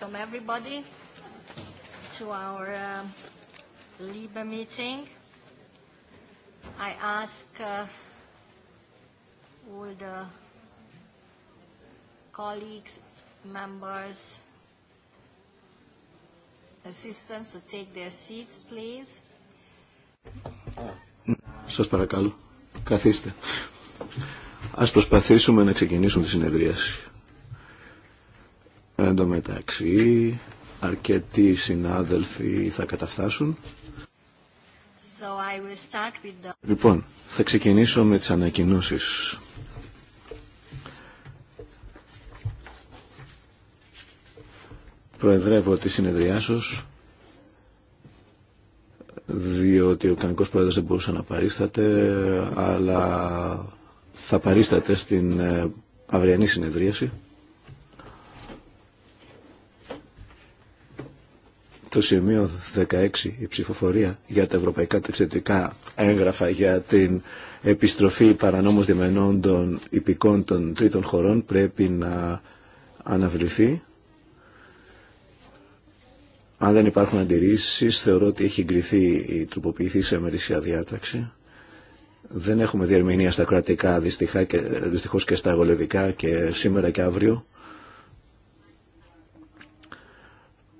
welcome everybody to our LIBE meeting. I ask all the colleagues, members, assistants to take their seats, please. Σας παρακαλώ, καθίστε. Ας προσπαθήσουμε να ξεκινήσουμε τη συνεδρίαση μεταξύ, αρκετοί συνάδελφοι θα καταφτάσουν. So Λοιπόν, θα ξεκινήσω με τις ανακοινώσεις. Προεδρεύω τη σας, διότι ο κανονικός πρόεδρος δεν μπορούσε να παρίσταται αλλά θα παρίσταται στην ε, αυριανή συνεδρίαση. το σημείο 16, η ψηφοφορία για τα ευρωπαϊκά ταξιδιωτικά έγγραφα για την επιστροφή παρανόμως διμενών των υπηκών των τρίτων χωρών πρέπει να αναβληθεί. Αν δεν υπάρχουν αντιρρήσεις, θεωρώ ότι έχει εγκριθεί η τροποποιηθή σε μερισσία διάταξη. Δεν έχουμε διερμηνία στα κρατικά, και, δυστυχώς και στα αγολεδικά και σήμερα και αύριο.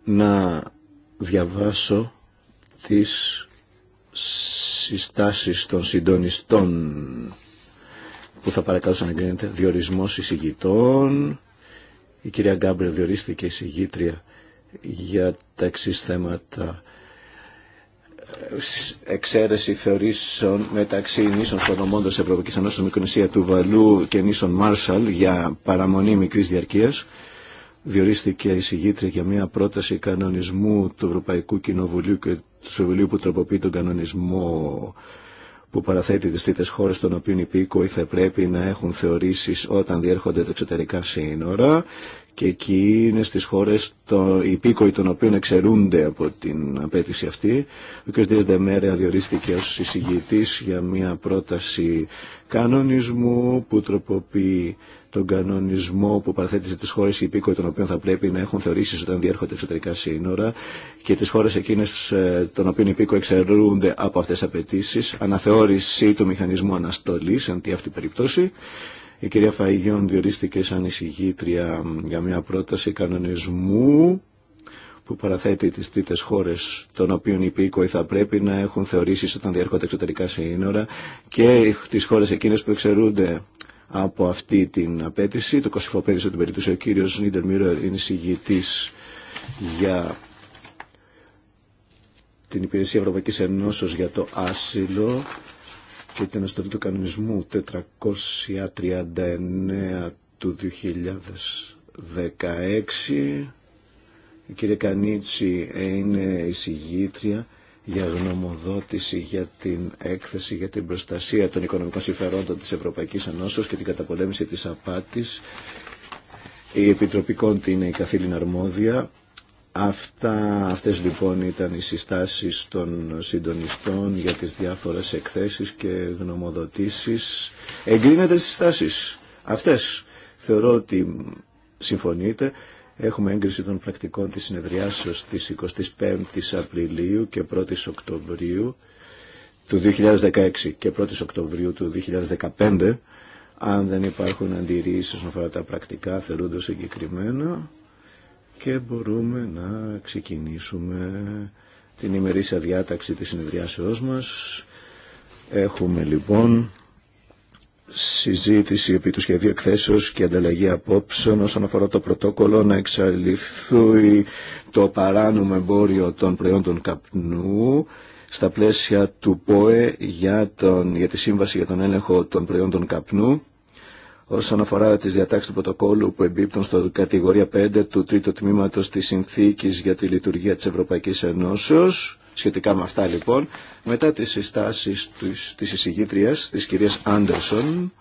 Να διαβάσω τις συστάσεις των συντονιστών που θα παρακαλούσα να εγκρίνεται διορισμός εισηγητών η κυρία Γκάμπρελ διορίστηκε εισηγήτρια για τα εξή θέματα εξαίρεση θεωρήσεων μεταξύ νήσων προδομώντας της Ευρωπαϊκής Ανώσης Μικρονησία του Βαλού και νήσων Μάρσαλ για παραμονή μικρής διαρκείας διορίστηκε η συγγήτρια για μια πρόταση κανονισμού του Ευρωπαϊκού Κοινοβουλίου και του Συμβουλίου που τροποποιεί τον κανονισμό που παραθέτει τις τρίτες χώρες των οποίων οι πίκοοι θα πρέπει να έχουν θεωρήσεις όταν διέρχονται τα εξωτερικά σύνορα και εκεί είναι στις χώρες οι πίκοοι των οποίων εξαιρούνται από την απέτηση αυτή. Ο κ. Δίας Δεμέρεα διορίστηκε ως εισηγητής για μια πρόταση κανονισμού που τροποποιεί τον κανονισμό που παραθέτει τι χώρε υπήκοοι των οποίων θα πρέπει να έχουν θεωρήσει όταν διέρχονται εξωτερικά σύνορα και τι χώρε εκείνε ε, των οποίων υπήκοοι εξαιρούνται από αυτέ τι απαιτήσει, αναθεώρηση του μηχανισμού αναστολή, αντί αυτή περίπτωση. Η κυρία Φαϊγιόν διορίστηκε σαν εισηγήτρια για μια πρόταση κανονισμού που παραθέτει τις τρίτες χώρες των οποίων οι υπήκοοι θα πρέπει να έχουν θεωρήσει όταν διέρχονται εξωτερικά σύνορα και τις χώρες εκείνες που εξαιρούνται από αυτή την απέτηση. Το κοσυφοπέδησε την περίπτωση. Ο κύριος Νίντερ είναι συγγητής για την Υπηρεσία Ευρωπαϊκής Ενώσεως για το άσυλο και την αστολή του κανονισμού 439 του 2016. Η κυρία Κανίτσι είναι η συγγήτρια για γνωμοδότηση για την έκθεση για την προστασία των οικονομικών συμφερόντων της Ευρωπαϊκής Ενώσεως και την καταπολέμηση της απάτης. Η Επιτροπή Κόντι είναι η καθήλυνα αρμόδια. Αυτά, αυτές λοιπόν ήταν οι συστάσεις των συντονιστών για τις διάφορες εκθέσεις και γνωμοδοτήσεις. Εγκρίνεται τις συστάσεις αυτές. Θεωρώ ότι συμφωνείτε. Έχουμε έγκριση των πρακτικών της συνεδριάσεως της 25ης Απριλίου και 1ης Οκτωβρίου του 2016 και 1ης Οκτωβρίου του 2015. Αν δεν υπάρχουν αντιρρήσεις όσον αφορά τα πρακτικά θεωρούνται συγκεκριμένα και μπορούμε να ξεκινήσουμε την ημερήσια διάταξη της συνεδριάσεώς μας. Έχουμε λοιπόν συζήτηση επί του σχεδίου εκθέσεω και ανταλλαγή απόψεων όσον αφορά το πρωτόκολλο να εξαλειφθεί το παράνομο εμπόριο των προϊόντων καπνού στα πλαίσια του ΠΟΕ για, τον, για τη Σύμβαση για τον Έλεγχο των Προϊόντων Καπνού όσον αφορά τις διατάξεις του πρωτοκόλλου που εμπίπτουν στο κατηγορία 5 του τρίτου τμήματος της Συνθήκης για τη Λειτουργία της Ευρωπαϊκής Ενώσεως Σχετικά με αυτά λοιπόν, μετά τις συστάσεις της εισηγήτριας, της κυρίας Άντερσον,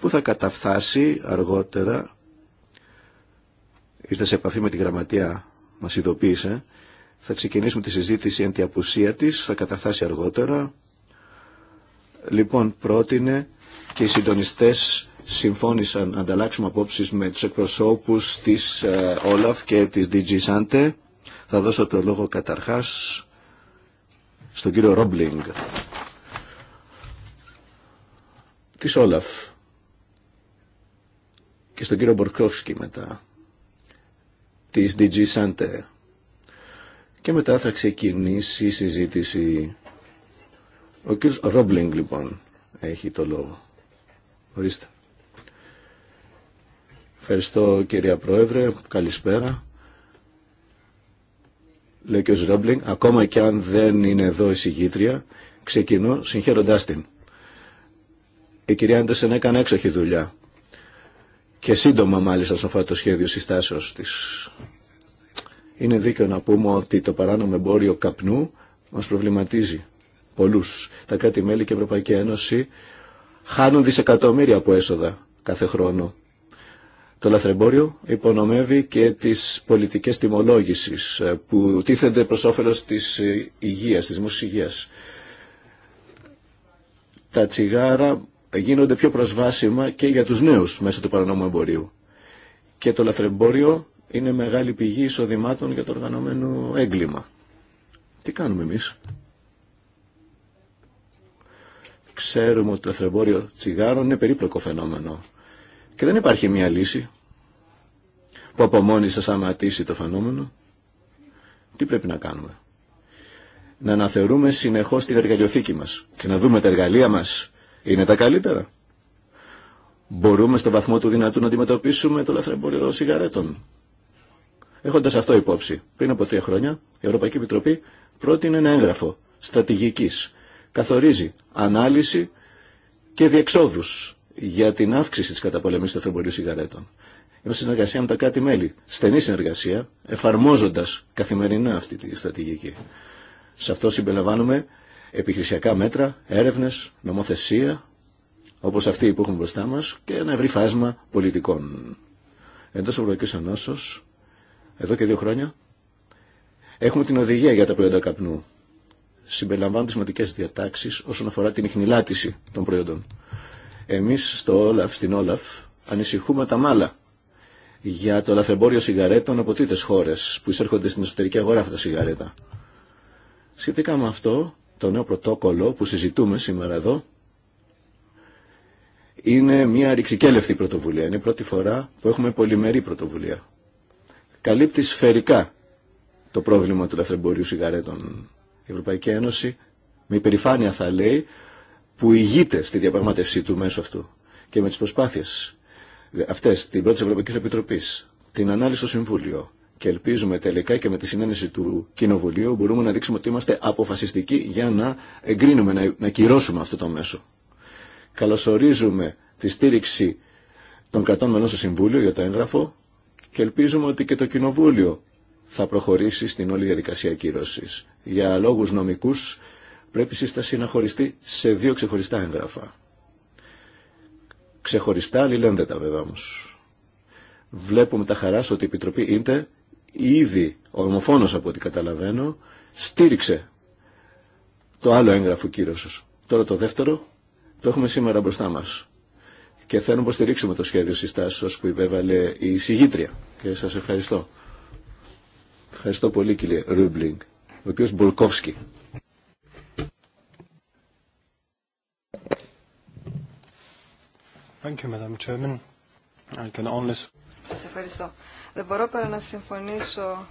που θα καταφθάσει αργότερα, ήρθε σε επαφή με τη γραμματεία, μας ειδοποίησε, θα ξεκινήσουμε τη συζήτηση εν τη απουσία της, θα καταφθάσει αργότερα. Λοιπόν, πρότεινε και οι συντονιστές συμφώνησαν να ανταλλάξουμε απόψεις με τους εκπροσώπους της ε, Όλαφ και της DG Sante. Θα δώσω το λόγο καταρχάς στον κύριο Ρόμπλινγκ τη Όλαφ και στον κύριο Μπορκόφσκι μετά τη DG Σάντε και μετά θα ξεκινήσει η συζήτηση ο κύριος Ρόμπλινγκ λοιπόν έχει το λόγο ορίστε Ευχαριστώ κυρία Πρόεδρε, καλησπέρα λέει και ο Ζρόμπλινγκ, ακόμα και αν δεν είναι εδώ η συγγήτρια, ξεκινώ συγχαίροντά την. Η κυρία Άντερσεν έκανε έξοχη δουλειά. Και σύντομα μάλιστα στον φάτο το σχέδιο συστάσεως τη. Είναι δίκαιο να πούμε ότι το παράνομο εμπόριο καπνού μας προβληματίζει πολλού. Τα κράτη-μέλη και η Ευρωπαϊκή Ένωση χάνουν δισεκατομμύρια από έσοδα κάθε χρόνο το λαθρεμπόριο υπονομεύει και τις πολιτικές τιμολόγησης ε, που τίθενται προς όφελος της ε, υγείας, της δημόσιας Τα τσιγάρα γίνονται πιο προσβάσιμα και για τους νέους μέσω του παρανόμου εμπορίου. Και το λαθρεμπόριο είναι μεγάλη πηγή εισοδημάτων για το οργανωμένο έγκλημα. Τι κάνουμε εμείς. Ξέρουμε ότι το λαθρεμπόριο τσιγάρων είναι περίπλοκο φαινόμενο. Και δεν υπάρχει μία λύση που από μόνη σας σταματήσει το φαινόμενο. Τι πρέπει να κάνουμε. Να αναθερούμε συνεχώς την εργαλειοθήκη μας και να δούμε τα εργαλεία μας είναι τα καλύτερα. Μπορούμε στο βαθμό του δυνατού να αντιμετωπίσουμε το λαθρεμπόριο σιγαρέτων. Έχοντας αυτό υπόψη, πριν από τρία χρόνια η Ευρωπαϊκή Επιτροπή πρότεινε ένα έγγραφο στρατηγικής. Καθορίζει ανάλυση και διεξόδους για την αύξηση τη καταπολεμής του εθρομπορίου σιγαρέτων. Είμαστε συνεργασία με τα κράτη-μέλη, στενή συνεργασία, εφαρμόζοντα καθημερινά αυτή τη στρατηγική. Σε αυτό συμπεριλαμβάνουμε επιχειρησιακά μέτρα, έρευνε, νομοθεσία, όπως αυτή που έχουμε μπροστά μα, και ένα ευρύ φάσμα πολιτικών. Εντό Ευρωπαϊκή Ενώσεω, εδώ και δύο χρόνια, έχουμε την οδηγία για τα προϊόντα καπνού. Συμπεριλαμβάνουν τι διατάξει όσον αφορά την ιχνηλάτηση των προϊόντων. Εμείς στο Όλαφ, στην Όλαφ, ανησυχούμε τα μάλα για το λαθρεμπόριο σιγαρέτων από τρίτες χώρες που εισέρχονται στην εσωτερική αγορά αυτά τα σιγαρέτα. Σχετικά με αυτό, το νέο πρωτόκολλο που συζητούμε σήμερα εδώ, είναι μια ρηξικέλευτη πρωτοβουλία. Είναι η πρώτη φορά που έχουμε πολυμερή πρωτοβουλία. Καλύπτει σφαιρικά το πρόβλημα του λαθρεμπορίου σιγαρέτων. Η Ευρωπαϊκή Ένωση με υπερηφάνεια θα λέει που ηγείται στη διαπραγμάτευσή του μέσω αυτού και με τις προσπάθειες αυτές την πρώτη Ευρωπαϊκή Επιτροπή, την ανάλυση στο Συμβούλιο και ελπίζουμε τελικά και με τη συνένεση του Κοινοβουλίου μπορούμε να δείξουμε ότι είμαστε αποφασιστικοί για να εγκρίνουμε, να, να κυρώσουμε αυτό το μέσο. Καλωσορίζουμε τη στήριξη των κρατών μελών στο Συμβούλιο για το έγγραφο και ελπίζουμε ότι και το Κοινοβούλιο θα προχωρήσει στην όλη διαδικασία κύρωση Για λόγους νομικούς πρέπει η σύσταση να χωριστεί σε δύο ξεχωριστά έγγραφα. Ξεχωριστά αλληλένδετα βέβαια όμως. Βλέπουμε τα χαρά ότι η Επιτροπή Ίντε ήδη ομοφόνος από ό,τι καταλαβαίνω στήριξε το άλλο έγγραφο σας. Τώρα το δεύτερο το έχουμε σήμερα μπροστά μας και θέλω να στηρίξουμε το σχέδιο συστάσεως που υπέβαλε η συγγήτρια και σας ευχαριστώ. Ευχαριστώ πολύ κύριε Ρούμπλινγκ. Ο οποίο Μπολκόφσκι. Thank you, ευχαριστώ. Δεν μπορώ παρά να συμφωνήσω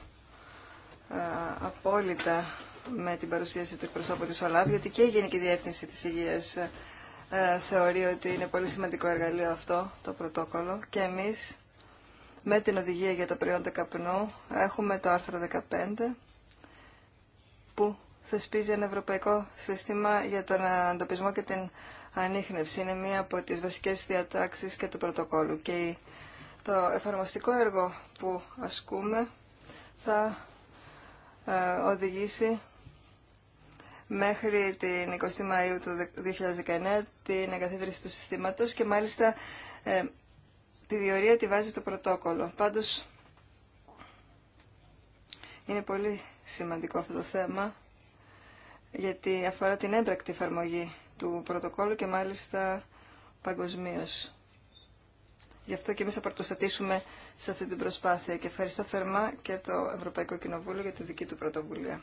ε, απόλυτα με την παρουσίαση του εκπροσώπου της ΟΛΑΒ, γιατί και η Γενική Διεύθυνση της Υγεία ε, θεωρεί ότι είναι πολύ σημαντικό εργαλείο αυτό, το πρωτόκολλο, και εμείς με την οδηγία για τα προϊόντα καπνού έχουμε το άρθρο 15, που θεσπίζει ένα ευρωπαϊκό σύστημα για τον αντοπισμό και την ανείχνευση. Είναι μία από τις βασικές διατάξεις και του πρωτοκόλου και το εφαρμοστικό έργο που ασκούμε θα ε, οδηγήσει μέχρι την 20 Μαΐου του 2019 την εγκαθίδρυση του συστήματος και μάλιστα ε, τη διορία τη βάζει το πρωτόκολλο. Πάντως είναι πολύ σημαντικό αυτό το θέμα γιατί αφορά την έμπρακτη εφαρμογή του πρωτοκόλλου και μάλιστα παγκοσμίω. Γι' αυτό και εμείς θα πρωτοστατήσουμε σε αυτή την προσπάθεια και ευχαριστώ θερμά και το Ευρωπαϊκό Κοινοβούλιο για τη δική του πρωτοβουλία.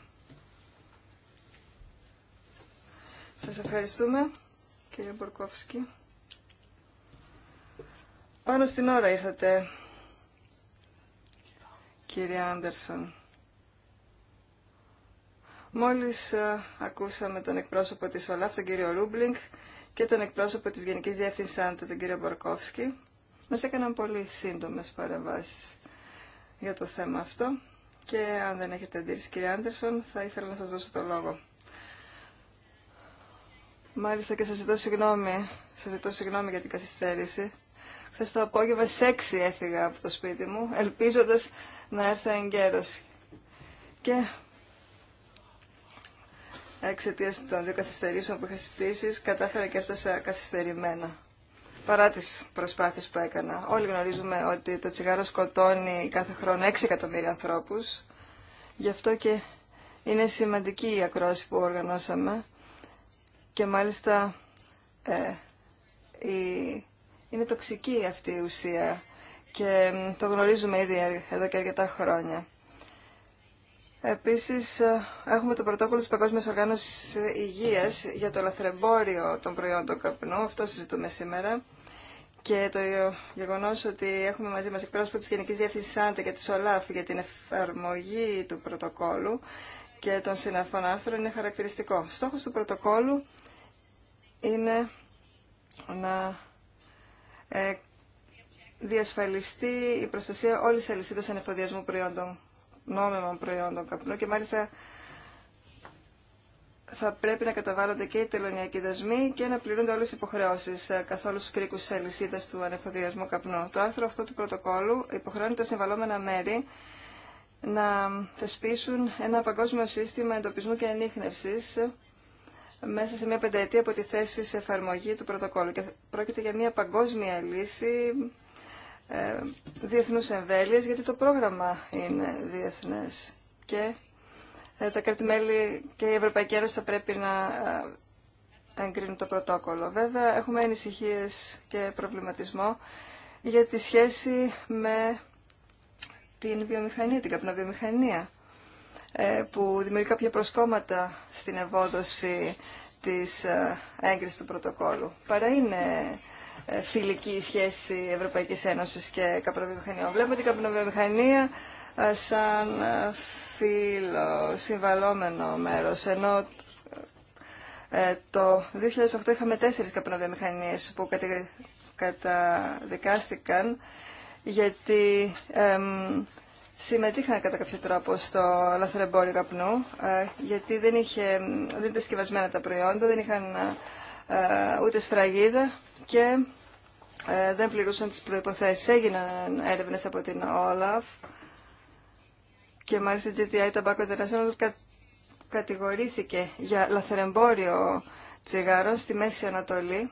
Σας ευχαριστούμε κύριε Μπορκόφσκι. Πάνω στην ώρα ήρθατε κύριε Άντερσον. Μόλις ε, ακούσαμε τον εκπρόσωπο της ΟΛΑΦ, τον κύριο Ρούμπλινγκ, και τον εκπρόσωπο της Γενικής Διεύθυνσης ΑΝΤΕ, τον κύριο Μπορκόφσκι, μας έκαναν πολύ σύντομες παρεμβάσεις για το θέμα αυτό. Και αν δεν έχετε αντίρρηση, κύριε Άντερσον, θα ήθελα να σας δώσω το λόγο. Μάλιστα και σας ζητώ συγγνώμη, συγγνώμη για την καθυστέρηση. Χθε το απόγευμα σε έξι έφυγα από το σπίτι μου, ελπίζοντας να έρθω εγκαίρωση. Και εξαιτία των δύο καθυστερήσεων που είχα συμπτήσει, κατάφερα και έφτασα καθυστερημένα. Παρά τι προσπάθειε που έκανα. Όλοι γνωρίζουμε ότι το τσιγάρο σκοτώνει κάθε χρόνο 6 εκατομμύρια ανθρώπου. Γι' αυτό και είναι σημαντική η ακρόαση που οργανώσαμε. Και μάλιστα ε, είναι τοξική αυτή η ουσία. Και το γνωρίζουμε ήδη ε, εδώ και αρκετά χρόνια. Επίσης, ε, έχουμε το πρωτόκολλο της Παγκόσμιας Οργάνωσης Υγείας για το λαθρεμπόριο των προϊόντων καπνού. Αυτό συζητούμε σήμερα. Και το γεγονός ότι έχουμε μαζί μας εκπρόσωπο της Γενικής Διεύθυνσης Άντε και τη ΟΛΑΦ για την εφαρμογή του πρωτοκόλλου και των συναφών άρθρων είναι χαρακτηριστικό. Στόχος του πρωτοκόλλου είναι να ε, διασφαλιστεί η προστασία όλης της αλυσίδας ανεφοδιασμού προϊόντων νόμιμων προϊόντων καπνού και μάλιστα θα πρέπει να καταβάλλονται και οι τελωνιακοί δασμοί και να πληρούνται όλε οι καθ' ε, καθόλου του κρίκου τη αλυσίδα του ανεφοδιασμού καπνού. Το άρθρο αυτό του πρωτοκόλου υποχρεώνει τα συμβαλόμενα μέρη να θεσπίσουν ένα παγκόσμιο σύστημα εντοπισμού και ανείχνευση ε, μέσα σε μια πενταετία από τη θέση σε εφαρμογή του πρωτοκόλου. Και πρόκειται για μια παγκόσμια λύση ε, διεθνούς εμβέλειες γιατί το πρόγραμμα είναι διεθνές και ε, τα κρατημέλη και η Ευρωπαϊκή Ένωση θα πρέπει να ε, εγκρίνουν το πρωτόκολλο. Βέβαια, έχουμε ανησυχίες και προβληματισμό για τη σχέση με την βιομηχανία, την καπνοβιομηχανία, ε, που δημιουργεί κάποια προσκόμματα στην ευόδοση της έγκρισης του πρωτοκόλλου. Παρά είναι φιλική σχέση ευρωπαϊκή Ένωσης και καπνοβιομηχανία. Βλέπουμε την καπνοβιομηχανία ε, σαν ε, φίλο, συμβαλόμενο μέρος, ενώ ε, το 2008 είχαμε τέσσερις καπνοβιομηχανίες που καταδικάστηκαν γιατί συμμετείχαν κατά κάποιο τρόπο στο λαθρεμπόριο καπνού, γιατί δεν, είχε, δεν ήταν συσκευασμένα τα προϊόντα, δεν είχαν ε, ούτε σφραγίδα και ε, δεν πληρούσαν τις προϋποθέσεις. Έγιναν έρευνες από την Όλαφ και μάλιστα η GTI Tobacco International κα, κατηγορήθηκε για λαθρεμπόριο τσιγάρων στη Μέση Ανατολή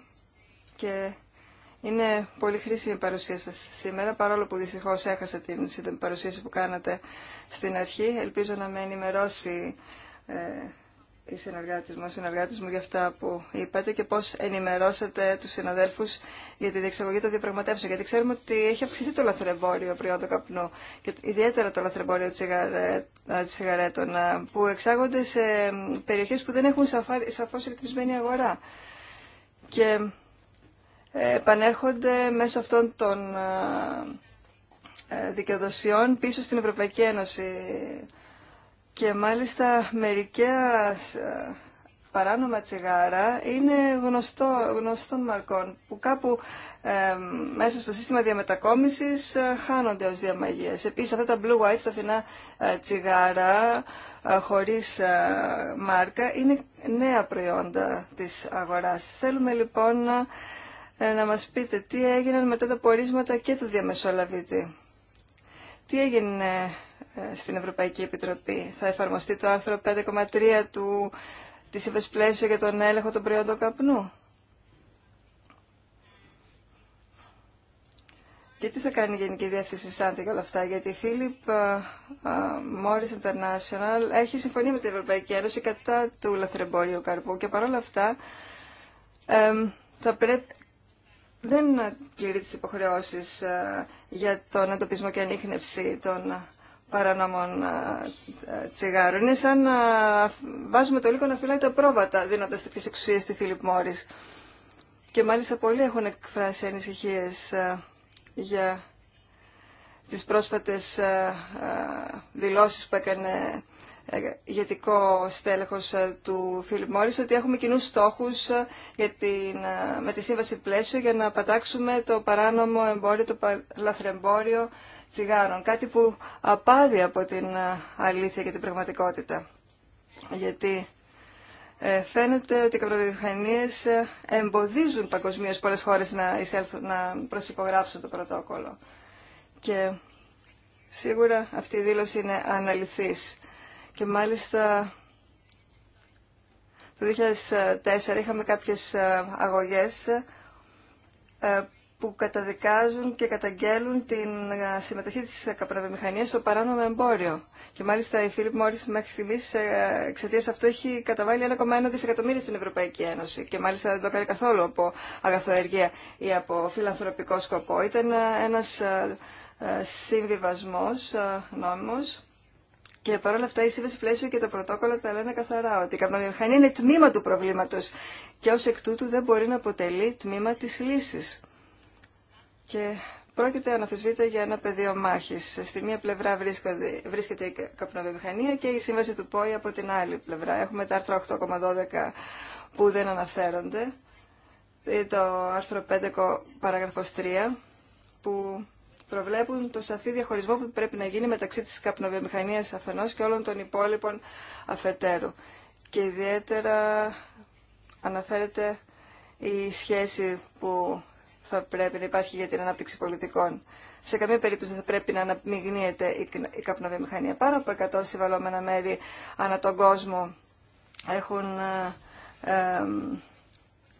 και είναι πολύ χρήσιμη η παρουσία σας σήμερα, παρόλο που δυστυχώς έχασα την σύντομη παρουσίαση που κάνατε στην αρχή. Ελπίζω να με ενημερώσει ε, οι συνεργάτε μου, οι μου για αυτά που είπατε και πώ ενημερώσατε του συναδέλφου για τη διεξαγωγή των διαπραγματεύσεων. Γιατί ξέρουμε ότι έχει αυξηθεί το λαθρεμπόριο προϊόντων καπνού και ιδιαίτερα το λαθρεμπόριο τσιγαρέτων που εξάγονται σε περιοχέ που δεν έχουν σαφώς ρυθμισμένη αγορά. Και ε, επανέρχονται μέσω αυτών των ε, δικαιοδοσιών πίσω στην Ευρωπαϊκή Ένωση και μάλιστα μερικέ ε, παράνομα τσιγάρα είναι γνωστό, γνωστών μαρκών που κάπου ε, μέσα στο σύστημα διαμετακόμισης ε, χάνονται ως διαμαγείας. Επίσης αυτά τα blue white, τα ε, τσιγάρα χωρίς μάρκα είναι νέα προϊόντα της αγοράς. Θέλουμε λοιπόν να, να μας πείτε τι έγιναν μετά τα πορίσματα και του διαμεσολαβήτη. Τι έγινε ε, στην Ευρωπαϊκή Επιτροπή. Θα εφαρμοστεί το άρθρο 5,3 του τη ύφεση για τον έλεγχο των προϊόντων καπνού. Και τι θα κάνει η Γενική Διεύθυνση Σάντη για όλα αυτά, γιατί η Philip ε, ε, Morris International έχει συμφωνεί με την Ευρωπαϊκή Ένωση κατά του λαθρεμπόριου καρπού και παρόλα αυτά θα πρέπει, δεν πληρεί τις υποχρεώσεις για τον εντοπισμό και ανείχνευση των παρανόμων τσιγάρων. Είναι σαν να βάζουμε το λίγο να φυλάει τα πρόβατα δίνοντας τέτοιες εξουσίες στη Φίλιπ Μόρις. Και μάλιστα πολλοί έχουν εκφράσει ανησυχίε για τις πρόσφατες δηλώσεις που έκανε ε, ηγετικό στέλεχος του Φίλιπ Μόρις ότι έχουμε κοινούς στόχους για την, με τη σύμβαση πλαίσιο για να πατάξουμε το παράνομο εμπόριο, το λαθρεμπόριο τσιγάρων. Κάτι που απάδει από την ε, αλήθεια και την πραγματικότητα. Γιατί ε, φαίνεται ότι οι καπνοβιομηχανίες ε, εμποδίζουν παγκοσμίω πολλές χώρες να, να προσυπογράψουν το πρωτόκολλο. Και σίγουρα αυτή η δήλωση είναι αναλυθής. Και μάλιστα το 2004 είχαμε κάποιες αγωγές που καταδικάζουν και καταγγέλουν την ε, συμμετοχή της ε, καπναβιομηχανίας στο παράνομο εμπόριο. Και μάλιστα η Φίλιπ Μόρις μέχρι στιγμής ε, εξαιτία αυτού έχει καταβάλει 1,1 δισεκατομμύρια στην Ευρωπαϊκή Ένωση. Και μάλιστα δεν το έκανε καθόλου από αγαθοεργία ή από φιλανθρωπικό σκοπό. Ήταν ένας συμβιβασμός νόμιμος. Και παρόλα αυτά η σύμβαση πλαίσιο και τα πρωτόκολλα τα λένε καθαρά ότι η καπνοβιομηχανία είναι τμήμα του προβλήματος και ως εκ τούτου δεν μπορεί να αποτελεί τμήμα της λύσης. Και πρόκειται αναφεσβείται, για ένα πεδίο μάχη. Στη μία πλευρά βρίσκεται η καπνοβιομηχανία και η σύμβαση του ΠΟΗ από την άλλη πλευρά. Έχουμε τα άρθρα 8,12 που δεν αναφέρονται ή ε, το άρθρο 5 παράγραφο 3 που προβλέπουν το σαφή διαχωρισμό που πρέπει να γίνει μεταξύ της καπνοβιομηχανίας αφενός και όλων των υπόλοιπων αφετέρου. Και ιδιαίτερα αναφέρεται η σχέση που θα πρέπει να υπάρχει για την ανάπτυξη πολιτικών. Σε καμία περίπτωση δεν θα πρέπει να αναμειγνύεται η καπνοβιομηχανία. Πάνω από 100 συμβαλόμενα μέρη ανά τον κόσμο έχουν ε,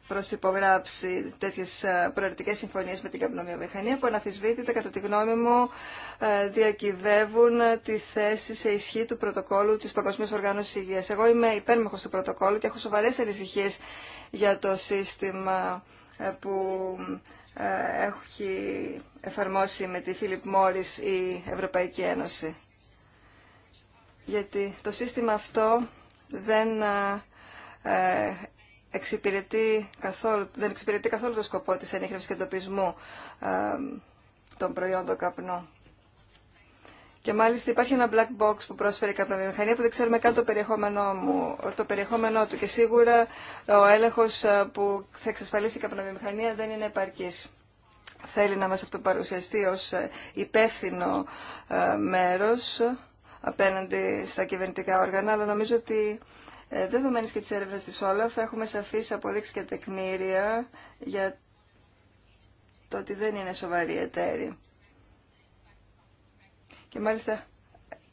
προσυπογράψει τέτοιες ε, προαιρετικές συμφωνίες με την καπνοβιομηχανία που αναφυσβήτητα κατά τη γνώμη μου ε, διακυβεύουν τη θέση σε ισχύ του πρωτοκόλου της Παγκοσμίας Οργάνωσης Υγείας. Εγώ είμαι υπέρμαχος του πρωτοκόλου και έχω σοβαρές ανησυχίε για το σύστημα ε, που ε, έχει εφαρμόσει με τη Φίλιπ Μόρις η Ευρωπαϊκή Ένωση. Γιατί το σύστημα αυτό δεν ε, εξυπηρετεί καθόλου, δεν καθόλου το σκοπό της ενίχνευσης και εντοπισμού των προϊόντων καπνού. Και μάλιστα υπάρχει ένα black box που πρόσφερε η καπνοβιομηχανία που δεν ξέρουμε καν το περιεχόμενό, μου, το περιεχόμενό του και σίγουρα ο έλεγχος ε, που θα εξασφαλίσει η καπνοβιομηχανία δεν είναι επαρκής. Θέλει να μας αυτοπαρουσιαστεί ως ε, υπεύθυνο ε, μέρος απέναντι στα κυβερνητικά όργανα, αλλά νομίζω ότι δεδομένες και της έρευνας της Όλαφ έχουμε σαφείς αποδείξει και τεκμήρια για το ότι δεν είναι σοβαρή εταίρη. Και μάλιστα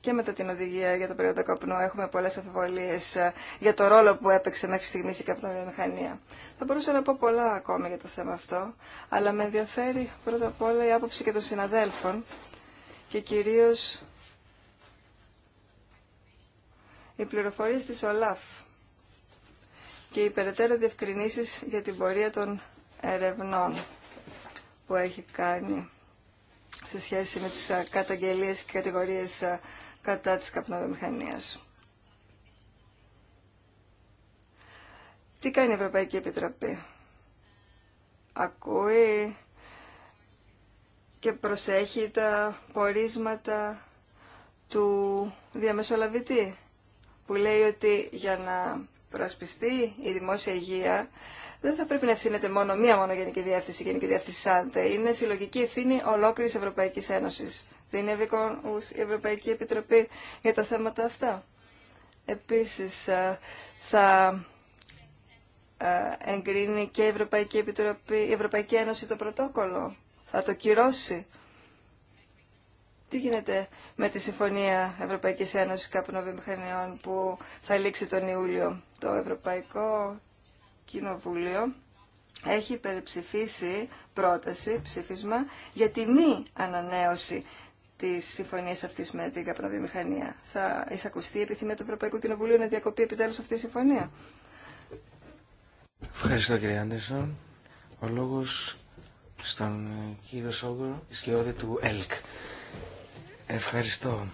και μετά την οδηγία για το περίοδο καπνού έχουμε πολλέ αμφιβολίε ε, για το ρόλο που έπαιξε μέχρι στιγμή η καπνοβιομηχανία. Θα μπορούσα να πω πολλά ακόμα για το θέμα αυτό, αλλά με ενδιαφέρει πρώτα απ' όλα η άποψη και των συναδέλφων και κυρίω οι πληροφορίε τη ΟΛΑΦ και οι περαιτέρω διευκρινήσει για την πορεία των ερευνών που έχει κάνει σε σχέση με τις καταγγελίες και κατηγορίες κατά της καπνοβιομηχανίας. Τι κάνει η Ευρωπαϊκή Επιτροπή. Ακούει και προσέχει τα πορίσματα του διαμεσολαβητή που λέει ότι για να προασπιστεί η δημόσια υγεία δεν θα πρέπει να ευθύνεται μόνο μία μόνο Γενική Διεύθυνση, Γενική Διεύθυνση ΣΑΝΤΕ. Είναι συλλογική ευθύνη ολόκληρη Ευρωπαϊκή Ένωση. Δεν είναι η Ευρωπαϊκή Επιτροπή για τα θέματα αυτά. Επίση, ε, θα ε, εγκρίνει και η Ευρωπαϊκή, Επιτροπή, Ευρωπαϊκή Ένωση το πρωτόκολλο. Θα το κυρώσει. Τι γίνεται με τη Συμφωνία Ευρωπαϊκής Ένωσης Καπνοβιομηχανιών που θα λήξει τον Ιούλιο. Το Ευρωπαϊκό Κοινοβούλιο έχει υπερψηφίσει πρόταση, ψήφισμα, για τη μη ανανέωση της συμφωνία αυτή με την καπνοβιομηχανία. Θα εισακουστεί η επιθυμία του Ευρωπαϊκού Κοινοβουλίου να διακοπεί επιτέλου αυτή η συμφωνία. Ευχαριστώ κύριε Άντερσον. Ο λόγο στον κύριο Σόγκρο, σκιώδη του ΕΛΚ. Ευχαριστώ.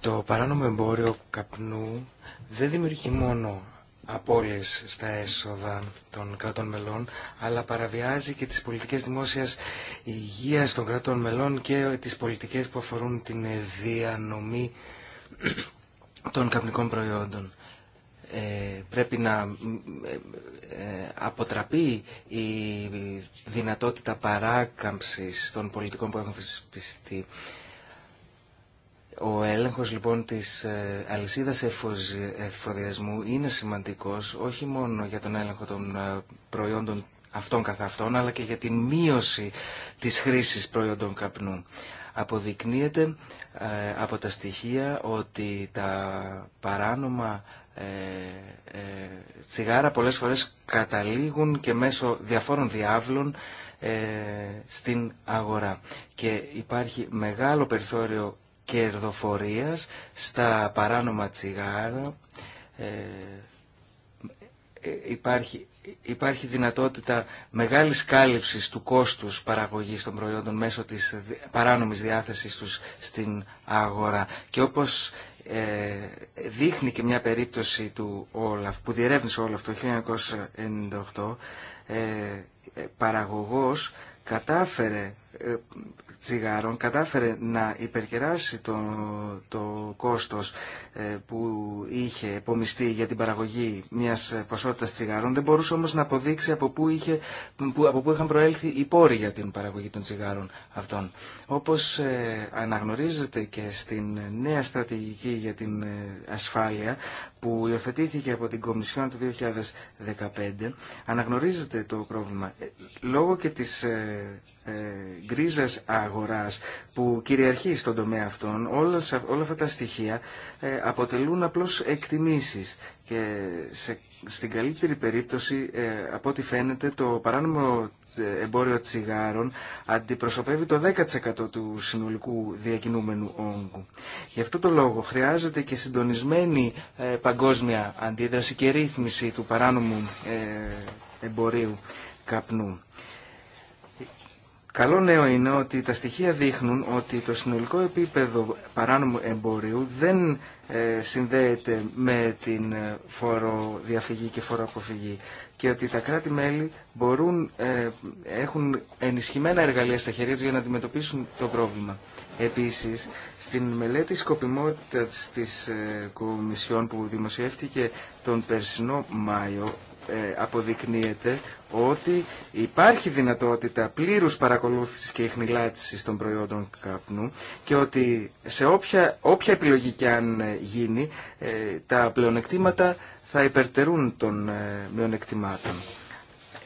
Το παράνομο εμπόριο καπνού δεν δημιουργεί μόνο απώλειες στα έσοδα των κρατών μελών, αλλά παραβιάζει και τις πολιτικές δημόσιας υγείας των κρατών μελών και τις πολιτικές που αφορούν την διανομή των καπνικών προϊόντων. Ε, πρέπει να ε, αποτραπεί η δυνατότητα παράκαμψης των πολιτικών που έχουν θεσπιστεί ο έλεγχος λοιπόν της ε, αλυσίδας εφοδιασμού είναι σημαντικός όχι μόνο για τον έλεγχο των ε, προϊόντων αυτών καθ' αυτών, αλλά και για την μείωση της χρήσης προϊόντων καπνού. Αποδεικνύεται ε, από τα στοιχεία ότι τα παράνομα τσιγάρα πολλές φορές καταλήγουν και μέσω διαφόρων διάβλων στην αγορά. Και υπάρχει μεγάλο περιθώριο κερδοφορίας στα παράνομα τσιγάρα. Ε, υπάρχει, δυνατότητα μεγάλης κάλυψης του κόστους παραγωγής των προϊόντων μέσω της παράνομης διάθεσης τους στην αγορά. Και όπως ε, δείχνει και μια περίπτωση του Όλαφ, που διερεύνησε Όλαφ το 1998, ε, παραγωγός κατάφερε ε, τσιγάρων κατάφερε να υπερκεράσει το, το κόστος ε, που είχε επομιστεί για την παραγωγή μιας ποσότητας τσιγάρων δεν μπορούσε όμως να αποδείξει από πού, είχε, που, πού είχαν προέλθει οι πόροι για την παραγωγή των τσιγάρων αυτών. Όπως ε, αναγνωρίζεται και στην νέα στρατηγική για την ασφάλεια που υιοθετήθηκε από την Κομισιόν το 2015 αναγνωρίζεται το πρόβλημα λόγω και της ε, γκρίζας αγοράς που κυριαρχεί στον τομέα αυτών, όλα, όλα αυτά τα στοιχεία ε, αποτελούν απλώς εκτιμήσεις και σε, στην καλύτερη περίπτωση, ε, από ό,τι φαίνεται, το παράνομο εμπόριο τσιγάρων αντιπροσωπεύει το 10% του συνολικού διακινούμενου όγκου. Γι' αυτό το λόγο χρειάζεται και συντονισμένη παγκόσμια αντίδραση και ρύθμιση του παράνομου εμπορίου καπνού. Καλό νέο είναι ότι τα στοιχεία δείχνουν ότι το συνολικό επίπεδο παράνομου εμπορίου δεν ε, συνδέεται με την ε, φοροδιαφυγή και φοροαποφυγή και ότι τα κράτη-μέλη μπορούν, ε, έχουν ενισχυμένα εργαλεία στα χέρια τους για να αντιμετωπίσουν το πρόβλημα. Επίσης, στην μελέτη σκοπιμότητας της Κομισιόν που δημοσιεύτηκε τον περσινό Μάιο, ε, αποδεικνύεται ότι υπάρχει δυνατότητα πλήρους παρακολούθησης και εχνηλάτησης των προϊόντων καπνού και ότι σε όποια, όποια επιλογή και αν ε, γίνει ε, τα πλεονεκτήματα θα υπερτερούν των μειονεκτημάτων.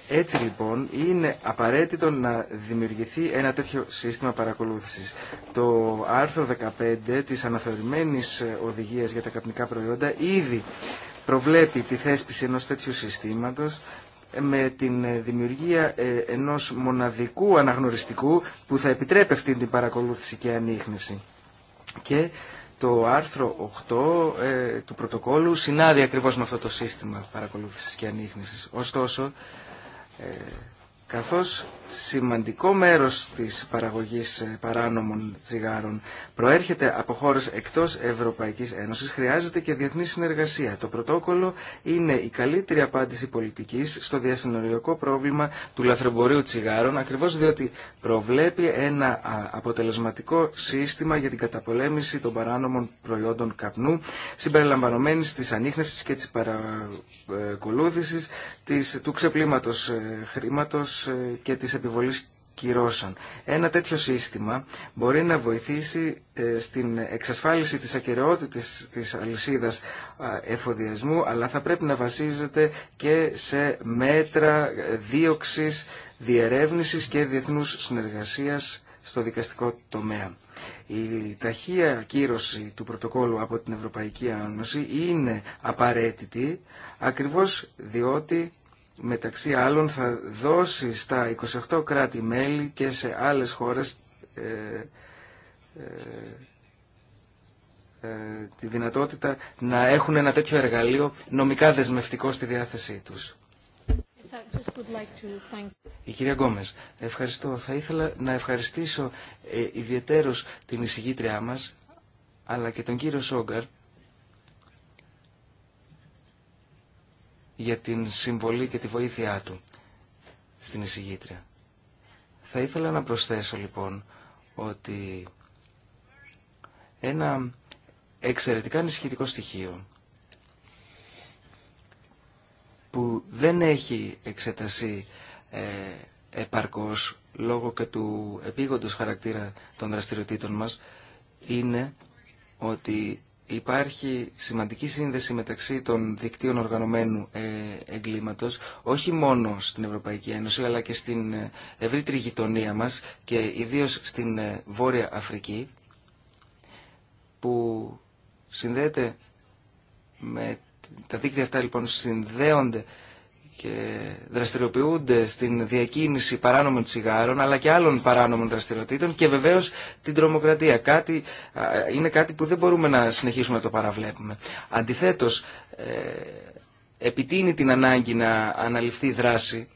Έτσι λοιπόν είναι απαραίτητο να δημιουργηθεί ένα τέτοιο σύστημα παρακολούθησης. Το άρθρο 15 της αναθεωρημένης οδηγίας για τα καπνικά προϊόντα ήδη προβλέπει τη θέσπιση ενός τέτοιου συστήματος με την δημιουργία ε, ενός μοναδικού αναγνωριστικού που θα επιτρέπει αυτή την παρακολούθηση και ανείχνευση. Και το άρθρο 8 ε, του πρωτοκόλου συνάδει ακριβώς με αυτό το σύστημα παρακολούθησης και ανείχνευσης. Ωστόσο, ε, καθώς σημαντικό μέρος της παραγωγής ε, παράνομων τσιγάρων προέρχεται από χώρες εκτός Ευρωπαϊκής Ένωσης, χρειάζεται και διεθνή συνεργασία. Το πρωτόκολλο είναι η καλύτερη απάντηση πολιτικής στο διασυνοριακό πρόβλημα του λαθρεμπορίου τσιγάρων, ακριβώς διότι προβλέπει ένα αποτελεσματικό σύστημα για την καταπολέμηση των παράνομων προϊόντων καπνού, συμπεριλαμβανομένης της ανείχνευσης και της παρακολούθησης του ξεπλήματος ε, χρήματος ε, και της ένα τέτοιο σύστημα μπορεί να βοηθήσει ε, στην εξασφάλιση της ακαιρεότητας της αλυσίδας εφοδιασμού, αλλά θα πρέπει να βασίζεται και σε μέτρα δίωξης, διερεύνησης και διεθνούς συνεργασίας στο δικαστικό τομέα. Η ταχεία κύρωση του πρωτοκόλου από την Ευρωπαϊκή Ένωση είναι απαραίτητη ακριβώς διότι μεταξύ άλλων θα δώσει στα 28 κράτη-μέλη και σε άλλες χώρες ε, ε, ε, τη δυνατότητα να έχουν ένα τέτοιο εργαλείο νομικά δεσμευτικό στη διάθεσή τους. Η κυρία Γκόμες, ευχαριστώ. Θα ήθελα να ευχαριστήσω ε, ιδιαίτερος την εισηγήτριά μας αλλά και τον κύριο Σόγκαρ για την συμβολή και τη βοήθειά του στην εισηγήτρια. Θα ήθελα να προσθέσω λοιπόν ότι ένα εξαιρετικά ανησυχητικό στοιχείο που δεν έχει εξεταστεί ε, επαρκώς λόγω και του επίγοντος χαρακτήρα των δραστηριοτήτων μας είναι ότι υπάρχει σημαντική σύνδεση μεταξύ των δικτύων οργανωμένου ε, εγκλήματος όχι μόνο στην Ευρωπαϊκή Ένωση αλλά και στην ε, ευρύτερη γειτονία μας και ιδίως στην ε, Βόρεια Αφρική που συνδέεται με τα δίκτυα αυτά λοιπόν συνδέονται και δραστηριοποιούνται στην διακίνηση παράνομων τσιγάρων αλλά και άλλων παράνομων δραστηριοτήτων και βεβαίως την τρομοκρατία. Κάτι, είναι κάτι που δεν μπορούμε να συνεχίσουμε να το παραβλέπουμε. Αντιθέτως, ε, επιτείνει την ανάγκη να αναλυφθεί δράση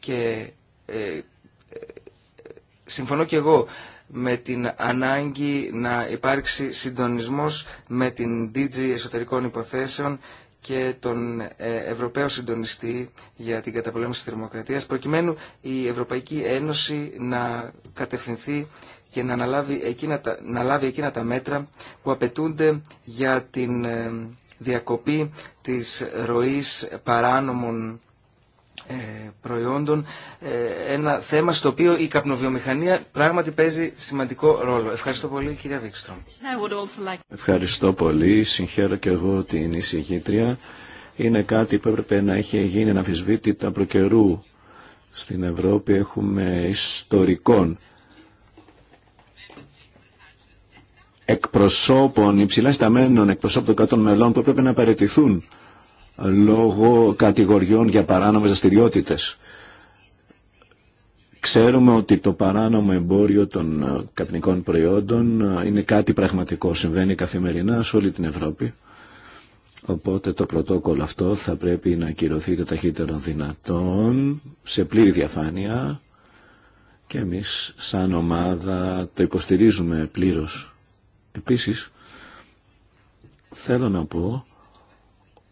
και ε, ε, συμφωνώ και εγώ με την ανάγκη να υπάρξει συντονισμός με την DG εσωτερικών υποθέσεων και τον ε, Ευρωπαίο Συντονιστή για την καταπολέμηση της Θερμοκρατίας, προκειμένου η Ευρωπαϊκή Ένωση να κατευθυνθεί και να, αναλάβει εκείνα τα, λάβει εκείνα τα μέτρα που απαιτούνται για την ε, διακοπή της ροής παράνομων ε, προϊόντων ε, ένα θέμα στο οποίο η καπνοβιομηχανία πράγματι παίζει σημαντικό ρόλο. Ευχαριστώ πολύ κυρία Βίξτρομ. Ευχαριστώ πολύ. Συγχαίρω και εγώ την εισηγήτρια. Είναι κάτι που έπρεπε να έχει γίνει αναφυσβήτητα προκαιρού. Στην Ευρώπη έχουμε ιστορικών εκπροσώπων, υψηλά σταμένων εκπροσώπων των 100 μελών που έπρεπε να παραιτηθούν λόγω κατηγοριών για παράνομες δραστηριότητε. Ξέρουμε ότι το παράνομο εμπόριο των ε, καπνικών προϊόντων ε, είναι κάτι πραγματικό, συμβαίνει καθημερινά σε όλη την Ευρώπη. Οπότε το πρωτόκολλο αυτό θα πρέπει να ακυρωθεί το ταχύτερο δυνατόν, σε πλήρη διαφάνεια και εμείς σαν ομάδα το υποστηρίζουμε πλήρως. Επίσης, θέλω να πω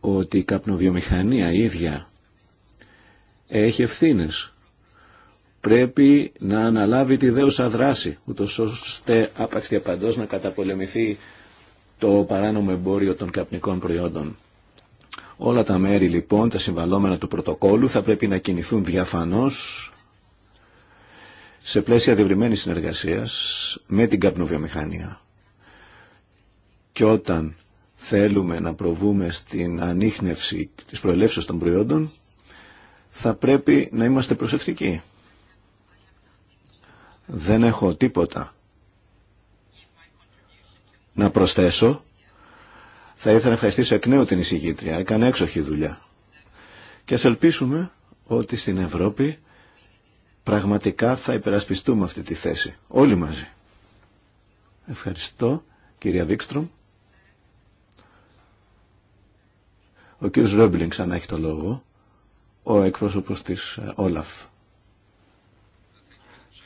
ότι η καπνοβιομηχανία ίδια έχει ευθύνε. Πρέπει να αναλάβει τη δέουσα δράση, ούτω ώστε άπαξ απαντός να καταπολεμηθεί το παράνομο εμπόριο των καπνικών προϊόντων. Όλα τα μέρη λοιπόν, τα συμβαλόμενα του πρωτοκόλου, θα πρέπει να κινηθούν διαφανώς σε πλαίσια διευρυμένης συνεργασίας με την καπνοβιομηχανία. Και όταν θέλουμε να προβούμε στην ανείχνευση της προελεύσεως των προϊόντων, θα πρέπει να είμαστε προσεκτικοί. Δεν έχω τίποτα να προσθέσω. Θα ήθελα να ευχαριστήσω εκ νέου την εισηγήτρια. Έκανε έξοχη δουλειά. Και ας ελπίσουμε ότι στην Ευρώπη πραγματικά θα υπερασπιστούμε αυτή τη θέση. Όλοι μαζί. Ευχαριστώ κυρία Βίκστρομ. Ο κύριος Ρόμπλινγκ ξανά έχει το λόγο, ο εκπρόσωπος της ε, Όλαφ.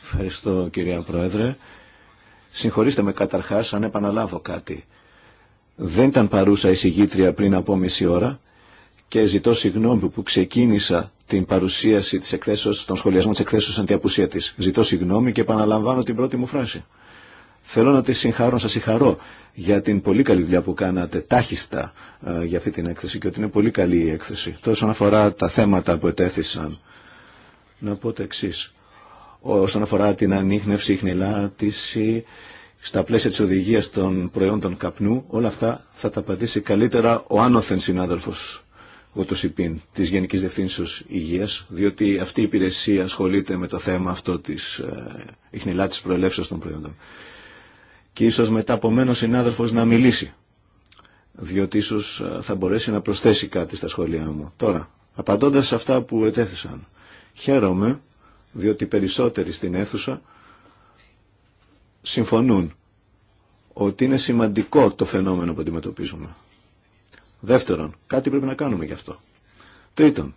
Ευχαριστώ κυρία Πρόεδρε. Συγχωρήστε με καταρχάς αν επαναλάβω κάτι. Δεν ήταν παρούσα η συγγήτρια πριν από μισή ώρα και ζητώ συγγνώμη που ξεκίνησα την παρουσίαση της εκθέσεως, των σχολιασμών της εκθέσεως τη. Ζητώ συγγνώμη και επαναλαμβάνω την πρώτη μου φράση. Θέλω να τη συγχαρώ, σα σας συγχαρώ για την πολύ καλή δουλειά που κάνατε τάχιστα ε, για αυτή την έκθεση και ότι είναι πολύ καλή η έκθεση. Τόσο αφορά τα θέματα που ετέθησαν, να πω το εξή. Όσον αφορά την ανείχνευση, η χνηλάτιση, στα πλαίσια της οδηγίας των προϊόντων καπνού, όλα αυτά θα τα απαντήσει καλύτερα ο άνωθεν συνάδελφος ο Τουσιππίν της Γενικής Διευθύνσεως Υγείας, διότι αυτή η υπηρεσία ασχολείται με το θέμα αυτό της ε, ηχνηλάτης προελεύσεως των προϊόντων και ίσως μετά από μένα ο συνάδελφος να μιλήσει διότι ίσως ε, θα μπορέσει να προσθέσει κάτι στα σχόλιά μου. Τώρα, απαντώντας σε αυτά που ετέθησαν, χαίρομαι διότι περισσότεροι στην αίθουσα συμφωνούν ότι είναι σημαντικό το φαινόμενο που αντιμετωπίζουμε. Δεύτερον, κάτι πρέπει να κάνουμε γι' αυτό. Τρίτον,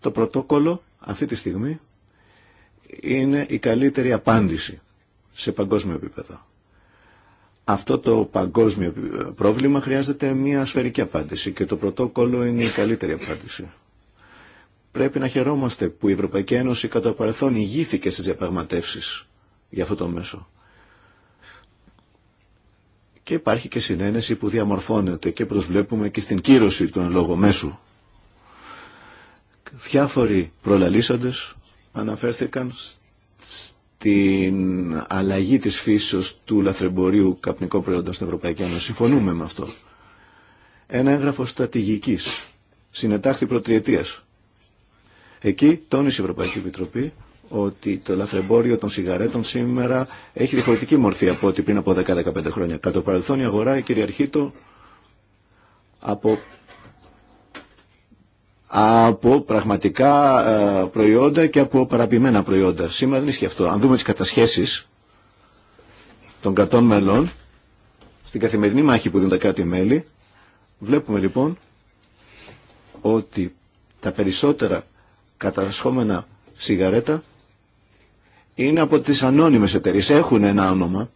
το πρωτόκολλο αυτή τη στιγμή είναι η καλύτερη απάντηση σε παγκόσμιο επίπεδο αυτό το παγκόσμιο πρόβλημα χρειάζεται μια σφαιρική απάντηση και το πρωτόκολλο είναι η καλύτερη απάντηση. Πρέπει να χαιρόμαστε που η Ευρωπαϊκή Ένωση κατά παρελθόν ηγήθηκε στις διαπραγματεύσεις για αυτό το μέσο. Και υπάρχει και συνένεση που διαμορφώνεται και προσβλέπουμε και στην κύρωση του εν λόγω μέσου. Διάφοροι προλαλήσαντες αναφέρθηκαν την αλλαγή της φύσεως του λαθρεμπορίου καπνικών προϊόντων στην Ευρωπαϊκή Ένωση. Συμφωνούμε με αυτό. Ένα έγγραφο στρατηγικής, συνετάχθη προτριετίας. Εκεί τόνισε η Ευρωπαϊκή Επιτροπή ότι το λαθρεμπόριο των σιγαρέτων σήμερα έχει διαφορετική μορφή από ό,τι πριν από 10-15 χρόνια. Κατά το παρελθόν η αγορά κυριαρχεί το από από πραγματικά ε, προϊόντα και από παραπημένα προϊόντα. Σήμερα δεν ισχύει αυτό. Αν δούμε τις κατασχέσεις των κρατών μελών, στην καθημερινή μάχη που δίνουν τα κράτη-μέλη, βλέπουμε λοιπόν ότι τα περισσότερα κατασχόμενα σιγαρέτα είναι από τις ανώνυμες εταιρείες. Έχουν ένα όνομα,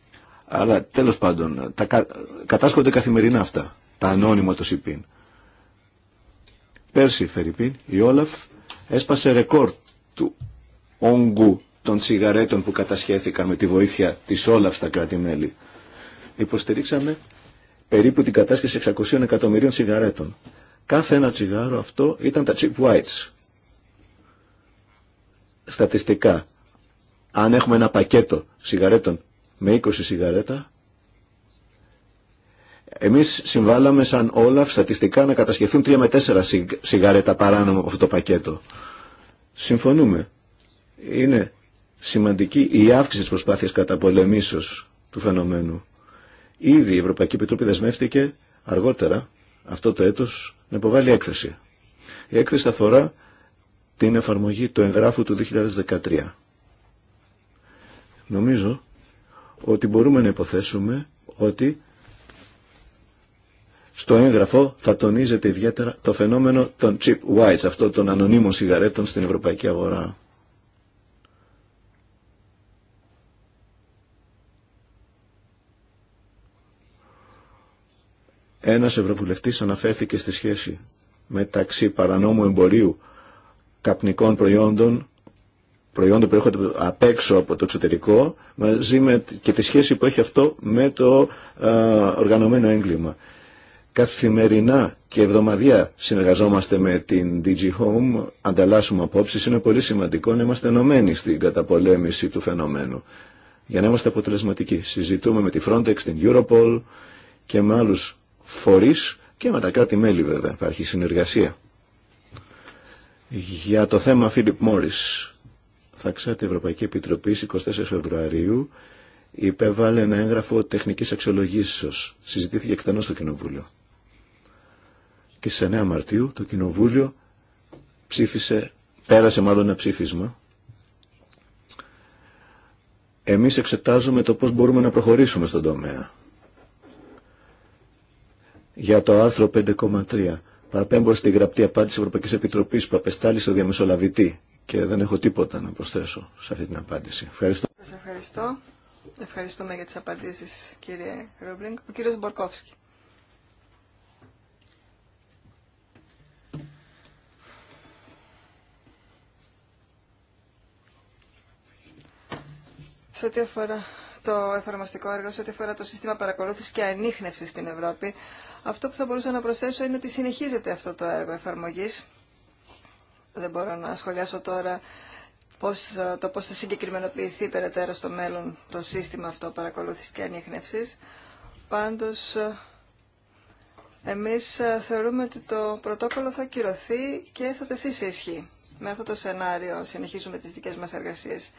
αλλά τέλος πάντων τα κατάσχονται καθημερινά αυτά, τα ανώνυμα το ΣΥΠΗΝ. Πέρσι, Φερρυπίν, η Όλαφ έσπασε ρεκόρ του όγκου των τσιγαρέτων που κατασχέθηκαν με τη βοήθεια της Όλαφ στα κρατη Υποστηρίξαμε περίπου την κατάσχεση 600 εκατομμυρίων τσιγαρέτων. Κάθε ένα τσιγάρο αυτό ήταν τα cheap whites. Στατιστικά, αν έχουμε ένα πακέτο σιγαρέτων με 20 σιγαρέτα, εμείς συμβάλαμε σαν όλα στατιστικά να κατασκευθούν 3 με 4 σιγαρέτα παράνομα από αυτό το πακέτο. Συμφωνούμε. Είναι σημαντική η αύξηση της προσπάθειας κατά πολεμήσεως του φαινομένου. Ήδη η Ευρωπαϊκή Επιτροπή δεσμεύτηκε αργότερα αυτό το έτος να υποβάλει έκθεση. Η έκθεση αφορά την εφαρμογή του εγγράφου του 2013. Νομίζω ότι μπορούμε να υποθέσουμε ότι στο έγγραφο θα τονίζεται ιδιαίτερα το φαινόμενο των Chip whites, αυτό των ανωνύμων σιγαρέτων στην ευρωπαϊκή αγορά. Ένας ευρωβουλευτής αναφέρθηκε στη σχέση μεταξύ παρανόμου εμπορίου καπνικών προϊόντων, προϊόντων που έρχονται απ' έξω από το εξωτερικό, μαζί με, και τη σχέση που έχει αυτό με το ε, οργανωμένο έγκλημα. Καθημερινά και εβδομαδία συνεργαζόμαστε με την DG Home, ανταλλάσσουμε απόψει. Είναι πολύ σημαντικό να είμαστε ενωμένοι στην καταπολέμηση του φαινομένου για να είμαστε αποτελεσματικοί. Συζητούμε με τη Frontex, την Europol και με άλλου φορεί και με τα κράτη-μέλη βέβαια. Υπάρχει συνεργασία. Για το θέμα Philip Morris, θα ξέρετε η Ευρωπαϊκή Επιτροπή στις 24 Φεβρουαρίου υπέβαλε ένα έγγραφο τεχνικής αξιολογήσεως. Συζητήθηκε εκτενώς στο Κοινοβούλιο και στις 9 Μαρτίου το Κοινοβούλιο ψήφισε, πέρασε μάλλον ένα ψήφισμα. Εμείς εξετάζουμε το πώς μπορούμε να προχωρήσουμε στον τομέα. Για το άρθρο 5,3 παραπέμπω στη γραπτή απάντηση Ευρωπαϊκής Επιτροπής που απεστάλει στο διαμεσολαβητή και δεν έχω τίποτα να προσθέσω σε αυτή την απάντηση. Ευχαριστώ. Σας ευχαριστώ. Ευχαριστούμε για τις απαντήσεις κύριε Ρούμπλινγκ. Ο κύριος Μπορκόφσκι. σε ό,τι αφορά το εφαρμοστικό έργο, σε ό,τι αφορά το σύστημα παρακολούθηση και ανείχνευση στην Ευρώπη, αυτό που θα μπορούσα να προσθέσω είναι ότι συνεχίζεται αυτό το έργο εφαρμογή. Δεν μπορώ να σχολιάσω τώρα πώς, ε, το πώ θα συγκεκριμενοποιηθεί περαιτέρω στο μέλλον το σύστημα αυτό παρακολούθηση και ανείχνευση. Πάντω, ε, εμεί ε, θεωρούμε ότι το πρωτόκολλο θα κυρωθεί και θα τεθεί σε ισχύ. Με αυτό το σενάριο συνεχίζουμε τις δικές μας εργασίες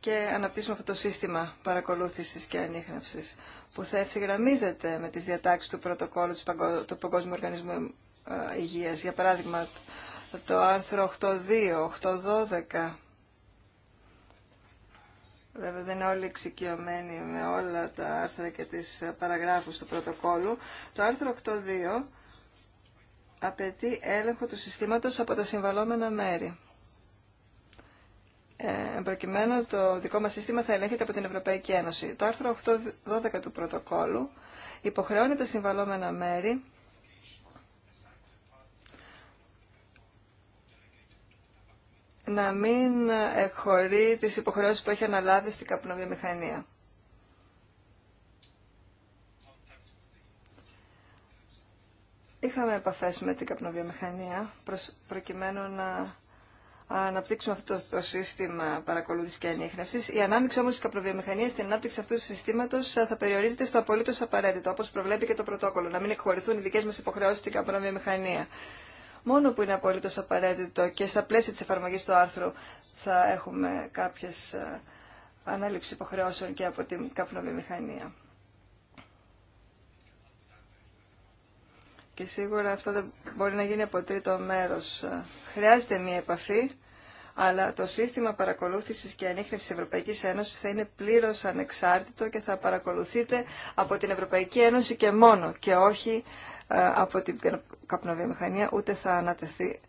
και αναπτύσσουμε αυτό το σύστημα παρακολούθησης και ανείχνευσης που θα ευθυγραμμίζεται με τις διατάξεις του πρωτοκόλλου του Παγκόσμιου Οργανισμού ε, Υγείας. Για παράδειγμα, το άρθρο 8.2, 8.12. Βέβαια δεν είναι όλοι εξοικειωμένοι με όλα τα άρθρα και τις παραγράφους του πρωτοκόλλου. Το άρθρο 8.2 απαιτεί έλεγχο του συστήματος από τα συμβαλόμενα μέρη εμπροκειμένου προκειμένου το δικό μας σύστημα θα ελέγχεται από την Ευρωπαϊκή Ένωση. Το άρθρο 8.12 του πρωτοκόλλου υποχρεώνει τα συμβαλόμενα μέρη να μην εχωρεί τις υποχρεώσεις που έχει αναλάβει στην καπνοβιομηχανία. Είχαμε επαφές με την καπνοβιομηχανία προκειμένου να αναπτύξουμε αυτό το σύστημα παρακολούθηση και ανείχνευση. Η ανάμειξη όμω τη καπροβιομηχανία στην ανάπτυξη αυτού του συστήματο ε, θα περιορίζεται στο απολύτω απαραίτητο, όπω προβλέπει και το πρωτόκολλο, να μην εκχωρηθούν οι δικέ μα υποχρεώσει στην καπροβιομηχανία. Μόνο που είναι απολύτω απαραίτητο και στα πλαίσια τη εφαρμογή του άρθρου θα έχουμε κάποιε ανάληψη υποχρεώσεων και από την καπνοβιομηχανία. Και σίγουρα αυτό δεν μπορεί να γίνει από τρίτο μέρος. Ε, χρειάζεται μία επαφή αλλά το σύστημα παρακολούθησης και ανείχνευσης Ευρωπαϊκής Ένωσης θα είναι πλήρως ανεξάρτητο και θα παρακολουθείτε από την Ευρωπαϊκή Ένωση και μόνο και όχι ε, από την καπνοβιομηχανία, ούτε θα ανατεθεί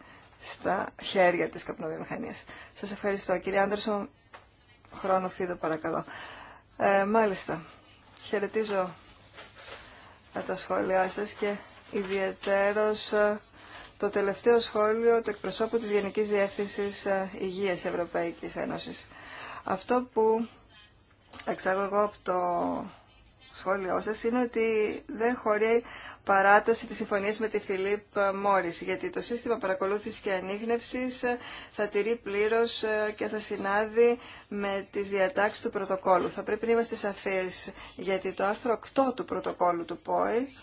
στα χέρια της καπνοβιομηχανίας. Σας ευχαριστώ. Κύριε Άντερσον, χρόνο φίδο παρακαλώ. Ε, μάλιστα, χαιρετίζω τα σχόλιά σας και ιδιαίτερος ε, το τελευταίο σχόλιο του εκπροσώπου της Γενικής Διεύθυνσης ε, Υγείας Ευρωπαϊκής Ένωσης. Αυτό που εξάγω εγώ από το σχόλιο σας είναι ότι δεν χωρεί παράταση της συμφωνίας με τη Φιλίπ Μόρις, γιατί το σύστημα παρακολούθησης και ανείγνευσης ε, θα τηρεί πλήρως ε, και θα συνάδει με τις διατάξεις του πρωτοκόλου. Θα πρέπει να είμαστε σαφείς, γιατί το άρθρο 8 του πρωτοκόλου του ΠΟΗ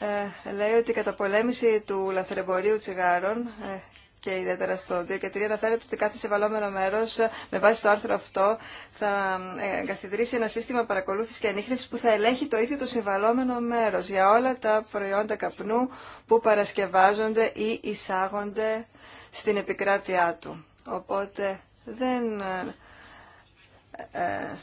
ε, λέει ότι η καταπολέμηση του λαθρεμπορίου τσιγάρων ε, και ιδιαίτερα στο 2 και 3 αναφέρεται ότι κάθε σεβαλόμενο μέρο ε, με βάση το άρθρο αυτό θα εγκαθιδρύσει ένα σύστημα παρακολούθηση και ανείχνευση που θα ελέγχει το ίδιο το συμβαλόμενο μέρο για όλα τα προϊόντα καπνού που παρασκευάζονται ή εισάγονται στην επικράτειά του. Οπότε δεν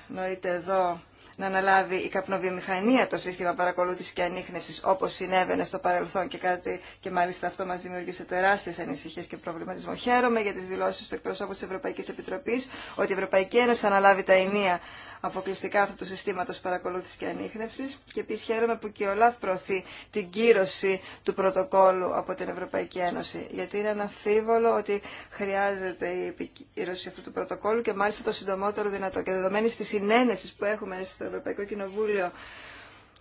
νοείται εδώ να αναλάβει η καπνοβιομηχανία το σύστημα παρακολούθηση και ανείχνευση όπω συνέβαινε στο παρελθόν και κάτι και μάλιστα αυτό μα δημιούργησε τεράστιε ανησυχίε και προβληματισμό. Χαίρομαι για τι δηλώσει του εκπροσώπου τη Ευρωπαϊκή Επιτροπή ότι η Ευρωπαϊκή Ένωση θα αναλάβει τα ενία αποκλειστικά αυτού του συστήματο παρακολούθηση και ανείχνευση και επίση χαίρομαι που και ο ΛΑΒ προωθεί την κύρωση του πρωτοκόλου από την Ευρωπαϊκή Ένωση. Γιατί είναι αναφίβολο ότι χρειάζεται η επικύρωση αυτού του πρωτοκόλου και μάλιστα το συντομότερο δυνατό. Και δεδομένη τη συνένεση που έχουμε Ευρωπαϊκό Κοινοβούλιο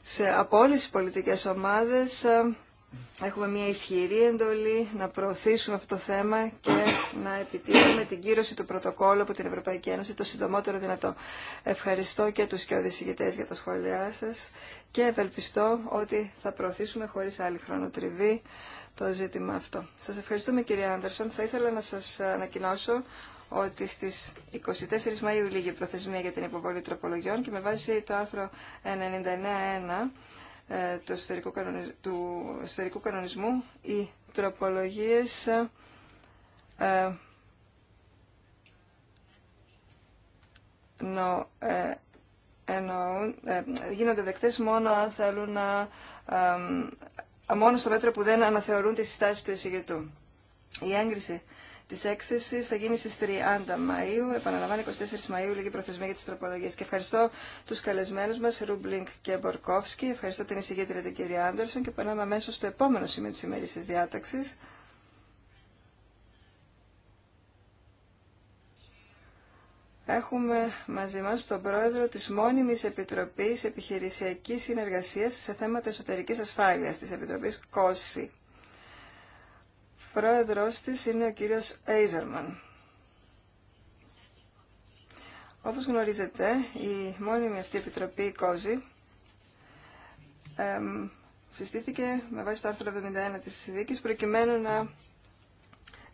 σε, από όλες τις πολιτικές ομάδες ε, έχουμε μια ισχυρή εντολή να προωθήσουμε αυτό το θέμα και να επιτύχουμε την κύρωση του πρωτοκόλλου από την Ευρωπαϊκή Ένωση το συντομότερο δυνατό. Ευχαριστώ και τους και οδησηγητές για τα σχόλιά σας και ευελπιστώ ότι θα προωθήσουμε χωρίς άλλη χρονοτριβή το ζήτημα αυτό. Σας ευχαριστούμε κυρία Άντερσον. Θα ήθελα να σας ανακοινώσω ότι στις 24 Μαΐου λίγη προθεσμία για την υποβολή τροπολογιών και με βάση το άρθρο 99.1 ε, του εσωτερικού κανονισμού, οι τροπολογίες ε, ε νο, ε, γίνονται δεκτές μόνο αν θέλουν να μόνο στο μέτρο που δεν αναθεωρούν τις συστάσεις του εισηγητού. Η έγκριση της έκθεσης θα γίνει στις 30 Μαΐου. επαναλαμβάνει 24 Μαΐου λίγη προθεσμία για τις τροπολογίες. Και ευχαριστώ τους καλεσμένους μας, Ρούμπλινγκ και Μπορκόφσκι. Ευχαριστώ την εισηγήτρια την κυρία Άντερσον και περνάμε αμέσω στο επόμενο σημείο της ημερήσιας διάταξης. Έχουμε μαζί μας τον πρόεδρο της Μόνιμης Επιτροπής Επιχειρησιακής Συνεργασίας σε θέματα εσωτερικής ασφάλειας της Επιτροπής ΚΟΣΗ. Πρόεδρος της είναι ο κύριος Έιζερμαν. Όπως γνωρίζετε, η μόνιμη αυτή επιτροπή, η ΚΟΖΗ, εμ, συστήθηκε με βάση το άρθρο 71 της συνθήκης προκειμένου να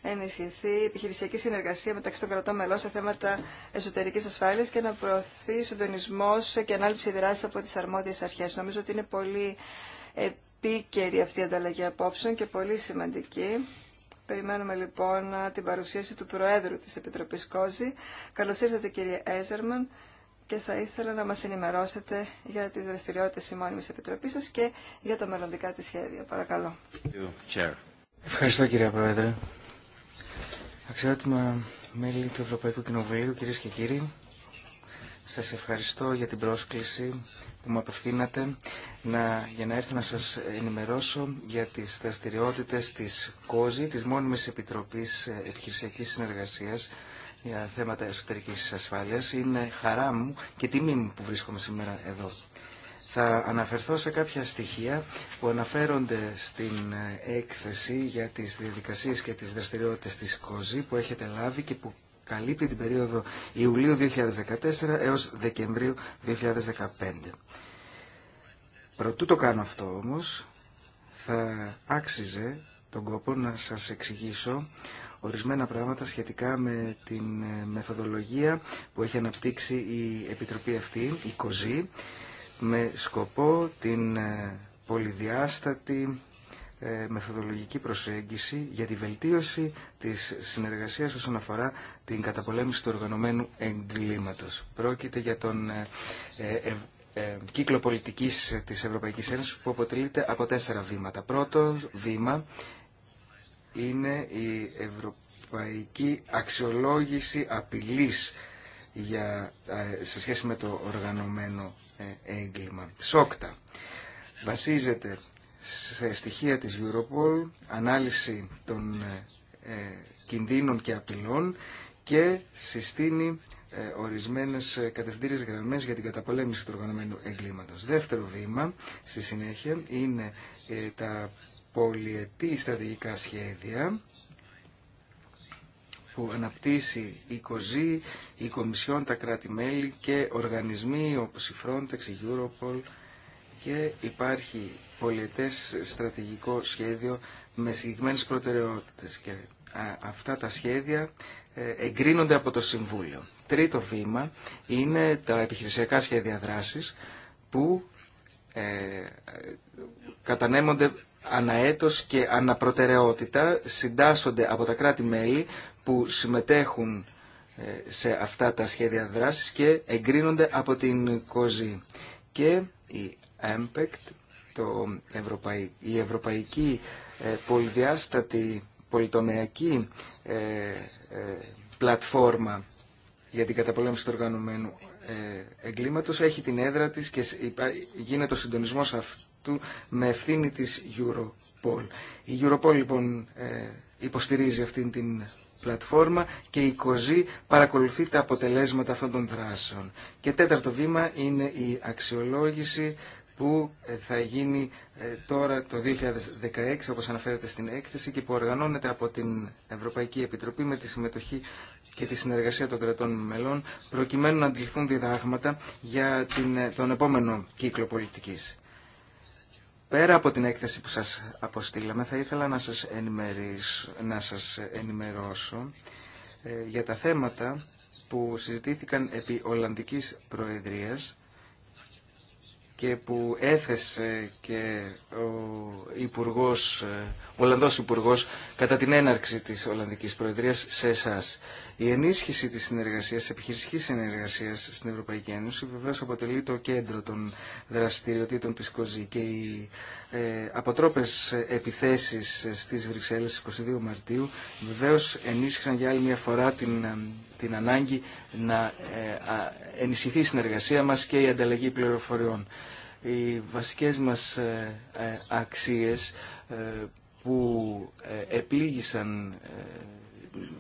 ενισχυθεί η επιχειρησιακή συνεργασία μεταξύ των κρατών μελών σε θέματα εσωτερικής ασφάλειας και να προωθεί συντονισμός και ανάληψη δράσης από τις αρμόδιες αρχές. Νομίζω ότι είναι πολύ επίκαιρη αυτή η ανταλλαγή απόψεων και πολύ σημαντική Περιμένουμε λοιπόν την παρουσίαση του Προέδρου της Επιτροπής Κόζη. Καλώς ήρθατε κύριε Έζερμαν και θα ήθελα να μας ενημερώσετε για τις δραστηριότητες της μόνιμης Επιτροπής σας και για τα μελλοντικά της σχέδια. Παρακαλώ. Ευχαριστώ κύριε Πρόεδρε. Αξιότιμα μέλη του Ευρωπαϊκού Κοινοβουλίου, κυρίες και κύριοι, σας ευχαριστώ για την πρόσκληση που μου απευθύνατε να, για να έρθω να σας ενημερώσω για τις δραστηριότητε της ΚΟΖΗ, της Μόνιμης Επιτροπής Επιχειρησιακής Συνεργασίας για θέματα εσωτερικής ασφάλειας. Είναι χαρά μου και τιμή μου που βρίσκομαι σήμερα εδώ. Θα αναφερθώ σε κάποια στοιχεία που αναφέρονται στην έκθεση για τις διαδικασίες και τις δραστηριότητες της ΚΟΖΗ που έχετε λάβει και που καλύπτει την περίοδο Ιουλίου 2014 έως Δεκεμβρίου 2015. Προτού το κάνω αυτό όμως, θα άξιζε τον κόπο να σας εξηγήσω ορισμένα πράγματα σχετικά με την ε, μεθοδολογία που έχει αναπτύξει η Επιτροπή αυτή, η ΚΟΖΗ, με σκοπό την ε, πολυδιάστατη ε, μεθοδολογική προσέγγιση για τη βελτίωση της συνεργασίας όσον αφορά την καταπολέμηση του οργανωμένου εγκλήματος. Πρόκειται για τον ε, ε, κύκλο πολιτικής της Ευρωπαϊκής Ένωσης που αποτελείται από τέσσερα βήματα. Πρώτο βήμα είναι η ευρωπαϊκή αξιολόγηση απειλής για, σε σχέση με το οργανωμένο έγκλημα. Σόκτα βασίζεται σε στοιχεία της Europol, ανάλυση των ε, κινδύνων και απειλών και συστήνει ε, ορισμένες ε, κατευθύνσεις γραμμές για την καταπολέμηση του οργανωμένου εγκλήματος. Δεύτερο βήμα στη συνέχεια είναι τα πολυετή στρατηγικά σχέδια που αναπτύσσει η ΚΟΖΗ, η Κομισιόν, τα κράτη-μέλη και οργανισμοί όπως η Frontex, η Europol και υπάρχει πολιτές στρατηγικό σχέδιο με συγκεκριμένες προτεραιότητες και αυτά τα σχέδια ε, εγκρίνονται από το Συμβούλιο. Τρίτο βήμα είναι τα επιχειρησιακά σχέδια δράσης που ε, κατανέμονται αναέτος και αναπροτεραιότητα, συντάσσονται από τα κράτη-μέλη που συμμετέχουν ε, σε αυτά τα σχέδια δράσης και εγκρίνονται από την ΚΟΖΗ. Και η Impact, το η ευρωπαϊκή ε, πολυδιάστατη πολυτομεακή ε, ε, πλατφόρμα για την καταπολέμηση του οργανωμένου εγκλήματος έχει την έδρα της και γίνεται ο συντονισμός αυτού με ευθύνη της Europol. Η Europol λοιπόν υποστηρίζει αυτήν την πλατφόρμα και η COSI παρακολουθεί τα αποτελέσματα αυτών των δράσεων. Και τέταρτο βήμα είναι η αξιολόγηση που ε, θα γίνει ε, τώρα το 2016 όπως αναφέρεται στην έκθεση και που οργανώνεται από την Ευρωπαϊκή Επιτροπή με τη συμμετοχή και τη συνεργασία των κρατών μελών προκειμένου να αντιληφθούν διδάγματα για την, ε, τον επόμενο κύκλο πολιτικής. Πέρα από την έκθεση που σας αποστήλαμε θα ήθελα να σας, να σας ενημερώσω για τα θέματα που συζητήθηκαν επί Ολλανδικής Προεδρίας και που έθεσε και ο Υπουργός, ε, ο Ολλανδός Υπουργός κατά την έναρξη της Ολλανδικής Προεδρίας σε εσά. Η ενίσχυση της συνεργασίας, της επιχειρησικής συνεργασίας στην Ευρωπαϊκή Ένωση βεβαίως αποτελεί το κέντρο των δραστηριοτήτων της ΚΟΖΗ και οι ε, αποτρόπες επιθέσεις στις Βρυξέλλες 22 Μαρτίου βεβαίως ενίσχυσαν για άλλη μια φορά την ε, την ανάγκη να ε, ενισχυθεί η συνεργασία μας και η ανταλλαγή πληροφοριών. Οι βασικές μας ε, ε, αξίες που επλήγησαν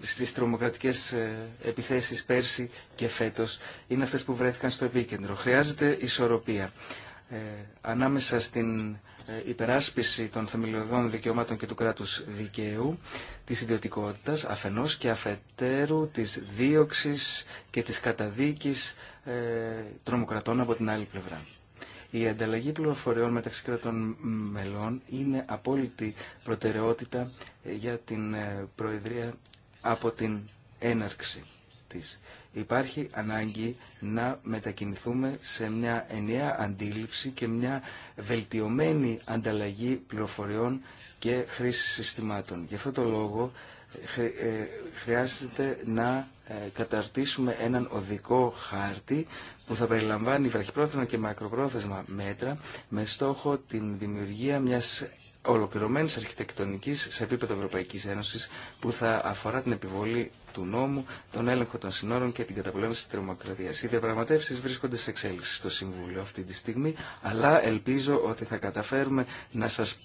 στις τρομοκρατικές επιθέσεις πέρσι και φέτος είναι αυτές που βρέθηκαν στο επίκεντρο. Χρειάζεται ισορροπία ανάμεσα στην ε, υπεράσπιση των θεμελιωδών δικαιωμάτων και του κράτους δικαίου, της ιδιωτικότητας αφενός και αφετέρου της δίωξης και της καταδίκης ε, τρομοκρατών από την άλλη πλευρά. Η ανταλλαγή πληροφοριών μεταξύ κρατών μελών είναι απόλυτη προτεραιότητα ε, για την ε, Προεδρία από την έναρξη της υπάρχει ανάγκη να μετακινηθούμε σε μια ενιαία αντίληψη και μια βελτιωμένη ανταλλαγή πληροφοριών και χρήση συστημάτων. Γι' αυτό το λόγο ε, χρειάζεται να ε, καταρτήσουμε έναν οδικό χάρτη που θα περιλαμβάνει βραχυπρόθεσμα και μακροπρόθεσμα μέτρα με στόχο την δημιουργία μιας ολοκληρωμένης αρχιτεκτονικής σε επίπεδο Ευρωπαϊκής Ένωσης που θα αφορά την επιβολή του νόμου, τον έλεγχο των συνόρων και την καταπολέμηση της τρομοκρατίας. Οι διαπραγματεύσει βρίσκονται σε εξέλιξη στο Συμβούλιο αυτή τη στιγμή, αλλά ελπίζω ότι θα καταφέρουμε να, σας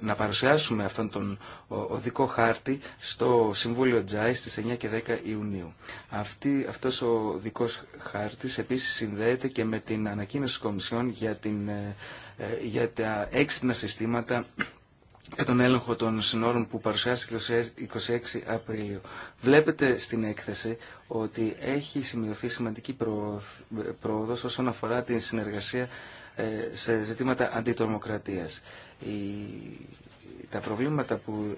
να παρουσιάσουμε αυτόν τον οδικό χάρτη στο Συμβούλιο Τζάι στις 9 και 10 Ιουνίου. Αυτή... Αυτός ο οδικός χάρτης επίσης συνδέεται και με την ανακοίνωση της Κομισιόν για την ε, ε, για τα έξυπνα συστήματα και τον έλεγχο των συνόρων που παρουσιάστηκε 26 Απριλίου. Βλέπετε στην έκθεση ότι έχει σημειωθεί σημαντική πρόοδος όσον αφορά την συνεργασία ε, σε ζητήματα αντιτρομοκρατίας. Τα προβλήματα που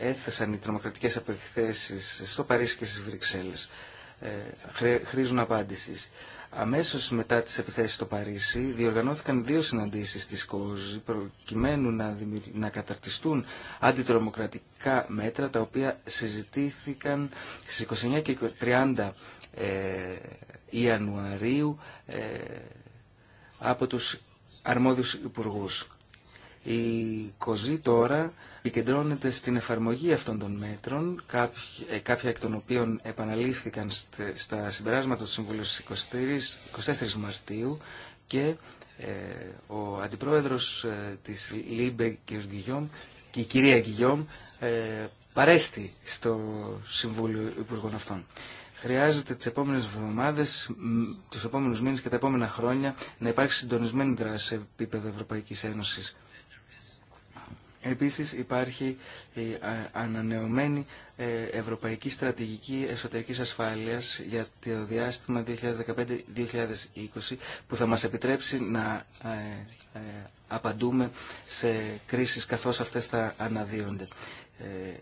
ε, έθεσαν οι τρομοκρατικές απεκθέσεις στο Παρίσι και στις Βρυξέλλες χρήζουν απάντησης. Αμέσως μετά τις επιθέσεις στο Παρίσι διοργανώθηκαν δύο συναντήσεις της ΚΟΖΗ προκειμένου να, να καταρτιστούν αντιτρομοκρατικά μέτρα τα οποία συζητήθηκαν στις 29 και 30 ε, Ιανουαρίου ε, από τους αρμόδιους υπουργούς. Η ΚΟΖΗ τώρα επικεντρώνεται στην εφαρμογή αυτών των μέτρων, ε, κάποια εκ των οποίων επαναλήφθηκαν στα συμπεράσματα του Συμβουλίου στις 24 Μαρτίου και ε, ο Αντιπρόεδρος ε, της ΛΥΜΠΕ, και η κυρία Γκυγιόμ παρέστη στο Συμβούλιο Υπουργών αυτών. Χρειάζεται τις επόμενες εβδομάδες, τους επόμενους μήνες και τα επόμενα χρόνια να υπάρξει συντονισμένη δράση σε επίπεδο Ευρωπαϊκής Ένωσης Επίσης υπάρχει η ε, ανανεωμένη ε, Ευρωπαϊκή Στρατηγική Εσωτερικής Ασφάλειας για το διάστημα 2015-2020 που θα μας επιτρέψει να ε, απαντούμε σε κρίσεις καθώς αυτές θα αναδύονται.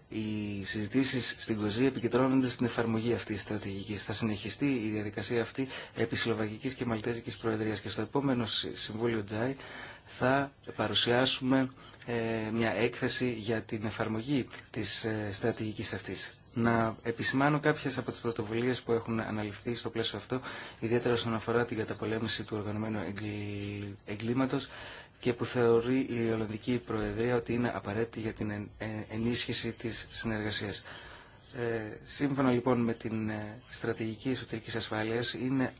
Οι συζητήσεις στην Κοζή επικεντρώνονται στην εφαρμογή αυτής της στρατηγικής. Θα συνεχιστεί η διαδικασία αυτή επί Σλοβακικής και Μαλτέζικης Προεδρίας και στο επόμενο Συμβούλιο Τζάι θα παρουσιάσουμε ε, μια έκθεση για την εφαρμογή της ε, στρατηγικής αυτής. Να επισημάνω κάποιε από τις πρωτοβουλίες που έχουν αναλυφθεί στο πλαίσιο αυτό, ιδιαίτερα όσον αφορά την καταπολέμηση του οργανωμένου εγκλήματος και που θεωρεί η Ολλανδική Προεδρία ότι είναι απαραίτητη για την ε, ενίσχυση τη συνεργασία. Σύμφωνα λοιπόν με την στρατηγική εσωτερικής ασφάλειας είναι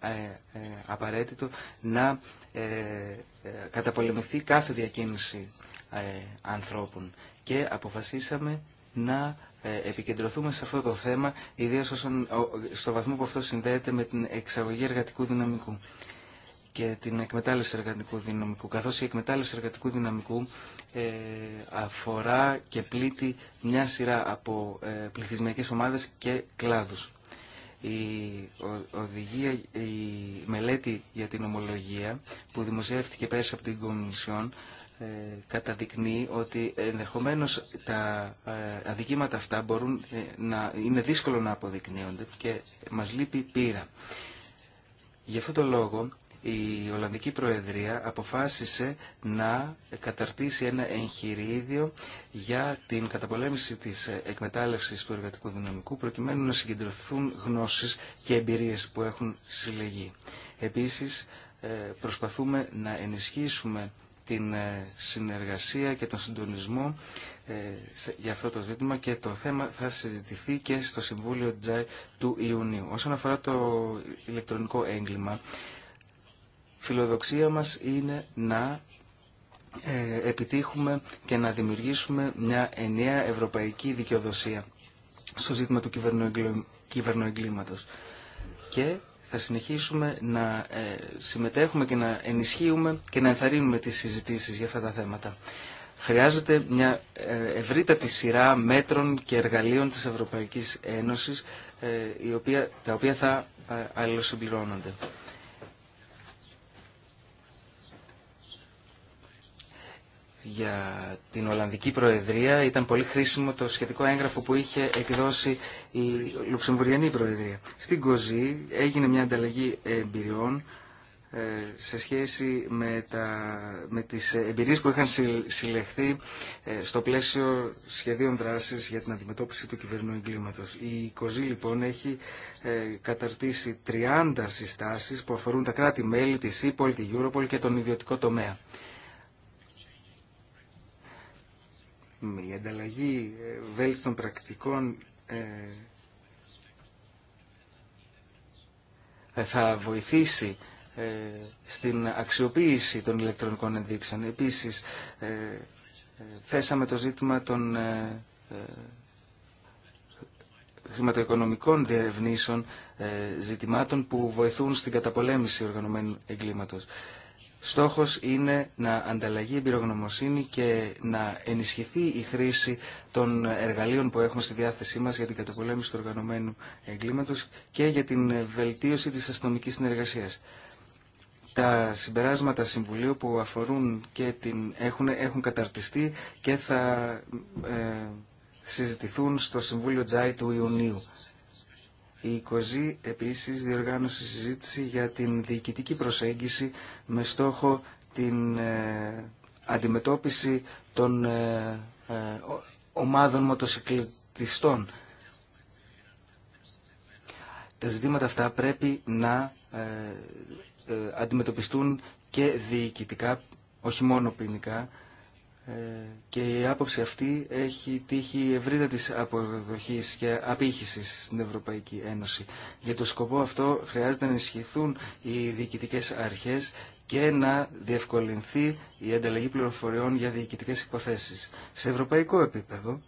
απαραίτητο να ε, καταπολεμηθεί κάθε διακίνηση ε, ανθρώπων και αποφασίσαμε να ε, επικεντρωθούμε σε αυτό το θέμα, ιδίως όσον, στο βαθμό που αυτό συνδέεται με την εξαγωγή εργατικού δυναμικού και την εκμετάλλευση εργατικού δυναμικού, καθώς η εκμετάλλευση εργατικού δυναμικού αφορά και πλήττει μια σειρά από ε, πληθυσμιακές ομάδες και κλάδους η, οδηγία, η μελέτη για την ομολογία που δημοσιεύτηκε πέρσι από την Κομισιόν ε, καταδεικνύει ότι ενδεχομένως τα ε, αδικήματα αυτά μπορούν ε, να είναι δύσκολο να αποδεικνύονται και μας λείπει πείρα. Γι' αυτό το λόγο η Ολλανδική Προεδρία αποφάσισε να καταρτήσει ένα εγχειρίδιο για την καταπολέμηση της εκμετάλλευσης του εργατικού δυναμικού προκειμένου να συγκεντρωθούν γνώσεις και εμπειρίες που έχουν συλλεγεί. Επίσης ε, προσπαθούμε να ενισχύσουμε την ε, συνεργασία και τον συντονισμό ε, για αυτό το ζήτημα και το θέμα θα συζητηθεί και στο Συμβούλιο Τζάι του Ιουνίου. Όσον αφορά το ηλεκτρονικό έγκλημα, φιλοδοξία μας είναι να ε, επιτύχουμε και να δημιουργήσουμε μια ενιαία ευρωπαϊκή δικαιοδοσία στο ζήτημα του κυβερνοεγκλήματος. Και θα συνεχίσουμε να ε, συμμετέχουμε και να ενισχύουμε και να ενθαρρύνουμε τις συζητήσεις για αυτά τα θέματα. Χρειάζεται μια ε, ευρύτατη σειρά μέτρων και εργαλείων της Ευρωπαϊκής Ένωσης τα οποία θα αλληλοσυμπληρώνονται. για την Ολλανδική Προεδρία. Ήταν πολύ χρήσιμο το σχετικό έγγραφο που είχε εκδώσει η Λουξεμβουριανή Προεδρία. Στην Κοζή έγινε μια ανταλλαγή εμπειριών ε, σε σχέση με, τα, με τις εμπειρίες που είχαν συλλεχθεί ε, στο πλαίσιο σχεδίων δράσης για την αντιμετώπιση του κυβερνού εγκλήματος. Η ΚΟΖΗ λοιπόν έχει ε, καταρτήσει 30 συστάσεις που αφορούν τα κράτη-μέλη της ΕΠΟΛ, τη Europol και τον ιδιωτικό τομέα. η ανταλλαγή ε, βέλτιστων πρακτικών ε, θα βοηθήσει ε, στην αξιοποίηση των ηλεκτρονικών ενδείξεων. Επίσης, θέσαμε το ζήτημα των χρηματοοικονομικών διερευνήσεων ζητημάτων που βοηθούν στην καταπολέμηση οργανωμένου εγκλήματος. Στόχος είναι να ανταλλαγεί εμπειρογνωμοσύνη και να ενισχυθεί η χρήση των εργαλείων που έχουμε στη διάθεσή μας για την καταπολέμηση του οργανωμένου εγκλήματος και για την βελτίωση της αστυνομικής συνεργασίας. Τα συμπεράσματα Συμβουλίου που αφορούν και την έχουν, έχουν καταρτιστεί και θα ε, συζητηθούν στο Συμβούλιο Τζάι του Ιουνίου η ΚΟΖΗ επίσης διοργάνωσε συζήτηση για την διοικητική προσέγγιση με στόχο την ε, αντιμετώπιση των ε, ε, ομάδων μοτοσυκλετιστών. Τα ζητήματα αυτά πρέπει να αντιμετωπιστούν και διοικητικά, όχι μόνο ποινικά, και η άποψη αυτή έχει τύχει ευρύτατης αποδοχή και απήχηση στην Ευρωπαϊκή Ένωση. Για το σκοπό αυτό χρειάζεται να ενισχυθούν οι διοικητικέ αρχές και να διευκολυνθεί η ανταλλαγή πληροφοριών για διοικητικέ υποθέσεις. Σε ευρωπαϊκό επίπεδο,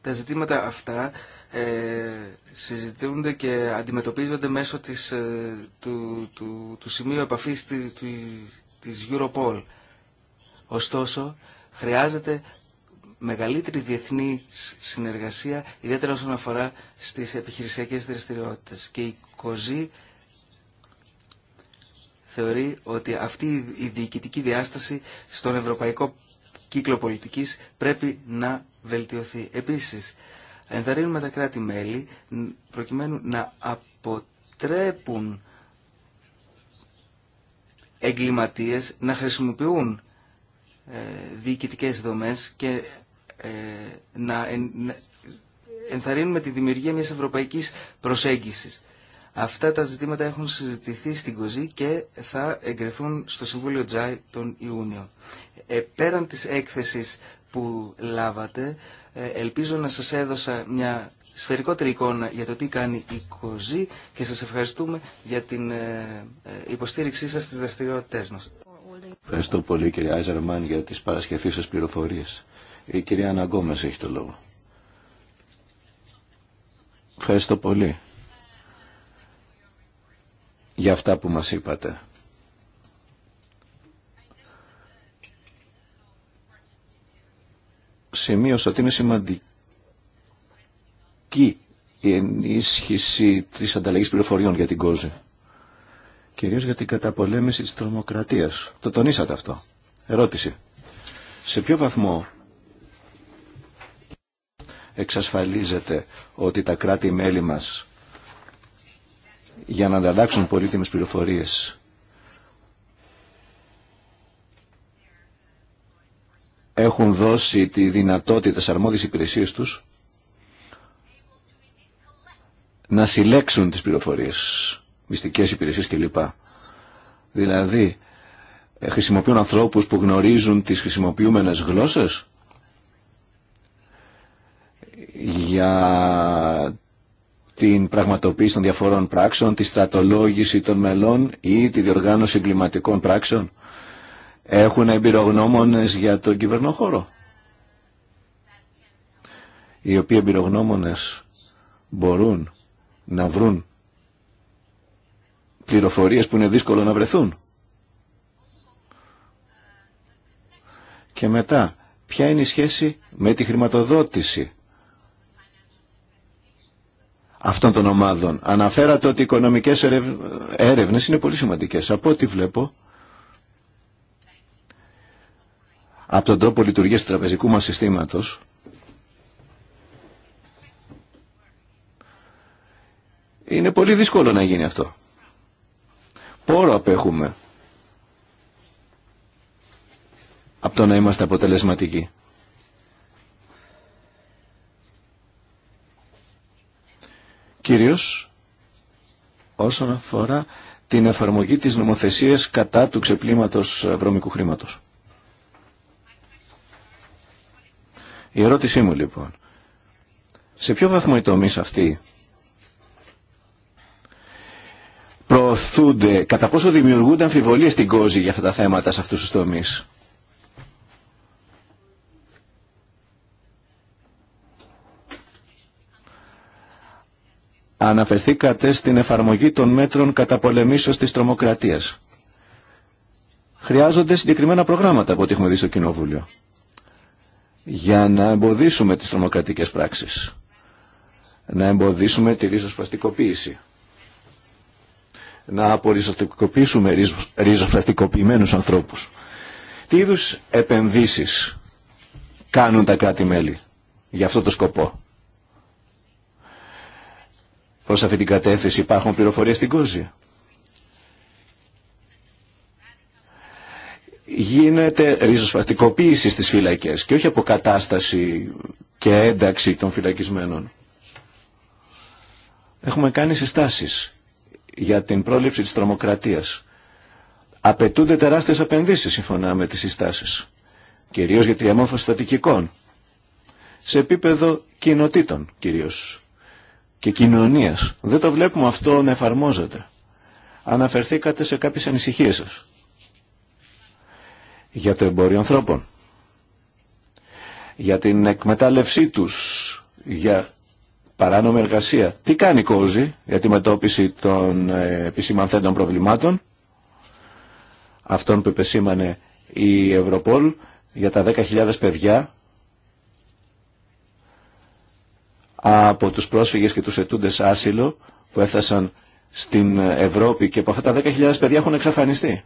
τα ζητήματα αυτά ε, συζητούνται και αντιμετωπίζονται μέσω της, ε, του, του, του σημείου επαφής του, της Europol. Ωστόσο, χρειάζεται μεγαλύτερη διεθνή συνεργασία, ιδιαίτερα όσον αφορά στις επιχειρησιακές δραστηριότητες. Και η ΚΟΖΗ θεωρεί ότι αυτή η διοικητική διάσταση στον ευρωπαϊκό κύκλο πολιτικής πρέπει να βελτιωθεί. Επίσης, ενθαρρύνουμε τα κράτη-μέλη προκειμένου να αποτρέπουν εγκληματίες να χρησιμοποιούν ε, διοικητικές δομές και ε, να ενθαρρύνουμε τη δημιουργία μιας ευρωπαϊκής προσέγγισης. Αυτά τα ζητήματα έχουν συζητηθεί στην Κοζή και θα εγκρεθούν στο Συμβούλιο Τζάι τον Ιούνιο. Ε, πέραν της έκθεσης που λάβατε, ε, ελπίζω να σας έδωσα μια σφαιρικότερη εικόνα για το τι κάνει η ΚΟΖΗ και σας ευχαριστούμε για την ε, ε, υποστήριξή σας στις δραστηριότητές μας. Ευχαριστώ πολύ κυρία Άιζερμαν για τις σας πληροφορίες. Η κυρία Αναγκόμες έχει το λόγο. Ευχαριστώ πολύ για αυτά που μας είπατε. Σημείωσα ότι είναι σημαντικό κι η ενίσχυση της ανταλλαγής πληροφοριών για την κόζη. Κυρίως για την καταπολέμηση της τρομοκρατίας. Το τονίσατε αυτό. Ερώτηση. Σε ποιο βαθμό εξασφαλίζεται ότι τα κράτη-μέλη μας για να ανταλλάξουν πολύτιμες πληροφορίες έχουν δώσει τη δυνατότητα στις αρμόδιες υπηρεσίες τους να συλλέξουν τις πληροφορίες, μυστικές υπηρεσίες κλπ. Δηλαδή, ε, χρησιμοποιούν ανθρώπους που γνωρίζουν τις χρησιμοποιούμενες γλώσσες για την πραγματοποίηση των διαφορών πράξεων, τη στρατολόγηση των μελών ή τη διοργάνωση εγκληματικών πράξεων. Έχουν εμπειρογνώμονες για τον κυβερνοχώρο. Οι οποίοι εμπειρογνώμονες μπορούν να βρουν πληροφορίες που είναι δύσκολο να βρεθούν. Και μετά, ποια είναι η σχέση με τη χρηματοδότηση αυτών των ομάδων. Αναφέρατε ότι οι οικονομικές έρευνες είναι πολύ σημαντικές. Από ό,τι βλέπω, από τον τρόπο λειτουργίας του τραπεζικού μας συστήματος, Είναι πολύ δύσκολο να γίνει αυτό. Πόρο απέχουμε από το να είμαστε αποτελεσματικοί. Κυρίως όσον αφορά την εφαρμογή της νομοθεσίας κατά του ξεπλήματος βρώμικου χρήματος. Η ερώτησή μου λοιπόν, σε ποιο βαθμό οι τομείς αυτή; προωθούνται, κατά πόσο δημιουργούνται αμφιβολίες στην κόζη για αυτά τα θέματα σε αυτούς τους τομείς. Αναφερθήκατε στην εφαρμογή των μέτρων κατά πολεμήσεως της τρομοκρατίας. Χρειάζονται συγκεκριμένα προγράμματα από ό,τι έχουμε δει στο Κοινοβούλιο για να εμποδίσουμε τις τρομοκρατικές πράξεις, να εμποδίσουμε τη ρίζοσπαστικοποίηση να απορριζοστικοποιήσουμε ρίζοφραστικοποιημένου ανθρώπου. Τι είδου επενδύσεις κάνουν τα κράτη-μέλη για αυτό το σκοπό. Πως αυτή την κατεύθυνση υπάρχουν πληροφορίε στην κόζη. Γίνεται ριζοσπαστικοποίηση στις φυλακές και όχι αποκατάσταση και ένταξη των φυλακισμένων. Έχουμε κάνει συστάσεις για την πρόληψη της τρομοκρατίας. Απαιτούνται τεράστιες επενδύσεις σύμφωνα με τις συστάσεις, κυρίως για τη διαμόρφωση στατικικών, σε επίπεδο κοινοτήτων κυρίως και κοινωνίας. Δεν το βλέπουμε αυτό να εφαρμόζεται. Αναφερθήκατε σε κάποιες ανησυχίες σας για το εμπόριο ανθρώπων, για την εκμετάλλευσή τους, για παράνομη εργασία. Τι κάνει η Κόζη για τη μετώπιση των ε, επισημανθέντων προβλημάτων, αυτών που επεσήμανε η Ευρωπόλ για τα 10.000 παιδιά από τους πρόσφυγες και τους ετούντες άσυλο που έφτασαν στην Ευρώπη και από αυτά τα 10.000 παιδιά έχουν εξαφανιστεί.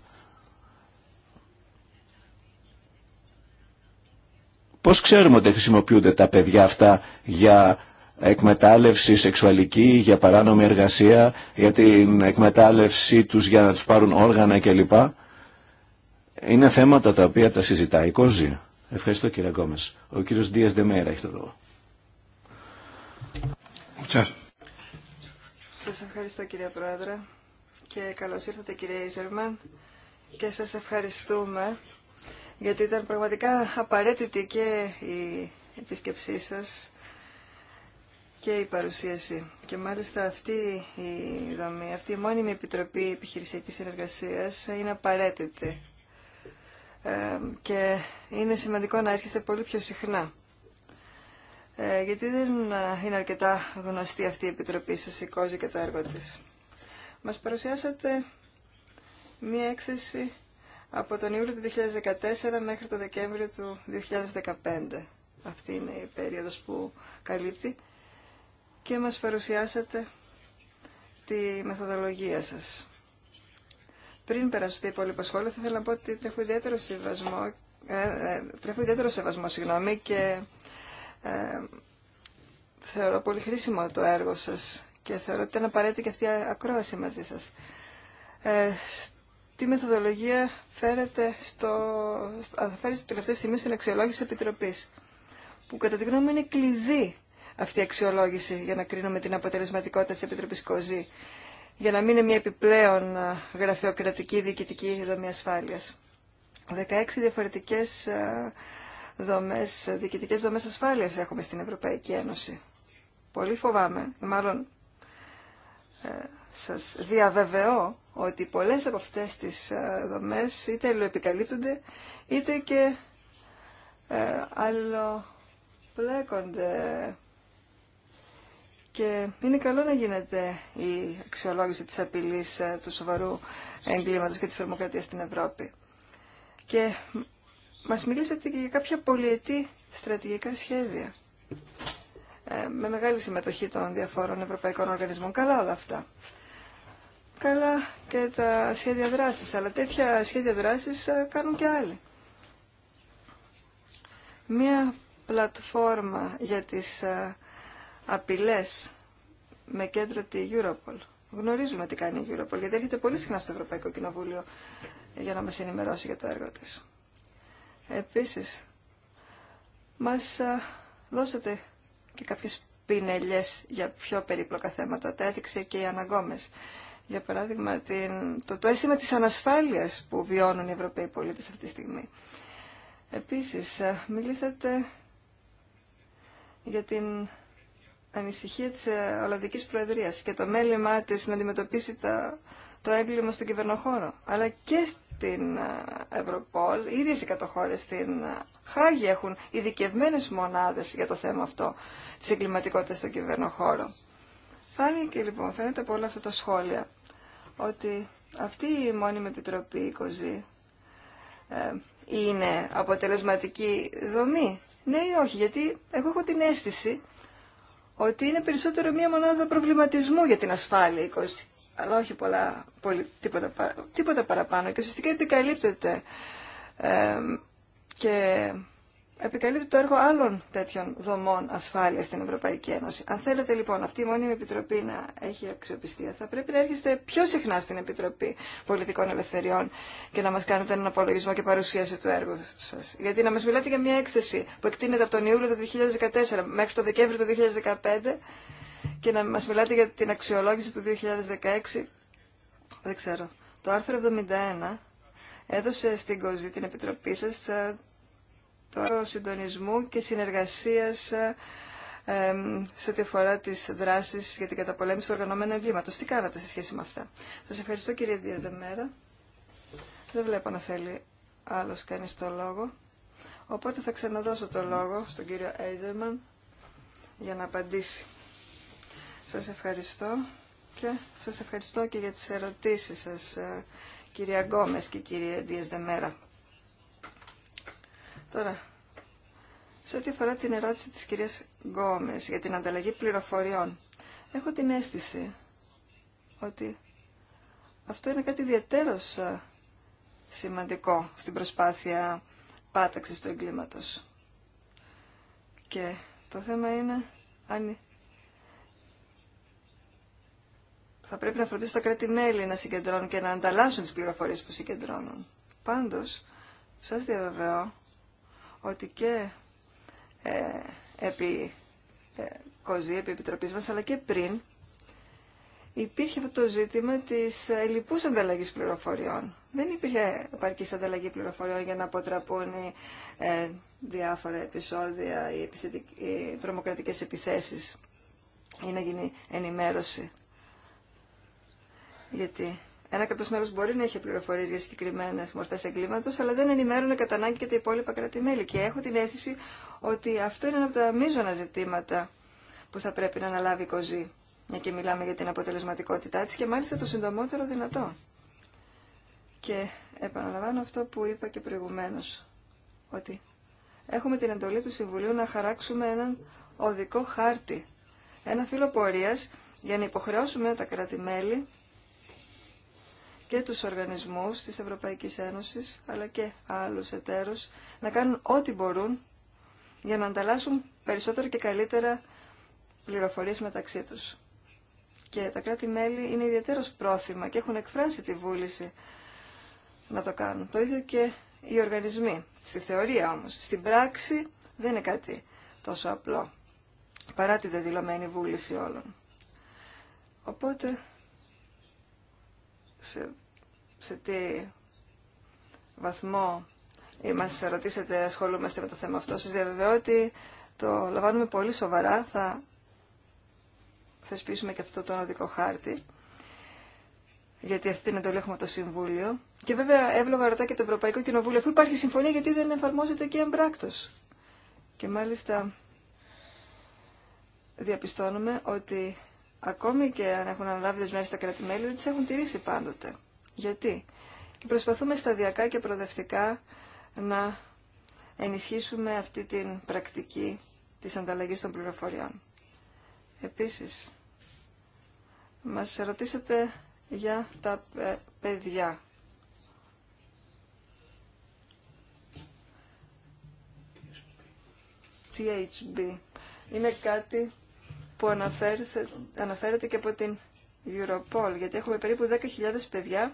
Πώς ξέρουμε ότι χρησιμοποιούνται τα παιδιά αυτά για εκμετάλλευση σεξουαλική για παράνομη εργασία, για την εκμετάλλευση τους για να τους πάρουν όργανα κλπ. Είναι θέματα τα οποία τα συζητάει η Κόζη. Ευχαριστώ κύριε Γκόμες. Ο κύριος Δίας Δεμέρα έχει το λόγο. Σας ευχαριστώ κύριε Πρόεδρε και καλώς ήρθατε κύριε Ιζερμαν και σας ευχαριστούμε γιατί ήταν πραγματικά απαραίτητη και η επίσκεψή σας και η παρουσίαση. Και μάλιστα αυτή η δομή, αυτή η μόνιμη επιτροπή επιχειρησιακής συνεργασίας είναι απαραίτητη. Ε, και είναι σημαντικό να έρχεστε πολύ πιο συχνά. Ε, γιατί δεν είναι αρκετά γνωστή αυτή η επιτροπή σα η Κόζη και το έργο τη. Μα παρουσιάσατε μία έκθεση από τον Ιούλιο του 2014 μέχρι τον Δεκέμβριο του 2015. Αυτή είναι η περίοδος που καλύπτει και μας παρουσιάσατε τη μεθοδολογία σας. Πριν περάσω στα υπόλοιπα σχόλια, θα ήθελα να πω ότι τρέχω ιδιαίτερο σεβασμό, ε, ε σεβασμό συγγνώμη, και ε, θεωρώ πολύ χρήσιμο το έργο σας και θεωρώ ότι ήταν απαραίτητη και αυτή η ακρόαση μαζί σας. Ε, τη μεθοδολογία φέρετε στο, θα φέρει στο τελευταίο σημείο στην αξιολόγηση επιτροπής, που κατά τη γνώμη είναι κλειδί αυτή η αξιολόγηση για να κρίνουμε την αποτελεσματικότητα της Επιτροπής ΚΟΖΗ για να μην είναι μια επιπλέον γραφειοκρατική διοικητική δομή ασφάλειας. 16 διαφορετικές δομές, διοικητικές δομές ασφάλειας έχουμε στην Ευρωπαϊκή Ένωση. Πολύ φοβάμαι, μάλλον ε, σας διαβεβαιώ ότι πολλές από αυτές τις δομές είτε αλληλοεπικαλύπτονται είτε και ε, αλλοπλέκονται και είναι καλό να γίνεται η αξιολόγηση της απειλής ε, του σοβαρού εγκλήματος και της θερμοκρατίας στην Ευρώπη. Και μας μιλήσατε και για κάποια πολυετή στρατηγικά σχέδια ε, με μεγάλη συμμετοχή των διαφόρων ευρωπαϊκών οργανισμών. Καλά όλα αυτά. Καλά και τα σχέδια δράσης, αλλά τέτοια σχέδια δράσης ε, κάνουν και άλλοι. Μία πλατφόρμα για τις απειλές με κέντρο τη Europol. Γνωρίζουμε τι κάνει η Europol, γιατί έρχεται πολύ συχνά στο Ευρωπαϊκό Κοινοβούλιο για να μας ενημερώσει για το έργο της. Επίσης, μας δώσατε και κάποιες πινελιές για πιο περίπλοκα θέματα. Τα έδειξε και η Αναγκόμες. Για παράδειγμα, την, το, το αίσθημα της ανασφάλειας που βιώνουν οι Ευρωπαίοι πολίτες αυτή τη στιγμή. Επίσης, μιλήσατε για την ανησυχία της ε, Ολλανδικής Προεδρίας και το μέλημά της να αντιμετωπίσει το έγκλημα στον κυβερνοχώρο, αλλά και στην ε, Ευρωπόλ, οι ίδιες οι κατοχώρες στην ε, Χάγη έχουν ειδικευμένε μονάδες για το θέμα αυτό της εγκληματικότητας στον κυβερνοχώρο. Φάνηκε λοιπόν, φαίνεται από όλα αυτά τα σχόλια, ότι αυτή η μόνιμη επιτροπή, η είναι αποτελεσματική δομή. Ναι ή όχι, γιατί εγώ έχω την αίσθηση ότι είναι περισσότερο μία μονάδα προβληματισμού για την ασφάλεια αλλά όχι πολλά, τίποτα, τίποτα παραπάνω και ουσιαστικά επικαλύπτεται και επικαλύπτει το έργο άλλων τέτοιων δομών ασφάλεια στην Ευρωπαϊκή Ένωση. Αν θέλετε λοιπόν αυτή η μόνιμη επιτροπή να έχει αξιοπιστία, θα πρέπει να έρχεστε πιο συχνά στην Επιτροπή Πολιτικών Ελευθεριών και να μα κάνετε έναν απολογισμό και παρουσίαση του έργου σα. Γιατί να μα μιλάτε για μια έκθεση που εκτείνεται από τον Ιούλιο του 2014 μέχρι το Δεκέμβριο του 2015 και να μα μιλάτε για την αξιολόγηση του 2016. Δεν ξέρω. Το άρθρο 71 έδωσε στην ΚΟΖΗ την Επιτροπή σα ο συντονισμού και συνεργασίας ε, σε ό,τι αφορά τις δράσεις για την καταπολέμηση του οργανωμένου εγκλήματος. Τι κάνατε σε σχέση με αυτά. Σας ευχαριστώ κύριε Διαδεμέρα. Δεν βλέπω να θέλει άλλος κανείς το λόγο. Οπότε θα ξαναδώσω το λόγο στον κύριο Έιζερμαν για να απαντήσει. Σας ευχαριστώ και σας ευχαριστώ και για τις ερωτήσεις σας ε, κυρία Γκόμες και κύριε Δίας Δεμέρα. Τώρα, σε ό,τι αφορά την ερώτηση της κυρίας Γκόμες για την ανταλλαγή πληροφοριών, έχω την αίσθηση ότι αυτό είναι κάτι ιδιαίτερος ε, σημαντικό στην προσπάθεια πάταξης του εγκλήματος. Και το θέμα είναι αν θα πρέπει να φροντίσουν τα κράτη-μέλη να συγκεντρώνουν και να ανταλλάσσουν τις πληροφορίες που συγκεντρώνουν. Πάντως, σας διαβεβαιώ ότι και ε, επί ε, ΚΟΖΗ, επί Επιτροπής μας, αλλά και πριν, υπήρχε αυτό το ζήτημα της ε, λοιπούς ανταλλαγής πληροφοριών. Δεν υπήρχε επαρκής ανταλλαγή πληροφοριών για να αποτραπούν οι ε, διάφορα επεισόδια, οι, οι τρομοκρατικές επιθέσεις ή να γίνει ενημέρωση. Γιατί ένα κράτο μέλο μπορεί να έχει πληροφορίε για συγκεκριμένε μορφέ εγκλήματο, αλλά δεν ενημέρωνε κατά ανάγκη και τα υπόλοιπα κράτη-μέλη. Και έχω την αίσθηση ότι αυτό είναι ένα από τα μείζωνα ζητήματα που θα πρέπει να αναλάβει η ΚΟΖΗ, μια και μιλάμε για την αποτελεσματικότητά τη και μάλιστα το συντομότερο δυνατό. Και επαναλαμβάνω αυτό που είπα και προηγουμένω, ότι έχουμε την εντολή του Συμβουλίου να χαράξουμε έναν οδικό χάρτη, ένα φύλλο πορεία για να υποχρεώσουμε τα κράτη-μέλη και τους οργανισμούς της Ευρωπαϊκής Ένωσης αλλά και άλλους εταίρους να κάνουν ό,τι μπορούν για να ανταλλάσσουν περισσότερο και καλύτερα πληροφορίες μεταξύ τους. Και τα κράτη-μέλη είναι ιδιαίτερος πρόθυμα και έχουν εκφράσει τη βούληση να το κάνουν. Το ίδιο και οι οργανισμοί. Στη θεωρία όμως, στην πράξη δεν είναι κάτι τόσο απλό παρά τη δεδηλωμένη βούληση όλων. Οπότε σε, σε τι βαθμό μα ρωτήσετε ασχολούμαστε με το θέμα αυτό. Σας διαβεβαιώ ότι το λαμβάνουμε πολύ σοβαρά. Θα θεσπίσουμε και αυτό το οδικό χάρτη γιατί αυτή είναι το έχουμε το Συμβούλιο. Και βέβαια εύλογα ρωτά και το Ευρωπαϊκό Κοινοβούλιο, αφού υπάρχει συμφωνία, γιατί δεν εφαρμόζεται και εμπράκτο. Και μάλιστα διαπιστώνουμε ότι ακόμη και αν έχουν αναλάβει δεσμεύσει τα κράτη-μέλη, δεν τι έχουν τηρήσει πάντοτε. Γιατί Και προσπαθούμε σταδιακά και προοδευτικά να ενισχύσουμε αυτή την πρακτική της ανταλλαγής των πληροφοριών. Επίσης, μας ρωτήσατε για τα ε, παιδιά. THB. Είναι κάτι που αναφέρεται, και από την Europol, γιατί έχουμε περίπου 10.000 παιδιά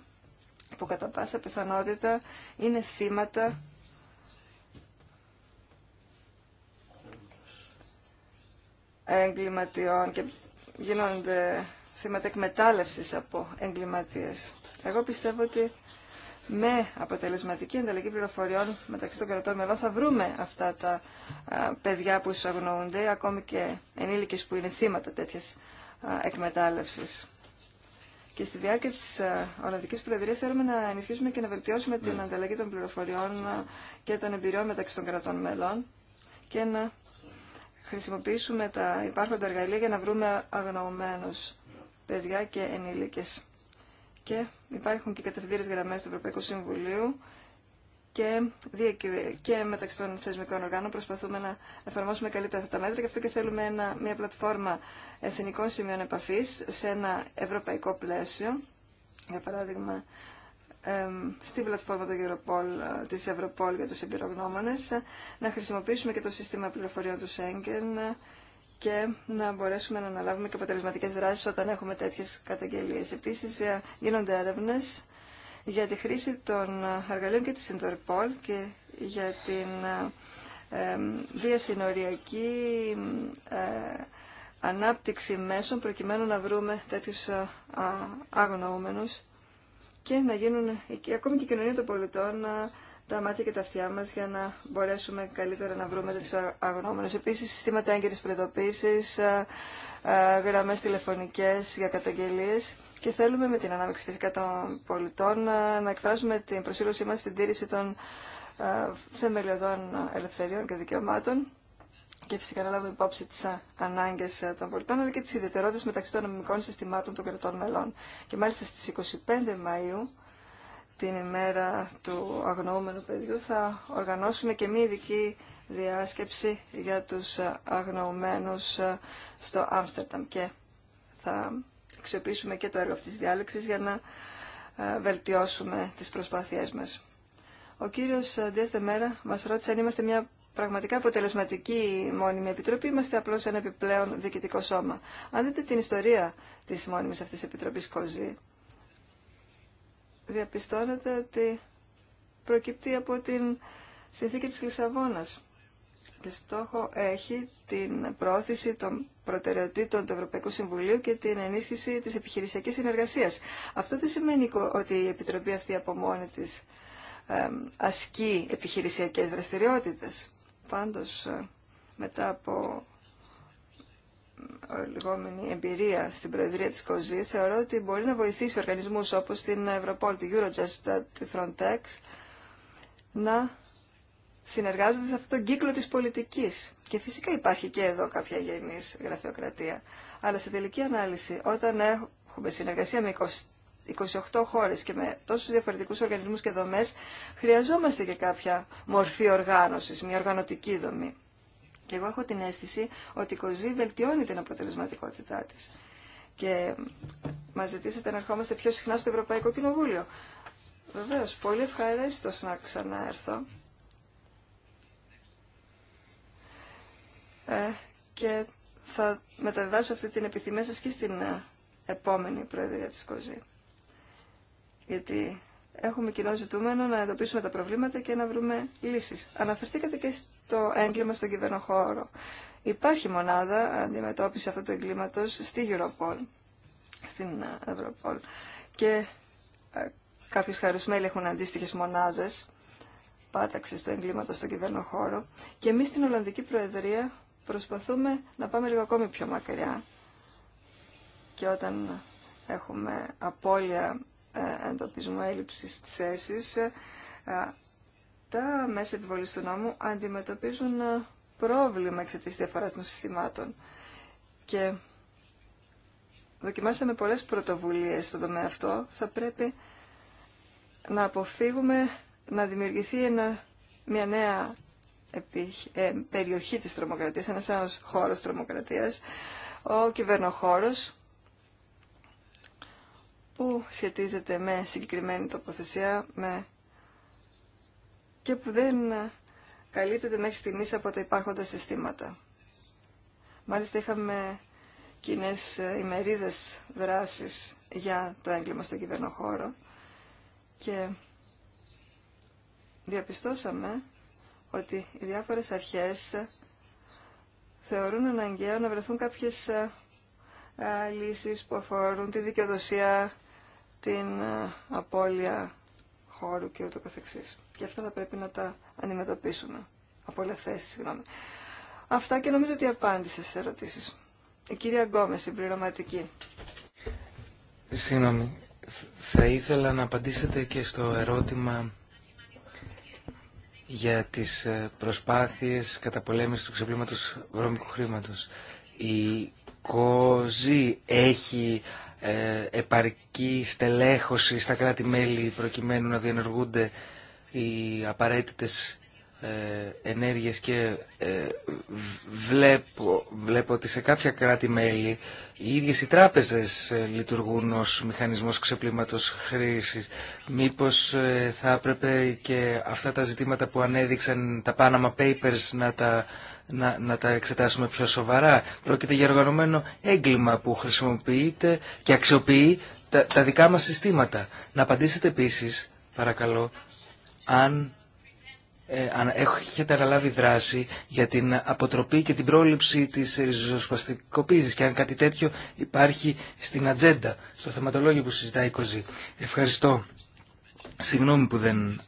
που κατά πάσα πιθανότητα είναι θύματα εγκληματιών και γίνονται θύματα εκμετάλλευσης από εγκληματίες. Εγώ πιστεύω ότι με αποτελεσματική ανταλλαγή πληροφοριών μεταξύ των κρατών μελών θα βρούμε αυτά τα παιδιά που ίσως ακόμη και ενήλικες που είναι θύματα τέτοιας εκμετάλλευσης. Και στη διάρκεια της Ολλανδικής Προεδρίας θέλουμε να ενισχύσουμε και να βελτιώσουμε την ναι. ανταλλαγή των πληροφοριών και των εμπειριών μεταξύ των κρατών μελών και να χρησιμοποιήσουμε τα υπάρχοντα εργαλεία για να βρούμε αγνοωμένους παιδιά και ενήλικες. Και υπάρχουν και κατευθυντήρες γραμμές του Ευρωπαϊκού Συμβουλίου και, και μεταξύ των θεσμικών οργάνων προσπαθούμε να εφαρμόσουμε καλύτερα αυτά τα μέτρα και αυτό και θέλουμε ένα, μια πλατφόρμα εθνικών σημείων επαφής σε ένα ευρωπαϊκό πλαίσιο. Για παράδειγμα, στην πλατφόρμα του Europol, της Ευρωπόλ για τους εμπειρογνώμονες, να χρησιμοποιήσουμε και το σύστημα πληροφοριών του Σέγγεν και να μπορέσουμε να αναλάβουμε και αποτελεσματικέ δράσει όταν έχουμε τέτοιε καταγγελίε. Επίση, ε, γίνονται έρευνε για τη χρήση των εργαλείων και τη Interpol και για την ε, διασυνοριακή ε, ανάπτυξη μέσων προκειμένου να βρούμε τέτοιους αγνοούμενου και να γίνουν ακόμη και η κοινωνία των πολιτών τα μάτια και τα αυτιά μας για να μπορέσουμε καλύτερα να βρούμε τις αγνώμενες. Επίσης, συστήματα έγκαιρης προειδοποίησης, γραμμές τηλεφωνικές για καταγγελίες και θέλουμε με την ανάμεξη φυσικά των πολιτών να εκφράσουμε την προσήλωσή μας στην τήρηση των θεμελιωδών ελευθεριών και δικαιωμάτων και φυσικά να λάβουμε υπόψη τι ανάγκε των πολιτών αλλά και τι ιδιαιτερότητε μεταξύ των νομικών συστημάτων των κρατών μελών. Και μάλιστα στι 25 Μαου την ημέρα του αγνοούμενου παιδιού θα οργανώσουμε και μία ειδική διάσκεψη για τους αγνοωμένους στο Άμστερνταμ και θα αξιοποιήσουμε και το έργο αυτής της διάλεξης για να ε, βελτιώσουμε τις προσπάθειές μας. Ο κύριος Ντίας Μέρα μας ρώτησε αν είμαστε μια πραγματικά αποτελεσματική μόνιμη επιτροπή, είμαστε απλώς ένα επιπλέον διοικητικό σώμα. Αν δείτε την ιστορία της μόνιμης αυτής επιτροπής ΚΟΖΗ, διαπιστώνεται ότι προκύπτει από την συνθήκη της Λισαβόνας και στόχο έχει την πρόθεση των προτεραιοτήτων του Ευρωπαϊκού Συμβουλίου και την ενίσχυση της επιχειρησιακής συνεργασίας. Αυτό δεν σημαίνει ότι η Επιτροπή αυτή από μόνη της ασκεί επιχειρησιακές δραστηριότητες. Πάντως, ε, μετά από λιγόμενη εμπειρία στην Προεδρία της ΚΟΖΗ, θεωρώ ότι μπορεί να βοηθήσει οργανισμούς όπως την Ευρωπόλ, τη Eurojust, τη Frontex, να συνεργάζονται σε αυτόν τον κύκλο της πολιτικής. Και φυσικά υπάρχει και εδώ κάποια γενής γραφειοκρατία. Αλλά σε τελική ανάλυση, όταν έχουμε συνεργασία με 28 χώρες και με τόσου διαφορετικούς οργανισμούς και δομές, χρειαζόμαστε και κάποια μορφή οργάνωσης, μια οργανωτική δομή. Και εγώ έχω την αίσθηση ότι η ΚΟΖΗ βελτιώνει την αποτελεσματικότητά τη. Και μα ζητήσατε να ερχόμαστε πιο συχνά στο Ευρωπαϊκό Κοινοβούλιο. Βεβαίω, πολύ ευχαρίστω να ξαναέρθω. Ε, και θα μεταβιβάσω αυτή την επιθυμία σας και στην ε, επόμενη Προεδρία της ΚΟΖΗ. Γιατί έχουμε κοινό ζητούμενο να εντοπίσουμε τα προβλήματα και να βρούμε λύσεις. Αναφερθήκατε και στο έγκλημα στον κυβερνοχώρο. Υπάρχει μονάδα αντιμετώπιση αυτού του εγκλήματος στη Europol, στην Ευρωπόλ. Και ε, κάποιες χαρισμένοι έχουν αντίστοιχες μονάδες πάταξης του εγκλήματος στον κυβερνοχώρο. Και εμείς στην Ολλανδική Προεδρία προσπαθούμε να πάμε λίγο ακόμη πιο μακριά. Και όταν έχουμε απώλεια ε, εντοπισμού έλλειψη της θέσης, ε, ε, τα μέσα επιβολή του νόμου αντιμετωπίζουν πρόβλημα εξαιτίας διαφορά των συστημάτων. Και δοκιμάσαμε πολλές πρωτοβουλίες στον τομέα αυτό. Θα πρέπει να αποφύγουμε να δημιουργηθεί μια νέα επί, περιοχή της τρομοκρατίας, ένας άλλος χώρος τρομοκρατίας, ο κυβερνοχώρος, που σχετίζεται με συγκεκριμένη τοποθεσία με... και που δεν καλύπτεται μέχρι στιγμής από τα υπάρχοντα συστήματα. Μάλιστα είχαμε κοινέ ε, ημερίδες δράσεις για το έγκλημα στον κυβερνοχώρο και διαπιστώσαμε ότι οι διάφορες αρχές θεωρούν αναγκαίο να βρεθούν κάποιες ε, ε, λύσεις που αφορούν τη δικαιοδοσία, την ε, απώλεια χώρου και ούτω καθεξής. Και αυτά θα πρέπει να τα αντιμετωπίσουμε. Απώλεια θέση, συγγνώμη. Αυτά και νομίζω ότι απάντησε σε ερωτήσεις. Η κυρία Γκόμε, συμπληρωματική. Συγγνώμη. Θα ήθελα να απαντήσετε και στο ερώτημα για τις ε, προσπάθειες πολέμηση του ξεπλήματος βρώμικου χρήματος. Η ΚΟΖΗ έχει ε, επαρκή στελέχωση στα κράτη-μέλη προκειμένου να διενεργούνται οι απαραίτητες ε, ενέργειες και ε, βλέπω, βλέπω ότι σε κάποια κράτη-μέλη οι ίδιες οι τράπεζες λειτουργούν ως μηχανισμός ξεπλήματος χρήσης. Μήπως θα έπρεπε και αυτά τα ζητήματα που ανέδειξαν τα Panama Papers να τα να, να τα εξετάσουμε πιο σοβαρά. Πρόκειται για οργανωμένο έγκλημα που χρησιμοποιείται και αξιοποιεί τα, τα δικά μας συστήματα. Να απαντήσετε επίσης, παρακαλώ, αν ε, αν έχετε αναλάβει δράση για την αποτροπή και την πρόληψη της ριζοσπαστικοποίησης και αν κάτι τέτοιο υπάρχει στην ατζέντα, στο θεματολόγιο που συζητάει η Κοζή. Ευχαριστώ. Συγγνώμη που δεν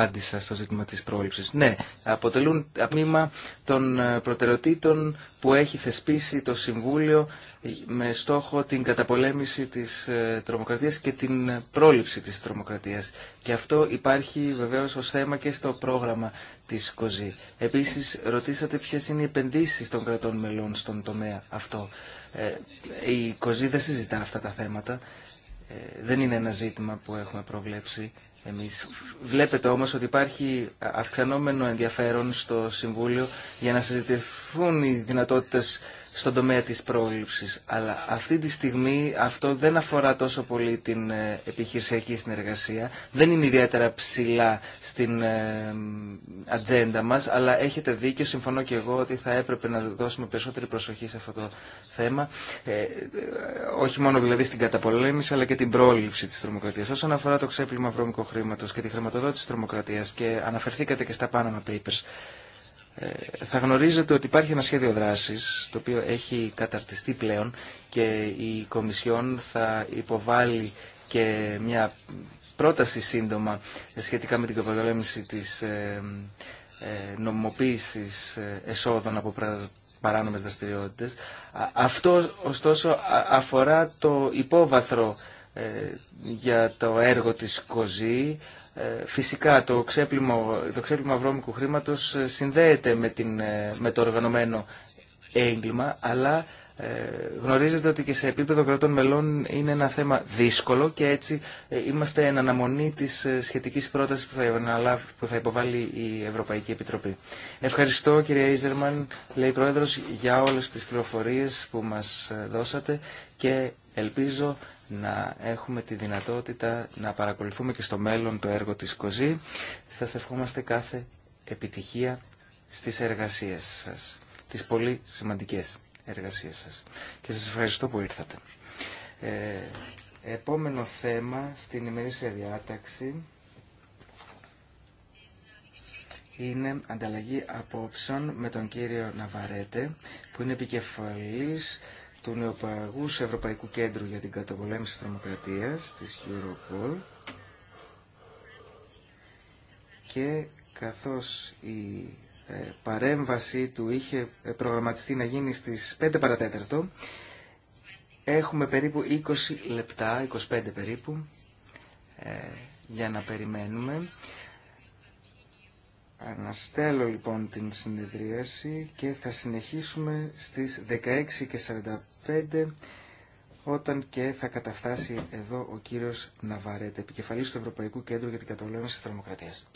απάντησα στο ζήτημα της πρόληψης. Ναι, αποτελούν τμήμα των ε, προτεραιοτήτων που έχει θεσπίσει το Συμβούλιο με στόχο την καταπολέμηση της ε, τρομοκρατίας και την πρόληψη της τρομοκρατίας. Και αυτό υπάρχει βεβαίως ως θέμα και στο πρόγραμμα της ΚΟΖΗ. Επίσης, ρωτήσατε ποιε είναι οι επενδύσεις των κρατών μελών στον τομέα αυτό. Ε, η ΚΟΖΗ δεν συζητά αυτά τα θέματα. Δεν είναι ένα ζήτημα που έχουμε προβλέψει εμείς. Βλέπετε όμως ότι υπάρχει αυξανόμενο ενδιαφέρον στο Συμβούλιο για να συζητηθούν οι δυνατότητες στον τομέα της πρόληψης. Αλλά αυτή τη στιγμή αυτό δεν αφορά τόσο πολύ την ε, επιχειρησιακή συνεργασία. Δεν είναι ιδιαίτερα ψηλά στην ε, ατζέντα μας, αλλά έχετε δίκιο, συμφωνώ και εγώ, ότι θα έπρεπε να δώσουμε περισσότερη προσοχή σε αυτό το θέμα. Ε, όχι μόνο δηλαδή στην καταπολέμηση, αλλά και την πρόληψη της τρομοκρατίας. Όσον αφορά το ξέπλυμα βρώμικο χρήματος και τη χρηματοδότηση της τρομοκρατίας και αναφερθήκατε και στα Panama Papers, ε, θα γνωρίζετε ότι υπάρχει ένα σχέδιο δράσης το οποίο έχει καταρτιστεί πλέον και η Κομισιόν θα υποβάλει και μια πρόταση σύντομα σχετικά με την καταπολέμηση της ε, ε, νομοποίησης εσόδων από παράνομες δραστηριότητες. Αυτό ωστόσο αφορά το υπόβαθρο για το έργο της ΚΟΖΗ Φυσικά το ξέπλυμα, το ξέπλυμα βρώμικου χρήματος ε, συνδέεται με, την, ε, το οργανωμένο έγκλημα, αλλά ε, γνωρίζετε ότι και σε επίπεδο κρατών μελών είναι ένα θέμα δύσκολο και έτσι είμαστε εν αναμονή της σχετικής πρότασης που θα, που θα υποβάλει η Ευρωπαϊκή Επιτροπή. Ευχαριστώ κύριε Ίζερμαν, λέει Πρόεδρος, για όλες τις πληροφορίες που μας δώσατε και ελπίζω να έχουμε τη δυνατότητα να παρακολουθούμε και στο μέλλον το έργο της ΚΟΖΗ. Σας ευχόμαστε κάθε επιτυχία στις εργασίες σας, τις πολύ σημαντικές εργασίες σας. Και σας ευχαριστώ που ήρθατε. Ε, επόμενο θέμα στην ημερήσια διάταξη είναι ανταλλαγή απόψεων με τον κύριο Ναβαρέτε, που είναι επικεφαλής του νεοπαγού Ευρωπαϊκού Κέντρου για την Καταπολέμηση της Τρομοκρατίας της Europol και καθώς η ε, παρέμβαση του είχε ε, προγραμματιστεί να γίνει στις 5 παρατέταρτο έχουμε περίπου 20 λεπτά, 25 περίπου ε, για να περιμένουμε Αναστέλω λοιπόν την συνεδρίαση και θα συνεχίσουμε στις 16.45 όταν και θα καταφτάσει εδώ ο κύριος Ναβαρέτε, επικεφαλής του Ευρωπαϊκού Κέντρου για την Κατολέμηση της Θερμοκρατίας.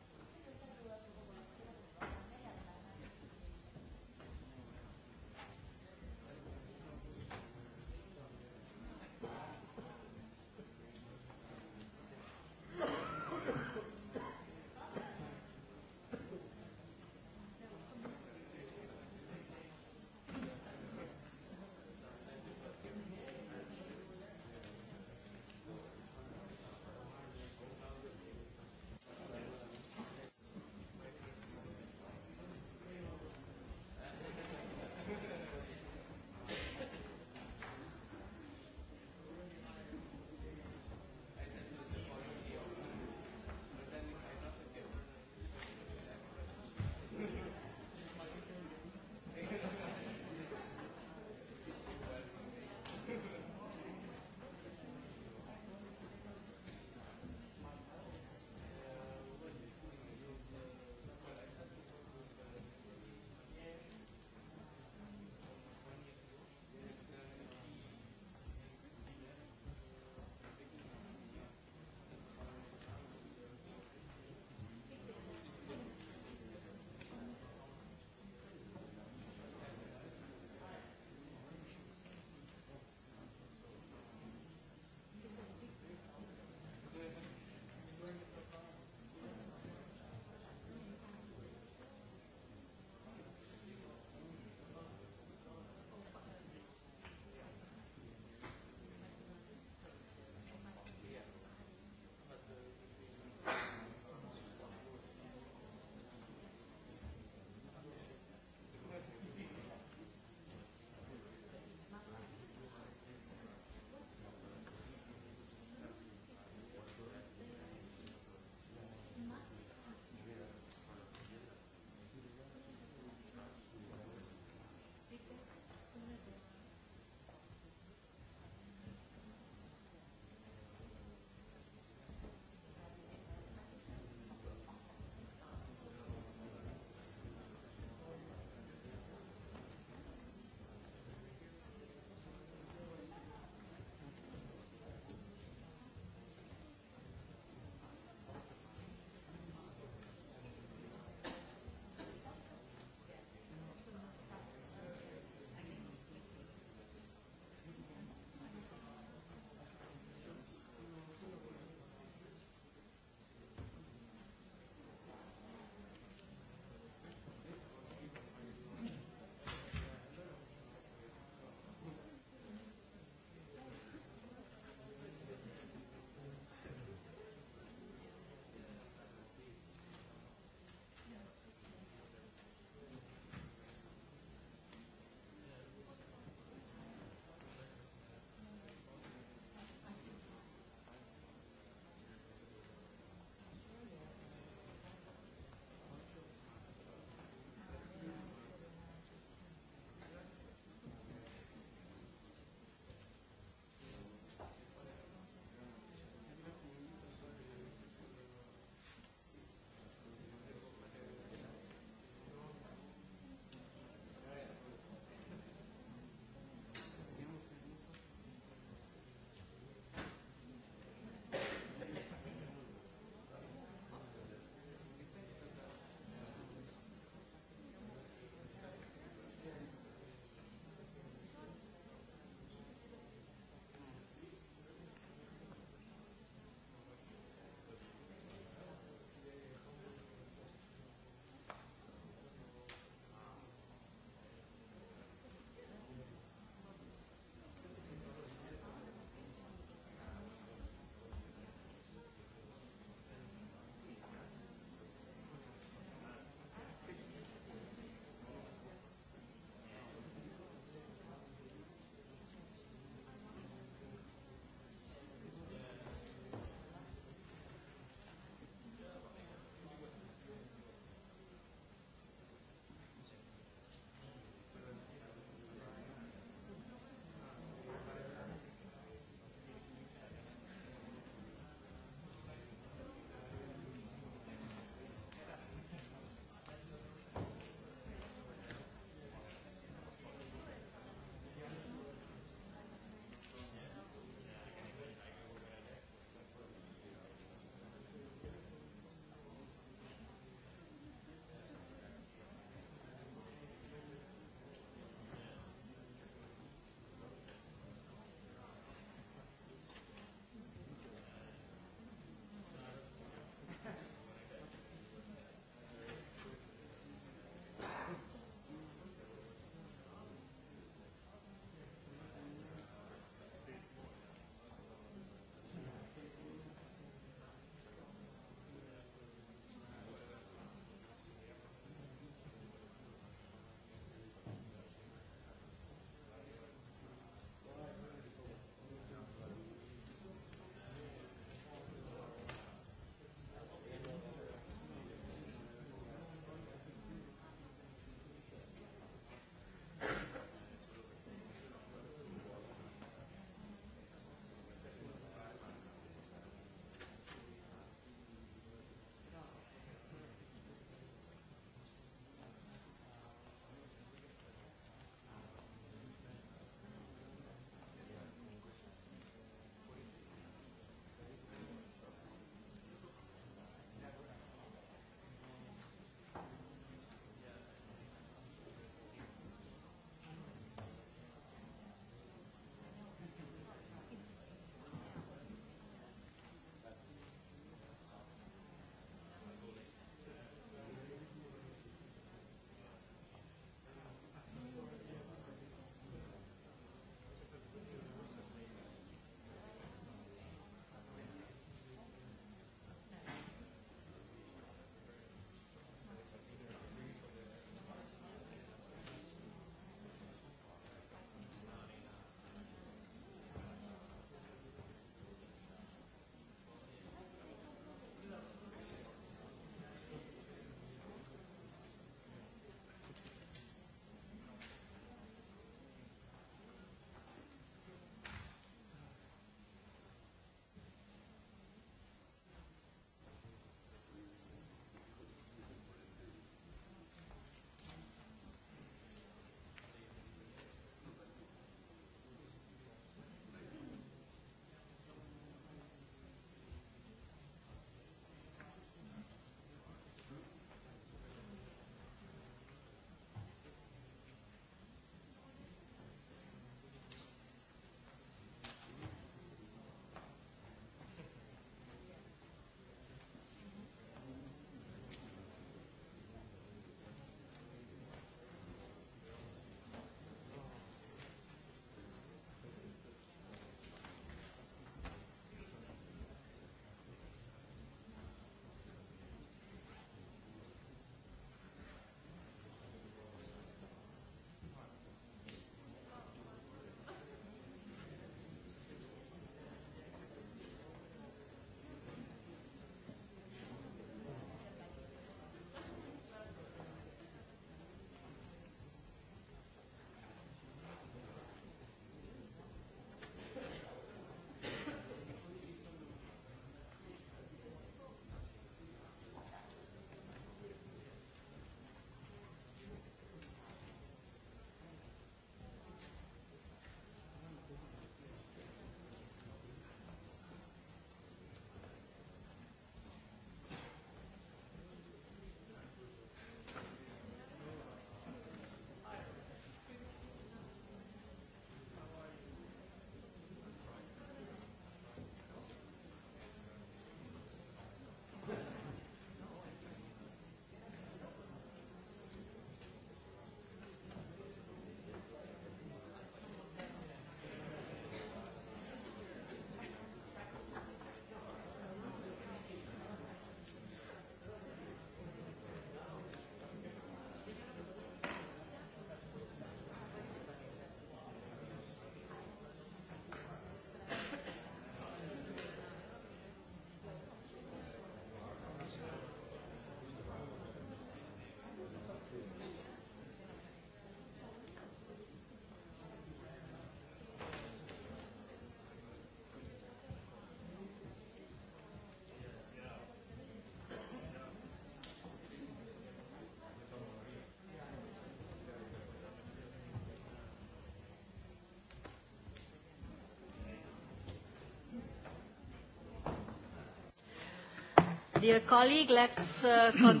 Uh,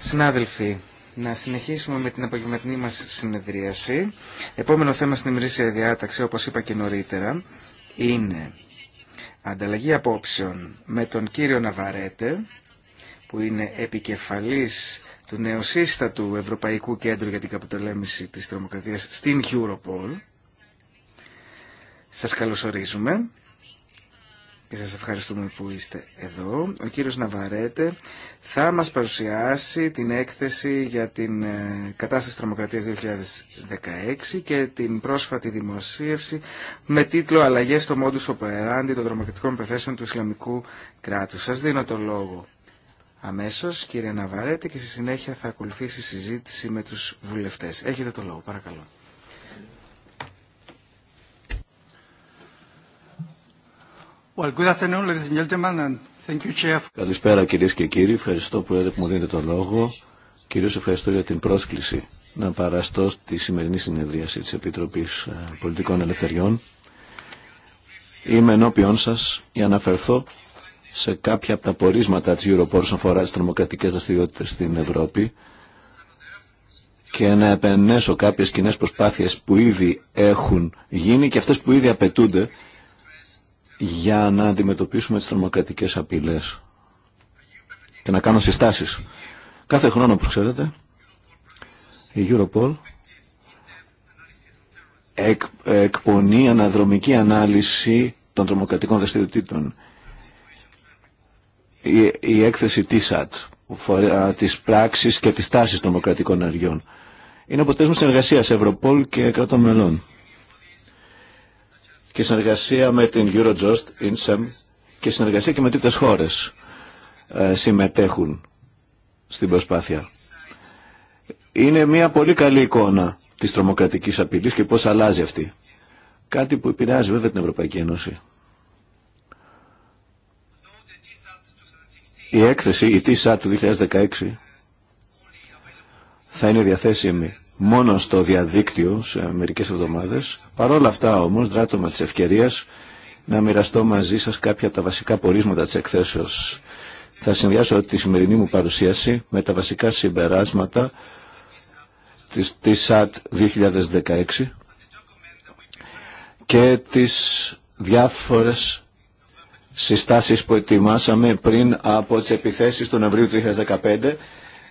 Συνάδελφοι, να συνεχίσουμε με την απογευματινή μας συνεδρίαση. Επόμενο θέμα στην ημερήσια διάταξη, όπως είπα και νωρίτερα, είναι ανταλλαγή απόψεων με τον κύριο Ναβαρέτε, που είναι επικεφαλής του νεοσύστατου Ευρωπαϊκού Κέντρου για την Καποτελέμηση της Τρομοκρατίας στην Europol. Σας καλωσορίζουμε και σας ευχαριστούμε που είστε εδώ. Ο κύριος Ναβαρέτε θα μας παρουσιάσει την έκθεση για την ε, κατάσταση τρομοκρατίας 2016 και την πρόσφατη δημοσίευση με τίτλο «Αλλαγές στο μόντους operandi των τρομοκρατικών πεθέσεων του Ισλαμικού κράτους». Σας δίνω το λόγο. Αμέσως, κύριε Ναβαρέτε, και στη συνέχεια θα ακολουθήσει συζήτηση με τους βουλευτές. Έχετε το λόγο, παρακαλώ. Καλησπέρα κύριε και κύριοι, ευχαριστώ που μου δίνετε το λόγο. Κυρίως ευχαριστώ για την πρόσκληση να παραστώ στη σημερινή συνεδρίαση της Επιτροπής ε, Πολιτικών Ελευθεριών. Είμαι ενώπιόν σας για να αναφερθώ σε κάποια από τα πορίσματα της Europol όσον αφορά τις τρομοκρατικές δραστηριότητες στην Ευρώπη και να επενέσω κάποιες κοινέ προσπάθειες που ήδη έχουν γίνει και αυτές που ήδη απαιτούνται για να αντιμετωπίσουμε τις τρομοκρατικές απειλές και να κάνω συστάσεις. Κάθε χρόνο, που ξέρετε, η Europol εκπονεί αναδρομική ανάλυση των τρομοκρατικών δραστηριοτήτων. Η, η έκθεση TSAT, της πράξης και της τάσης τρομοκρατικών αριών. Είναι αποτέλεσμα συνεργασίας Ευρωπόλ και κρατών μελών και συνεργασία με την Eurojust, INSEM και συνεργασία και με τρίτες χώρες ε, συμμετέχουν στην προσπάθεια. Είναι μια πολύ καλή εικόνα της τρομοκρατικής απειλής και πώς αλλάζει αυτή. Κάτι που επηρεάζει βέβαια την Ευρωπαϊκή Ένωση. Η έκθεση, η TISA του 2016, θα είναι διαθέσιμη μόνο στο διαδίκτυο σε μερικές εβδομάδες. Παρόλα αυτά όμως δράτωμα της ευκαιρίας να μοιραστώ μαζί σας κάποια από τα βασικά πορίσματα της εκθέσεως. Θα συνδυάσω τη σημερινή μου παρουσίαση με τα βασικά συμπεράσματα της TSAT 2016 και τις διάφορες συστάσεις που ετοιμάσαμε πριν από τις επιθέσεις του Νευρίου του 2015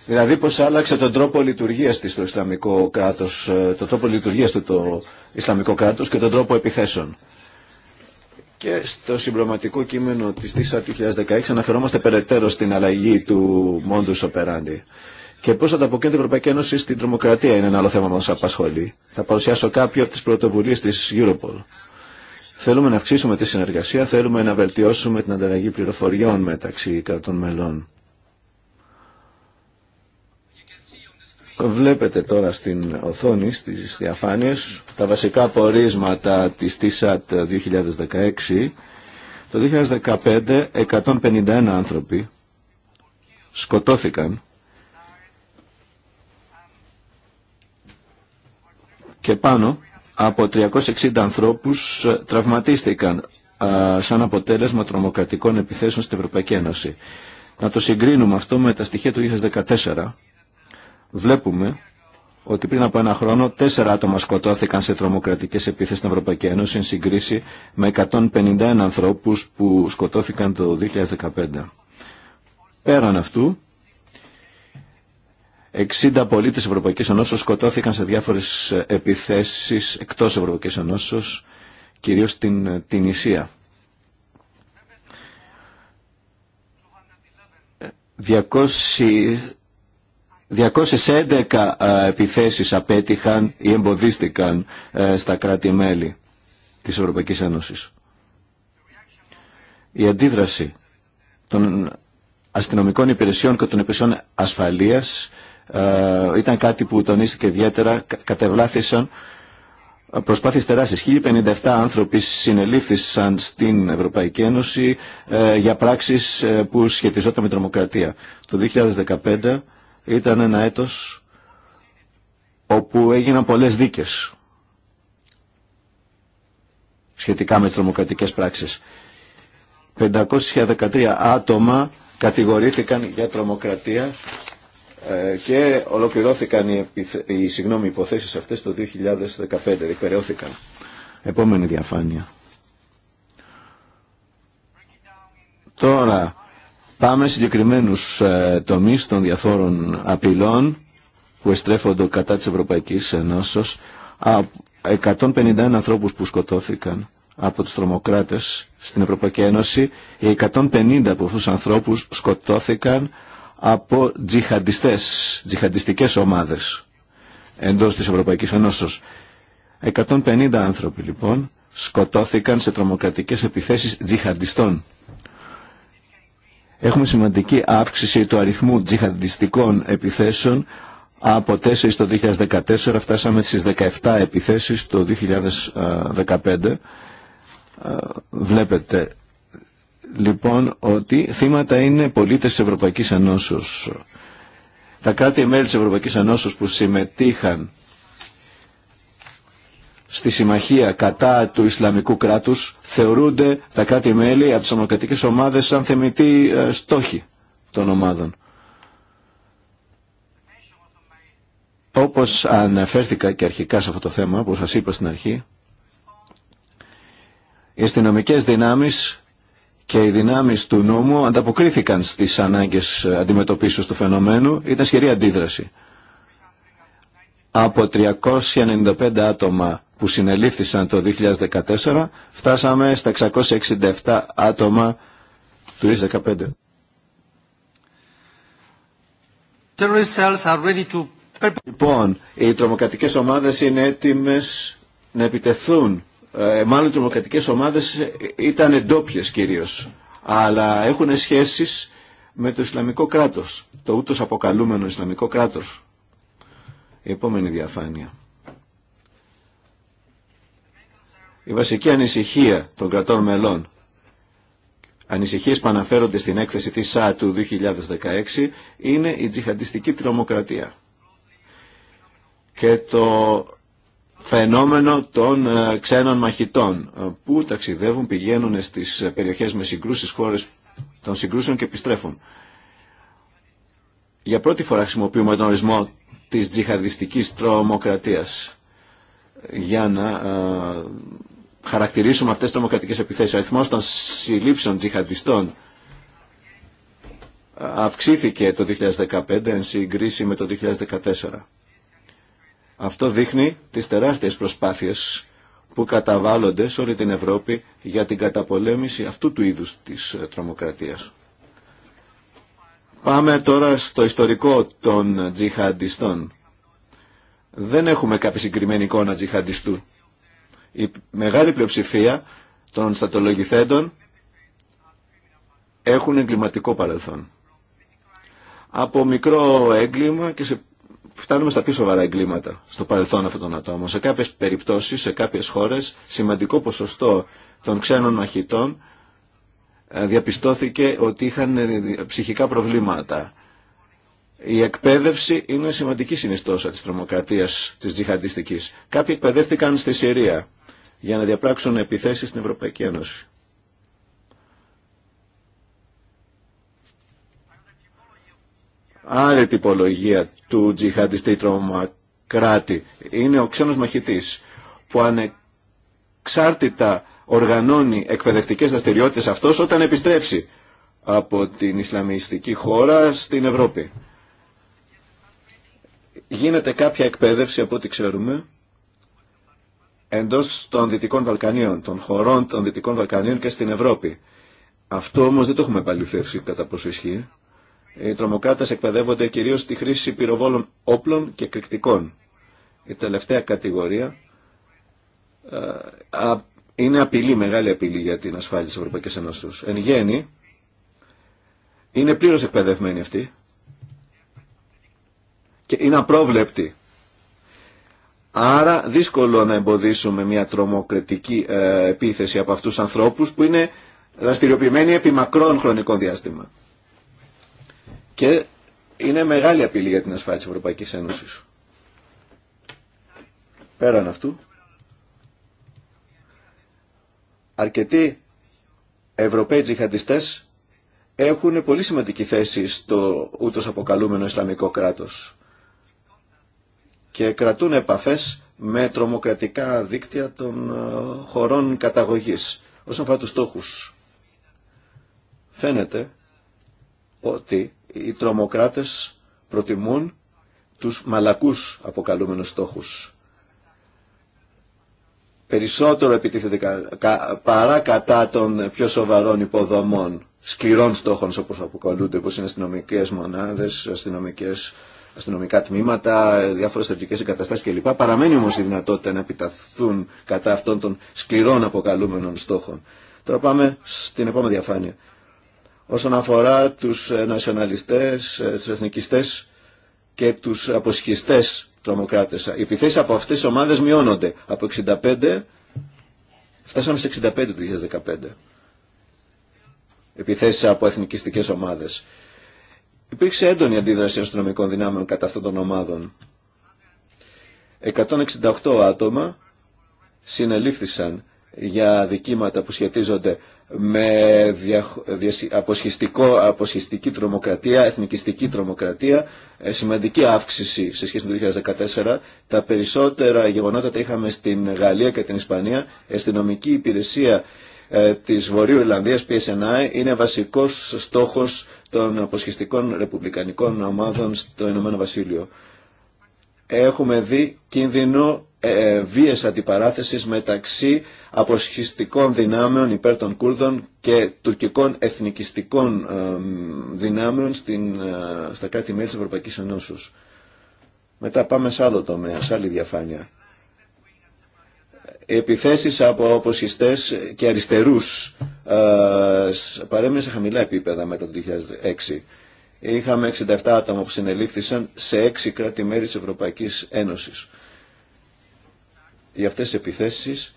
Δηλαδή πώς άλλαξε τον τρόπο λειτουργίας της το Ισλαμικό κράτος, ε, τον τρόπο λειτουργίας του το Ισλαμικό κράτος και τον τρόπο επιθέσεων. Και στο συμπροματικό κείμενο της ΤΙΣΑ 2016 αναφερόμαστε περαιτέρω στην αλλαγή του Μόντου Operandi. Και πώ ανταποκρίνεται η Ευρωπαϊκή Ένωση στην τρομοκρατία είναι ένα άλλο θέμα που μα απασχολεί. Θα παρουσιάσω κάποιο από τι πρωτοβουλίε τη Europol. Θέλουμε να αυξήσουμε τη συνεργασία, θέλουμε να βελτιώσουμε την ανταλλαγή πληροφοριών μεταξύ κρατών μελών. Βλέπετε τώρα στην οθόνη, στις διαφάνειες, τα βασικά πορίσματα της T-SAT 2016. Το 2015, 151 άνθρωποι σκοτώθηκαν και πάνω από 360 ανθρώπους τραυματίστηκαν σαν αποτέλεσμα τρομοκρατικών επιθέσεων στην Ευρωπαϊκή Ένωση. Να το συγκρίνουμε αυτό με τα στοιχεία του 2014 βλέπουμε ότι πριν από ένα χρόνο τέσσερα άτομα σκοτώθηκαν σε τρομοκρατικές επιθέσεις στην Ευρωπαϊκή Ένωση εν συγκρίση με 151 ανθρώπους που σκοτώθηκαν το 2015. Πέραν αυτού, 60 πολίτες Ευρωπαϊκής Ενώσεως σκοτώθηκαν σε διάφορες επιθέσεις εκτός Ευρωπαϊκής Ενώσεως, κυρίως στην την Ισία. Ε, 211 ε, επιθέσεις απέτυχαν ή εμποδίστηκαν ε, στα κράτη-μέλη της Ευρωπαϊκής Ένωσης. Η αντίδραση των αστυνομικών υπηρεσιών και των υπηρεσιών ασφαλείας ε, ήταν κάτι που τονίστηκε ιδιαίτερα, Κατεβλάθησαν προσπάθειες τεράστιες. 1057 άνθρωποι συνελήφθησαν στην Ευρωπαϊκή Ένωση για πράξεις που σχετιζόταν με τρομοκρατία. Το 2015 ήταν ένα έτος όπου έγιναν πολλές δίκες σχετικά με τις τρομοκρατικές πράξεις. 513 άτομα κατηγορήθηκαν για τρομοκρατία ε, και ολοκληρώθηκαν οι, οι συγγνώμη, υποθέσεις αυτές το 2015, δικαιρεώθηκαν. Επόμενη διαφάνεια. Τώρα, Πάμε σε συγκεκριμένους ε, τομείς των διαφόρων απειλών που εστρέφονται κατά της Ευρωπαϊκής από 150 ανθρώπους που σκοτώθηκαν από τους τρομοκράτες στην Ευρωπαϊκή Ένωση. Οι 150 από αυτούς ανθρώπους σκοτώθηκαν από τζιχαντιστές, τζιχαντιστικές ομάδες εντός της Ευρωπαϊκής Ενώσεως. 150 άνθρωποι λοιπόν σκοτώθηκαν σε τρομοκρατικές επιθέσεις τζιχαντιστών. Έχουμε σημαντική αύξηση του αριθμού τζιχαντιστικών επιθέσεων από 4 το 2014 φτάσαμε στις 17 επιθέσεις το 2015. Ε, βλέπετε λοιπόν ότι θύματα είναι πολίτες της Ευρωπαϊκής Ενώσεως. Τα κράτη μέλη της Ευρωπαϊκής Ενώσεως που συμμετείχαν στη συμμαχία κατά του Ισλαμικού κράτους θεωρούνται τα κράτη-μέλη από τις ομοκρατικές ομάδες σαν θεμητοί ε, στόχοι των ομάδων. Όπως αναφέρθηκα και αρχικά σε αυτό το θέμα, όπως σας είπα στην αρχή, οι αστυνομικέ δυνάμεις και οι δυνάμεις του νόμου ανταποκρίθηκαν στις ανάγκες αντιμετωπίσεως του φαινομένου, ήταν σχερή αντίδραση. Από 395 άτομα που συνελήφθησαν το 2014 φτάσαμε στα 667 άτομα του 2015. Λοιπόν, οι τρομοκρατικές ομάδες είναι έτοιμες να επιτεθούν. Ε, μάλλον οι τρομοκρατικές ομάδες ήταν εντόπιες κυρίως, αλλά έχουν σχέσεις με το Ισλαμικό κράτος, το ούτως αποκαλούμενο Ισλαμικό κράτος. Η επόμενη διαφάνεια. η βασική ανησυχία των κρατών μελών, ανησυχίες που αναφέρονται στην έκθεση της ΣΑΤ του 2016, είναι η τζιχαντιστική τρομοκρατία και το φαινόμενο των ε, ξένων μαχητών ε, που ταξιδεύουν, πηγαίνουν στις ε, περιοχές με συγκρούσεις χώρες των συγκρούσεων και επιστρέφουν. Για πρώτη φορά χρησιμοποιούμε τον ορισμό της τζιχαδιστικής τρομοκρατίας για να χαρακτηρίσουμε αυτές τις τρομοκρατικές επιθέσεις. Ο αριθμός των συλλήψεων τζιχαντιστών ε, αυξήθηκε το 2015 εν συγκρίση με το 2014. Αυτό δείχνει τις τεράστιες προσπάθειες που καταβάλλονται σε όλη την Ευρώπη για την καταπολέμηση αυτού του είδους της ε, τρομοκρατίας. Πάμε τώρα στο ιστορικό των τζιχαντιστών. Δεν έχουμε κάποια συγκεκριμένη εικόνα τζιχαντιστού. Η μεγάλη πλειοψηφία των στατολογηθέντων έχουν εγκληματικό παρελθόν. Από μικρό έγκλημα και σε... φτάνουμε στα πιο σοβαρά εγκλήματα στο παρελθόν αυτών των ατόμων. Σε κάποιες περιπτώσεις, σε κάποιες χώρες, σημαντικό ποσοστό των ξένων μαχητών ε, διαπιστώθηκε ότι είχαν ε, ψυχικά προβλήματα η εκπαίδευση είναι σημαντική συνιστόσα της τρομοκρατίας της τζιχαντιστικής. Κάποιοι εκπαιδεύτηκαν στη Συρία για να διαπράξουν επιθέσεις στην Ευρωπαϊκή Ένωση. Άλλη τυπολογία του τζιχαντιστή τρομοκράτη είναι ο ξένος μαχητής που ανεξάρτητα οργανώνει εκπαιδευτικές δραστηριότητες αυτός όταν επιστρέψει από την Ισλαμιστική χώρα στην Ευρώπη γίνεται κάποια εκπαίδευση από ό,τι ξέρουμε εντός των Δυτικών Βαλκανίων, των χωρών των Δυτικών Βαλκανίων και στην Ευρώπη. Αυτό όμως δεν το έχουμε παλιθεύσει κατά πόσο ισχύει. Οι τρομοκράτες εκπαιδεύονται κυρίως στη χρήση πυροβόλων όπλων και κρυκτικών. Η τελευταία κατηγορία ε, είναι απειλή, μεγάλη απειλή για την ασφάλεια της Ευρωπαϊκής Εν γέννη, είναι πλήρως εκπαιδευμένοι αυτοί και είναι απρόβλεπτη. Άρα δύσκολο να εμποδίσουμε μια τρομοκρατική ε, επίθεση από αυτούς τους ανθρώπους που είναι δραστηριοποιημένοι επί μακρόν χρονικό διάστημα. Και είναι μεγάλη απειλή για την ασφάλεια της Ευρωπαϊκής Ένωσης. Πέραν αυτού, αρκετοί Ευρωπαίοι τζιχαντιστές έχουν πολύ σημαντική θέση στο ούτως αποκαλούμενο Ισλαμικό κράτος και κρατούν επαφές με τρομοκρατικά δίκτυα των ε, χωρών καταγωγής. Όσον αφορά τους στόχους, φαίνεται ότι οι τρομοκράτες προτιμούν τους μαλακούς αποκαλούμενους στόχους. Περισσότερο επιτίθεται παρά κατά των πιο σοβαρών υποδομών, σκληρών στόχων όπως αποκαλούνται, όπως είναι αστυνομικές μονάδες, αστυνομικές αστυνομικά τμήματα, διάφορε θετικέ εγκαταστάσει κλπ. Παραμένει όμω η δυνατότητα να επιταθούν κατά αυτών των σκληρών αποκαλούμενων στόχων. Τώρα πάμε στην επόμενη διαφάνεια. Όσον αφορά του ε, νασιοναλιστέ, ε, του εθνικιστέ και του αποσχιστέ τρομοκράτε. Οι επιθέσει από αυτέ τι ομάδε μειώνονται. Από 65 φτάσαμε σε 65 του 2015 επιθέσει από εθνικιστικέ ομάδε. Υπήρξε έντονη αντίδραση αστυνομικών δυνάμεων κατά αυτών των ομάδων. 168 άτομα συνελήφθησαν για δικήματα που σχετίζονται με αποσχιστική τρομοκρατία, εθνικιστική τρομοκρατία, ε, σημαντική αύξηση σε σχέση με το 2014. Τα περισσότερα γεγονότα τα είχαμε στην Γαλλία και την Ισπανία. στην αστυνομική υπηρεσία ε, της Βορείου Ιρλανδίας, PSNI, είναι βασικός στόχος των αποσχιστικών ρεπουμπλικανικών ομάδων στο Ηνωμένο Βασίλειο. Έχουμε δει κίνδυνο ε, ε βίες αντιπαράθεσης μεταξύ αποσχιστικών δυνάμεων υπέρ των Κούρδων και τουρκικών εθνικιστικών ε, δυνάμεων στην, στα κράτη-μέλη της Ευρωπαϊκής Ενώσεως. Μετά πάμε σε άλλο τομέα, σε άλλη διαφάνεια επιθέσεις από αποσχιστές και αριστερούς ε, παρέμεινε σε χαμηλά επίπεδα μετά το 2006. Είχαμε 67 άτομα που συνελήφθησαν σε 6 κράτη-μέρη της Ευρωπαϊκής Ένωσης. Για αυτές τις επιθέσεις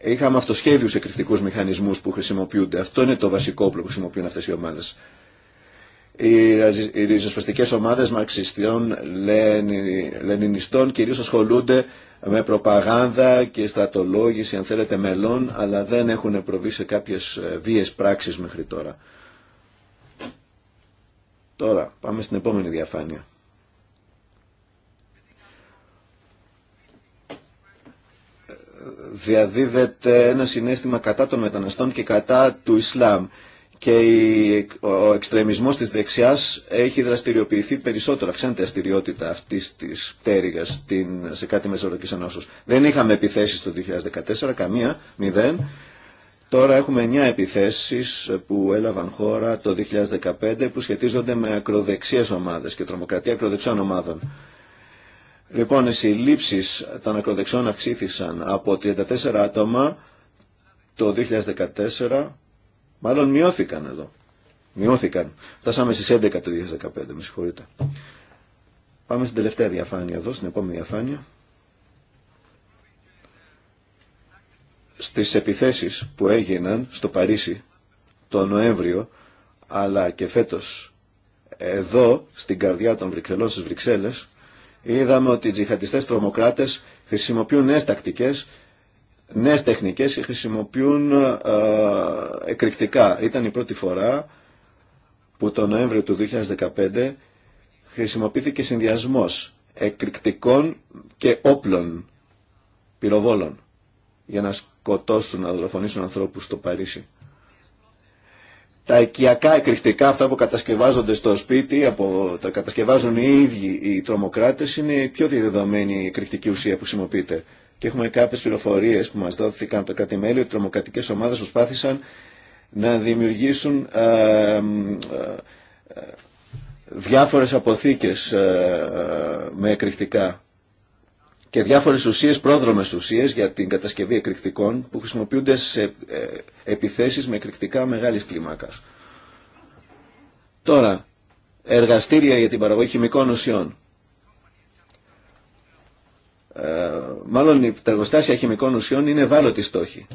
είχαμε αυτοσχέδιους εκρηκτικούς μηχανισμούς που χρησιμοποιούνται. Αυτό είναι το βασικό όπλο που χρησιμοποιούν αυτές οι ομάδες. Οι ριζοσπαστικές ομάδες μαρξιστιών, λενινιστών κυρίως ασχολούνται με προπαγάνδα και στατολόγηση αν θέλετε μελών αλλά δεν έχουν προβεί σε κάποιες ε, βίες πράξεις μέχρι τώρα. Τώρα πάμε στην επόμενη διαφάνεια. Ε, διαδίδεται ένα συνέστημα κατά των μεταναστών και κατά του Ισλάμ και ο εξτρεμισμός της δεξιάς έχει δραστηριοποιηθεί περισσότερο, αυξάνεται η αστηριότητα αυτής της πτέρυγας σε κάτι μεσολογικής ενώσεως. Δεν είχαμε επιθέσεις το 2014, καμία, μηδέν. Τώρα έχουμε 9 επιθέσεις που έλαβαν χώρα το 2015 που σχετίζονται με ακροδεξιές ομάδες και τρομοκρατία ακροδεξιών ομάδων. Λοιπόν, οι συλλήψεις των ακροδεξιών αυξήθησαν από 34 άτομα το 2014 Μάλλον μειώθηκαν εδώ. Μειώθηκαν. Φτάσαμε στι 11 το 2015, με συγχωρείτε. Πάμε στην τελευταία διαφάνεια εδώ, στην επόμενη διαφάνεια. Στις επιθέσεις που έγιναν στο Παρίσι το Νοέμβριο, αλλά και φέτος εδώ, στην καρδιά των Βρυξελών στις Βρυξέλλες, είδαμε ότι οι τζιχαντιστές τρομοκράτες χρησιμοποιούν νέες τακτικές νέες τεχνικές χρησιμοποιούν ε, εκρηκτικά. Ήταν η πρώτη φορά που το Νοέμβριο του 2015 χρησιμοποιήθηκε συνδυασμός εκρηκτικών και όπλων πυροβόλων για να σκοτώσουν, να δολοφονήσουν ανθρώπους στο Παρίσι. Τα οικιακά εκρηκτικά, αυτά που κατασκευάζονται στο σπίτι, από, τα κατασκευάζουν οι ίδιοι οι τρομοκράτες, είναι η πιο διαδεδομένη εκρηκτική ουσία που χρησιμοποιείται. Και έχουμε κάποιε πληροφορίε που μα δόθηκαν από το Κατημέλιο ότι ότι τρομοκρατικέ ομάδε προσπάθησαν να δημιουργήσουν ε, ε, ε διάφορες αποθήκες ε, ε, με εκρηκτικά και διάφορες ουσίες, πρόδρομες ουσίες για την κατασκευή εκρηκτικών που χρησιμοποιούνται σε επιθέσεις με εκρηκτικά μεγάλη κλίμακας. Τώρα, εργαστήρια για την παραγωγή χημικών ουσιών. Ε, μάλλον η εργοστάσια χημικών ουσιών είναι ευάλωτοι στόχοι.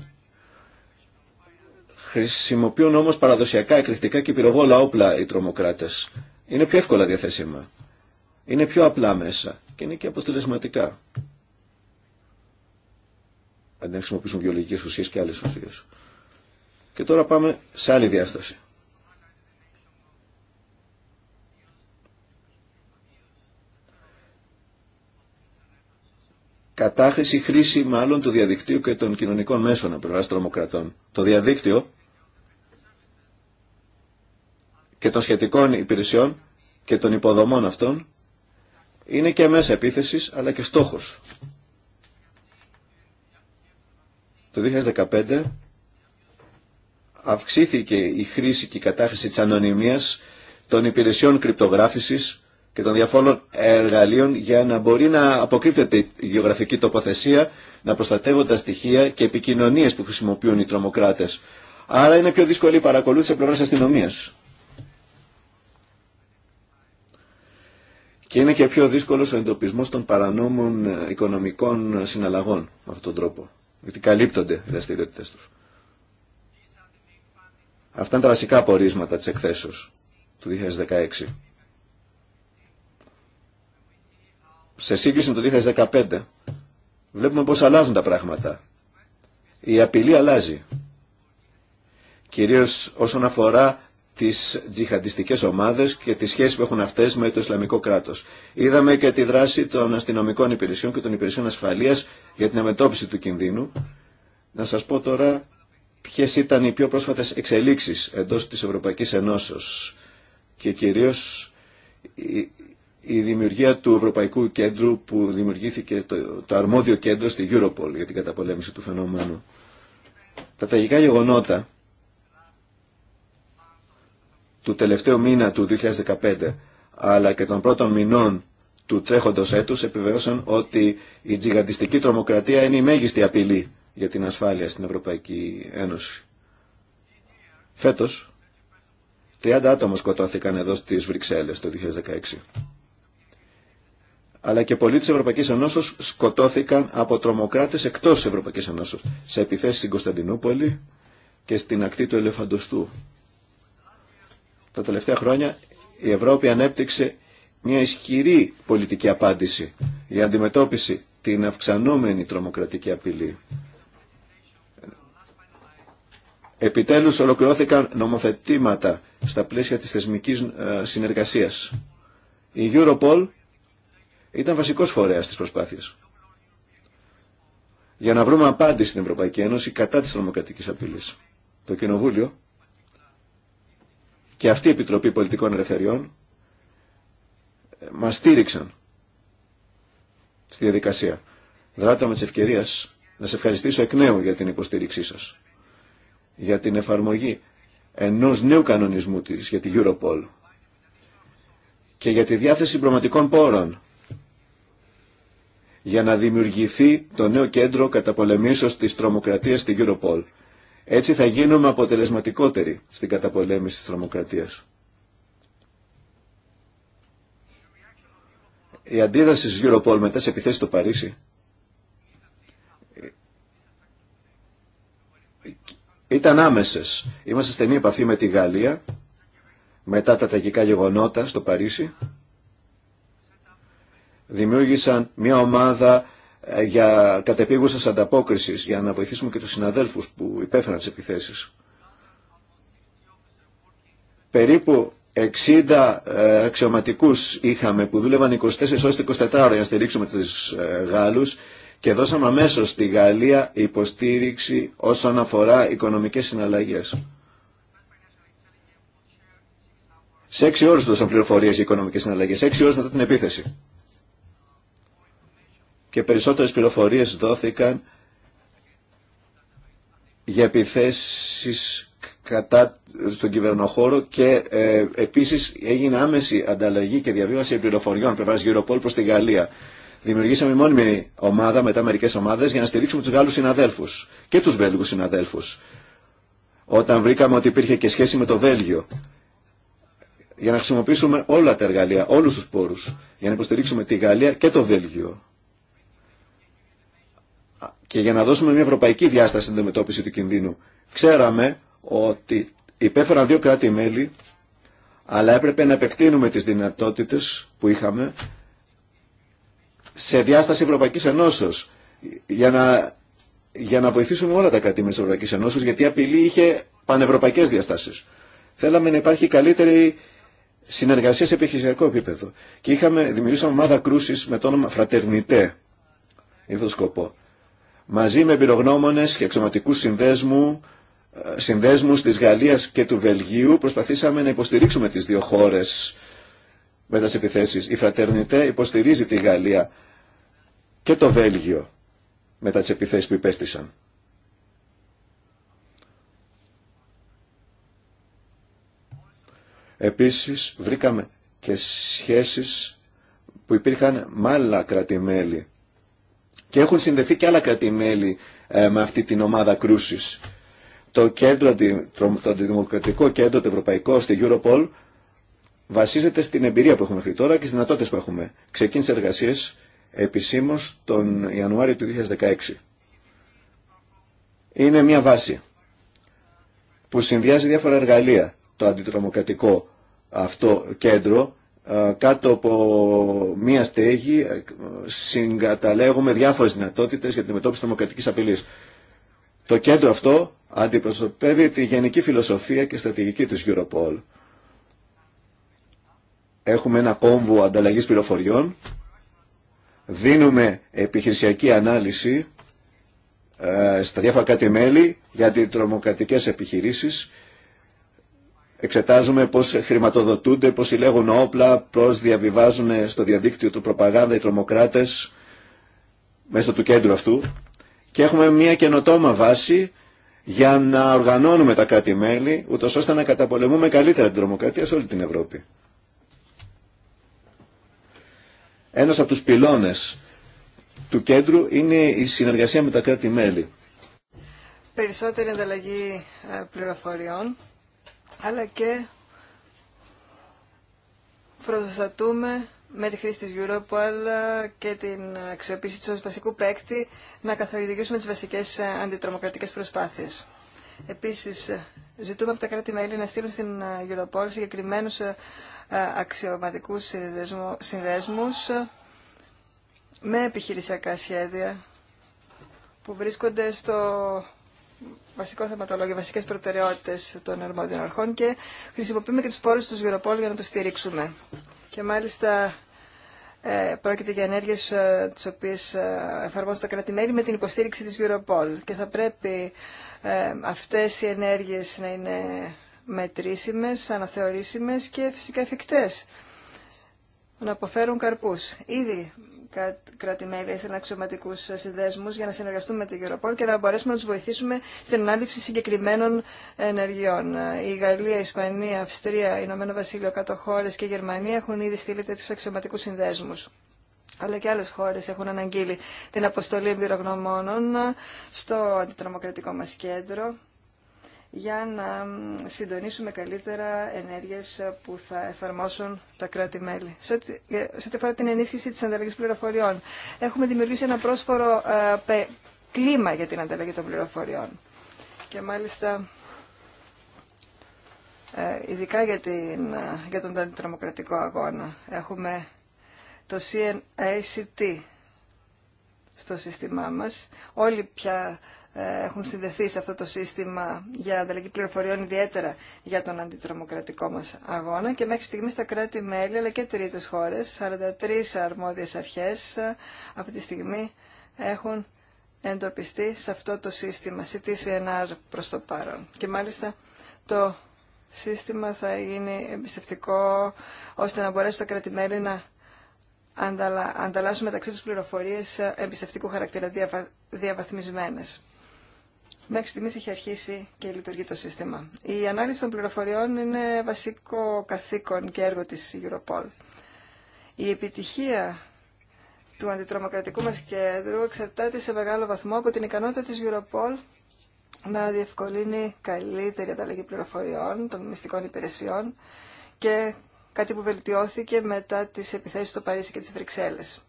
Χρησιμοποιούν όμω παραδοσιακά εκρηκτικά και πυροβόλα όπλα οι τρομοκράτες. Είναι πιο εύκολα διαθέσιμα. Είναι πιο απλά μέσα και είναι και αποτελεσματικά. Αντί να χρησιμοποιήσουν βιολογικές ουσίες και άλλε ουσίε. Και τώρα πάμε σε άλλη διάσταση. κατάχρηση χρήση μάλλον του διαδικτύου και των κοινωνικών μέσων από πλευρά τρομοκρατών. Το διαδίκτυο και των σχετικών υπηρεσιών και των υποδομών αυτών είναι και μέσα επίθεσης αλλά και στόχος. Το 2015 αυξήθηκε η χρήση και η κατάχρηση της ανωνυμίας των υπηρεσιών κρυπτογράφησης και των διαφόρων εργαλείων για να μπορεί να αποκρύπτεται η γεωγραφική τοποθεσία, να προστατεύονται τα στοιχεία και επικοινωνίες που χρησιμοποιούν οι τρομοκράτες. Άρα είναι πιο δύσκολη η παρακολούθηση από πλευράς αστυνομίας. Και είναι και πιο δύσκολος ο εντοπισμός των παρανόμων ε, οικονομικών ε, συναλλαγών με αυτόν τον τρόπο. Γιατί καλύπτονται οι δραστηριότητε τους. Αυτά είναι τα βασικά απορίσματα της εκθέσεως του 2016. σε σύγκριση με το 2015 βλέπουμε πώς αλλάζουν τα πράγματα. Η απειλή αλλάζει. Κυρίως όσον αφορά τις τζιχαντιστικές ομάδες και τις σχέσεις που έχουν αυτές με το Ισλαμικό κράτος. Είδαμε και τη δράση των αστυνομικών υπηρεσιών και των υπηρεσιών ασφαλείας για την αμετώπιση του κινδύνου. Να σας πω τώρα ποιες ήταν οι πιο πρόσφατες εξελίξεις εντός της Ευρωπαϊκής Ενώσεως και κυρίως η δημιουργία του Ευρωπαϊκού Κέντρου που δημιουργήθηκε το, αρμόδιο κέντρο στη Europol για την καταπολέμηση του φαινόμενου. Τα τραγικά γεγονότα του τελευταίου μήνα του 2015 αλλά και των πρώτων μηνών του τρέχοντος έτους επιβεβαίωσαν ότι η τζιγαντιστική τρομοκρατία είναι η μέγιστη απειλή για την ασφάλεια στην Ευρωπαϊκή Ένωση. Φέτος, 30 άτομα σκοτώθηκαν εδώ στις Βρυξέλλες το 2016 αλλά και πολλοί της Ευρωπαϊκής Ενώσεως σκοτώθηκαν από τρομοκράτες εκτός της Ευρωπαϊκής Ενώσεως σε επιθέσεις στην Κωνσταντινούπολη και στην ακτή του Ελεφαντοστού. Τα τελευταία χρόνια η Ευρώπη ανέπτυξε μια ισχυρή πολιτική απάντηση για αντιμετώπιση την αυξανόμενη τρομοκρατική απειλή. Επιτέλους ολοκληρώθηκαν νομοθετήματα στα πλαίσια της θεσμικής ε, συνεργασίας. Η Europol ήταν βασικός φορέας της προσπάθειας. Για να βρούμε απάντηση στην Ευρωπαϊκή Ένωση κατά της τρομοκρατικής απειλής. Το Κοινοβούλιο και αυτή η Επιτροπή Πολιτικών Ελευθεριών ε, μας στήριξαν στη διαδικασία. Δράτω με να σε ευχαριστήσω εκ νέου για την υποστήριξή σας. Για την εφαρμογή ενός νέου κανονισμού της για τη Europol και για τη διάθεση πραγματικών πόρων για να δημιουργηθεί το νέο κέντρο καταπολεμήσεως της τρομοκρατίας στην Europol. Έτσι θα γίνουμε αποτελεσματικότεροι στην καταπολέμηση της τρομοκρατίας. Η αντίδραση της Europol μετά σε επιθέσεις στο Παρίσι ήταν άμεσες. Είμαστε στενή επαφή με τη Γαλλία μετά τα τραγικά γεγονότα στο Παρίσι δημιούργησαν μια ομάδα ε, για κατεπίγουσας ανταπόκρισης για να βοηθήσουμε και τους συναδέλφους που υπέφεραν τις επιθέσεις. Περίπου 60 ε, αξιωματικούς είχαμε που δούλευαν 24 ώστε 24 ώρα για να στηρίξουμε τους ε, Γάλλους και δώσαμε αμέσω στη Γαλλία υποστήριξη όσον αφορά οικονομικές συναλλαγές. Σε 6 ώρες δώσαν πληροφορίες για οικονομικές συναλλαγές, 6 ώρες μετά την επίθεση και περισσότερες πληροφορίες δόθηκαν για επιθέσεις κατά στον κυβερνοχώρο και ε, επίσης έγινε άμεση ανταλλαγή και διαβίβαση πληροφοριών πλευράς Europol προς τη Γαλλία. Δημιουργήσαμε μόνιμη ομάδα, μετά μερικές ομάδες, για να στηρίξουμε τους Γάλλους συναδέλφους και τους Βέλγους συναδέλφους. Όταν βρήκαμε ότι υπήρχε και σχέση με το Βέλγιο, για να χρησιμοποιήσουμε όλα τα εργαλεία, όλους τους πόρους, για να υποστηρίξουμε τη Γαλλία και το Βέλγιο και για να δώσουμε μια ευρωπαϊκή διάσταση στην αντιμετώπιση του κινδύνου. Ξέραμε ότι υπέφεραν δύο κράτη-μέλη, αλλά έπρεπε να επεκτείνουμε τις δυνατότητες που είχαμε σε διάσταση Ευρωπαϊκής Ενώσεως, για να, για να βοηθήσουμε όλα τα κράτη-μέλη της Ευρωπαϊκής Ενώσεως, γιατί η απειλή είχε πανευρωπαϊκές διαστάσεις. Θέλαμε να υπάρχει καλύτερη συνεργασία σε επιχειρησιακό επίπεδο. Και είχαμε, δημιουργήσαμε ομάδα κρούσης με το όνομα Φρατερνιτέ. το σκοπό μαζί με εμπειρογνώμονες και αξιωματικούς συνδέσμου, ε, συνδέσμους της Γαλλίας και του Βελγίου προσπαθήσαμε να υποστηρίξουμε τις δύο χώρες με τις επιθέσεις. Η Φρατερνιτέ υποστηρίζει τη Γαλλία και το Βέλγιο μετά τις επιθέσεις που υπέστησαν. Επίσης βρήκαμε και σχέσεις που υπήρχαν με άλλα κρατημέλη και έχουν συνδεθεί και άλλα κρατημέλη ε, με αυτή την ομάδα κρούσης. Το, κέντρο, το Αντιδημοκρατικό Κέντρο, το Ευρωπαϊκό, στη Europol, βασίζεται στην εμπειρία που έχουμε μέχρι τώρα και στις δυνατότητες που έχουμε. Ξεκίνησε εργασίες επισήμως τον Ιανουάριο του 2016. Είναι μια βάση που συνδυάζει διάφορα εργαλεία. Το αντιτρομοκρατικό αυτό κέντρο ε, κάτω από μία στέγη ε, συγκαταλέγουμε διάφορες δυνατότητες για την μετώπιση τρομοκρατικής απειλής. Το κέντρο αυτό αντιπροσωπεύει τη γενική φιλοσοφία και στρατηγική της Europol. Έχουμε ένα κόμβο ανταλλαγής πληροφοριών, δίνουμε επιχειρησιακή ανάλυση ε, στα διάφορα κάτι μέλη για αντιτρομοκρατικές επιχειρήσεις Εξετάζουμε πώ χρηματοδοτούνται, πώ συλλέγουν όπλα, πώ διαβιβάζουν στο διαδίκτυο του προπαγάνδα οι τρομοκράτε μέσω του κέντρου αυτού. Και έχουμε μια καινοτόμα βάση για να οργανώνουμε τα κράτη-μέλη, ούτω ώστε να καταπολεμούμε καλύτερα την τρομοκρατία σε όλη την Ευρώπη. Ένας από τους πυλώνε του κέντρου είναι η συνεργασία με τα κράτη-μέλη. Περισσότερη ανταλλαγή ε, πληροφοριών αλλά και προστατούμε με τη χρήση της αλλά και την αξιοποίηση της βασικού παίκτη να καθοδηγήσουμε τις βασικές αντιτρομοκρατικές προσπάθειες. Επίσης, ζητούμε από τα κράτη-μέλη να στείλουν στην Europol συγκεκριμένους ε, αξιωματικούς συνδέσμους ε, με επιχειρησιακά σχέδια που βρίσκονται στο βασικό θεματολόγιο, βασικές προτεραιότητες των αρμόδιων αρχών και χρησιμοποιούμε και του πόρους του Ευρωπόλ για να το στηρίξουμε. Και μάλιστα ε, πρόκειται για ενέργειες ε, οποίε οποίες ε, εφαρμόζουν τα κρατη με την υποστήριξη της Europol και θα πρέπει ε, αυτές οι ενέργειες να είναι μετρήσιμες, αναθεωρήσιμες και φυσικά εφικτέ. να αποφέρουν καρπού κράτη-μέλη έστειλαν αξιωματικού συνδέσμου για να συνεργαστούμε με την Europol και να μπορέσουμε να του βοηθήσουμε στην ανάληψη συγκεκριμένων ενεργειών. Η Γαλλία, η Ισπανία, η Αυστρία, η Ηνωμένο Βασίλειο, κάτω χώρε και η Γερμανία έχουν ήδη στείλει τέτοιου αξιωματικού συνδέσμου. Αλλά και άλλε χώρε έχουν αναγγείλει την αποστολή εμπειρογνωμόνων στο αντιτρομοκρατικό μα κέντρο για να συντονίσουμε καλύτερα ενέργειες που θα εφαρμόσουν τα κράτη-μέλη. Σε ό,τι αφορά την ενίσχυση της ανταλλαγής πληροφοριών, έχουμε δημιουργήσει ένα πρόσφορο ε, κλίμα για την ανταλλαγή των πληροφοριών. Και μάλιστα, ε, ειδικά για, την, ε, για τον αντιτρομοκρατικό αγώνα, έχουμε το CNACT στο σύστημά μας. Όλοι πια ε, έχουν συνδεθεί σε αυτό το σύστημα για ανταλλαγή πληροφοριών, ιδιαίτερα για τον αντιτρομοκρατικό μας αγώνα. Και μέχρι στιγμή τα κράτη-μέλη, αλλά και τρίτες χώρες, 43 αρμόδιες αρχές, ε, αυτή τη στιγμή έχουν εντοπιστεί σε αυτό το σύστημα, CTCNR προς το παρόν. Και μάλιστα το σύστημα θα γίνει εμπιστευτικό, ώστε να μπορέσουν τα κράτη-μέλη να ανταλλάσσουν μεταξύ τους πληροφορίες ε, εμπιστευτικού χαρακτήρα διαβαθμισμένε. διαβαθμισμένες. Μέχρι στιγμής έχει αρχίσει και λειτουργεί το σύστημα. Η ανάλυση των πληροφοριών είναι βασικό καθήκον και έργο της Europol. Η επιτυχία του αντιτρομοκρατικού μας κέντρου εξαρτάται σε μεγάλο βαθμό από την ικανότητα της Europol να διευκολύνει καλύτερη ανταλλαγή πληροφοριών των μυστικών υπηρεσιών και κάτι που βελτιώθηκε μετά τις επιθέσεις στο Παρίσι και τις Βρυξέλλες.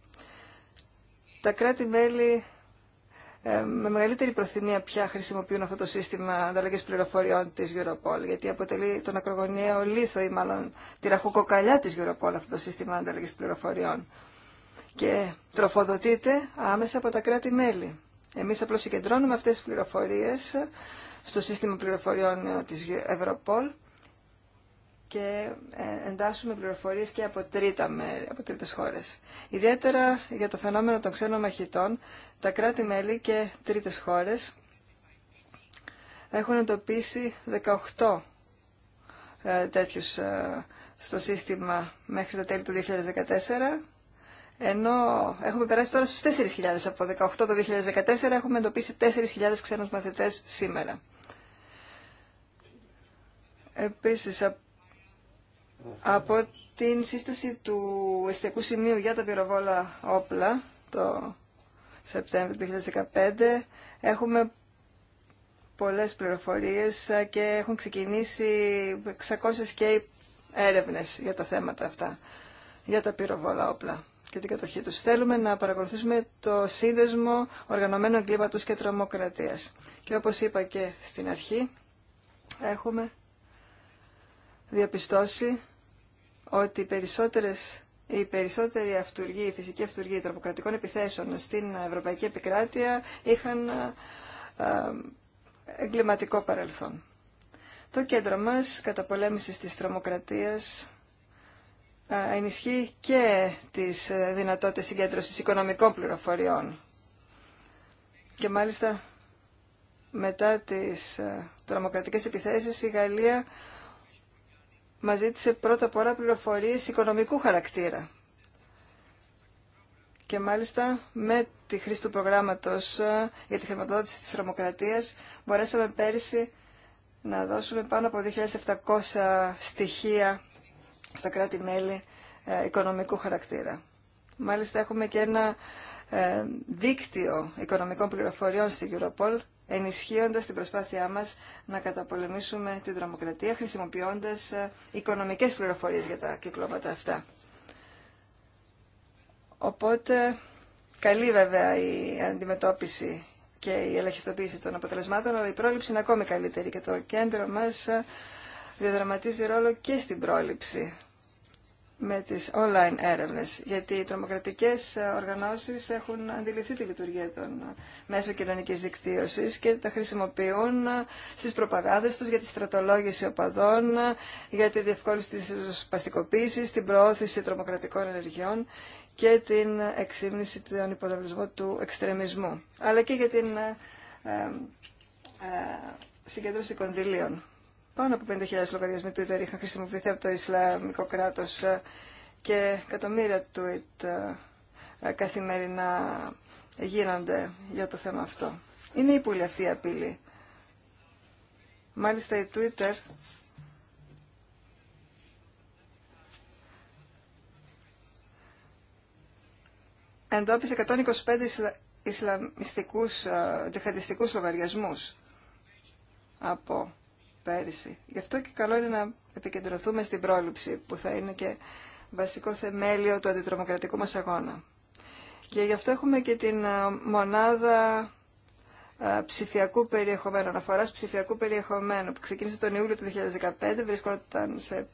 Τα κράτη-μέλη ε, με μεγαλύτερη προθυμία πια χρησιμοποιούν αυτό το σύστημα ανταλλαγής πληροφοριών της Europol, γιατί αποτελεί τον ακρογωνιαίο λίθο ή μάλλον τη ραχοκοκαλιά της Europol αυτό το σύστημα ανταλλαγής πληροφοριών και τροφοδοτείται άμεσα από τα κράτη-μέλη. Εμείς απλώς συγκεντρώνουμε αυτές τις πληροφορίες στο σύστημα πληροφοριών της Europol και ε, εντάσσουμε πληροφορίες και από, τρίτα μέρη, από τρίτες χώρες. Ιδιαίτερα για το φαινόμενο των ξένων μαχητών, τα κράτη-μέλη και τρίτες χώρες έχουν εντοπίσει 18 ε, τέτοιους ε, στο σύστημα μέχρι τα τέλη του 2014, ενώ έχουμε περάσει τώρα στους 4.000. Από 18 το 2014 έχουμε εντοπίσει 4.000 ξένους μαθητές σήμερα. Επίσης, από από την σύσταση του εστιακού σημείου για τα πυροβόλα όπλα το Σεπτέμβριο του 2015 έχουμε πολλές πληροφορίες και έχουν ξεκινήσει 600 και έρευνες για τα θέματα αυτά, για τα πυροβόλα όπλα και την κατοχή τους. Θέλουμε να παρακολουθήσουμε το σύνδεσμο οργανωμένων εγκλήματος και τρομοκρατίας. Και όπως είπα και στην αρχή, έχουμε διαπιστώσει ότι οι περισσότερες η περισσότερη αυτούργη, η φυσική αυτούργη τρομοκρατικών επιθέσεων στην Ευρωπαϊκή Επικράτεια είχαν ε, εγκληματικό παρελθόν. Το κέντρο μας καταπολέμησης της τρομοκρατίας ε, ενισχύει και τις ε, δυνατότητες συγκέντρωσης οικονομικών πληροφοριών. Και μάλιστα μετά τις τρομοκρατικές επιθέσεις η Γαλλία Μα ζήτησε πρώτα απ' όλα πληροφορίες οικονομικού χαρακτήρα. Και μάλιστα με τη χρήση του προγράμματος ε, για τη χρηματοδότηση της τρομοκρατίας μπορέσαμε πέρυσι να δώσουμε πάνω από 2.700 στοιχεία στα κράτη-μέλη ε, οικονομικού χαρακτήρα. Μάλιστα έχουμε και ένα ε, δίκτυο οικονομικών πληροφοριών στην Europol ενισχύοντας την προσπάθειά μας να καταπολεμήσουμε την τρομοκρατία χρησιμοποιώντας ε, οικονομικές πληροφορίες για τα κυκλώματα αυτά. Οπότε, καλή βέβαια η αντιμετώπιση και η ελαχιστοποίηση των αποτελεσμάτων, αλλά η πρόληψη είναι ακόμη καλύτερη και το κέντρο μας ε, διαδραματίζει ρόλο και στην πρόληψη με τις online έρευνες, γιατί οι τρομοκρατικές ε, οργανώσεις έχουν αντιληφθεί τη λειτουργία των ε, μέσων κοινωνικής δικτύωσης και τα χρησιμοποιούν ε, στις προπαγάνδες τους για τη στρατολόγηση οπαδών, για τη διευκόλυνση της σπαστικοποίησης, την προώθηση τρομοκρατικών ενεργειών και την εξήμνηση των υποδαβλισμών του εξτρεμισμού, αλλά και για την συγκέντρωση κονδυλίων. Πάνω από 50.000 λογαριασμοί Twitter είχαν χρησιμοποιηθεί από το Ισλαμικό κράτος ε, και εκατομμύρια tweet ε, ε, καθημερινά γίνονται για το θέμα αυτό. Είναι ύπουλη αυτή η απειλή. Μάλιστα η Twitter εντόπισε 125 ισλαμιστικούς, τζεχαντιστικούς λογαριασμούς από Γι' αυτό και καλό είναι να επικεντρωθούμε στην πρόληψη που θα είναι και βασικό θεμέλιο του αντιτρομοκρατικού μας αγώνα. Και γι' αυτό έχουμε και την ε, μονάδα ε, ψηφιακού περιεχομένου, αναφορά ψηφιακού περιεχομένου που ξεκίνησε τον Ιούλιο του 2015, βρισκόταν σε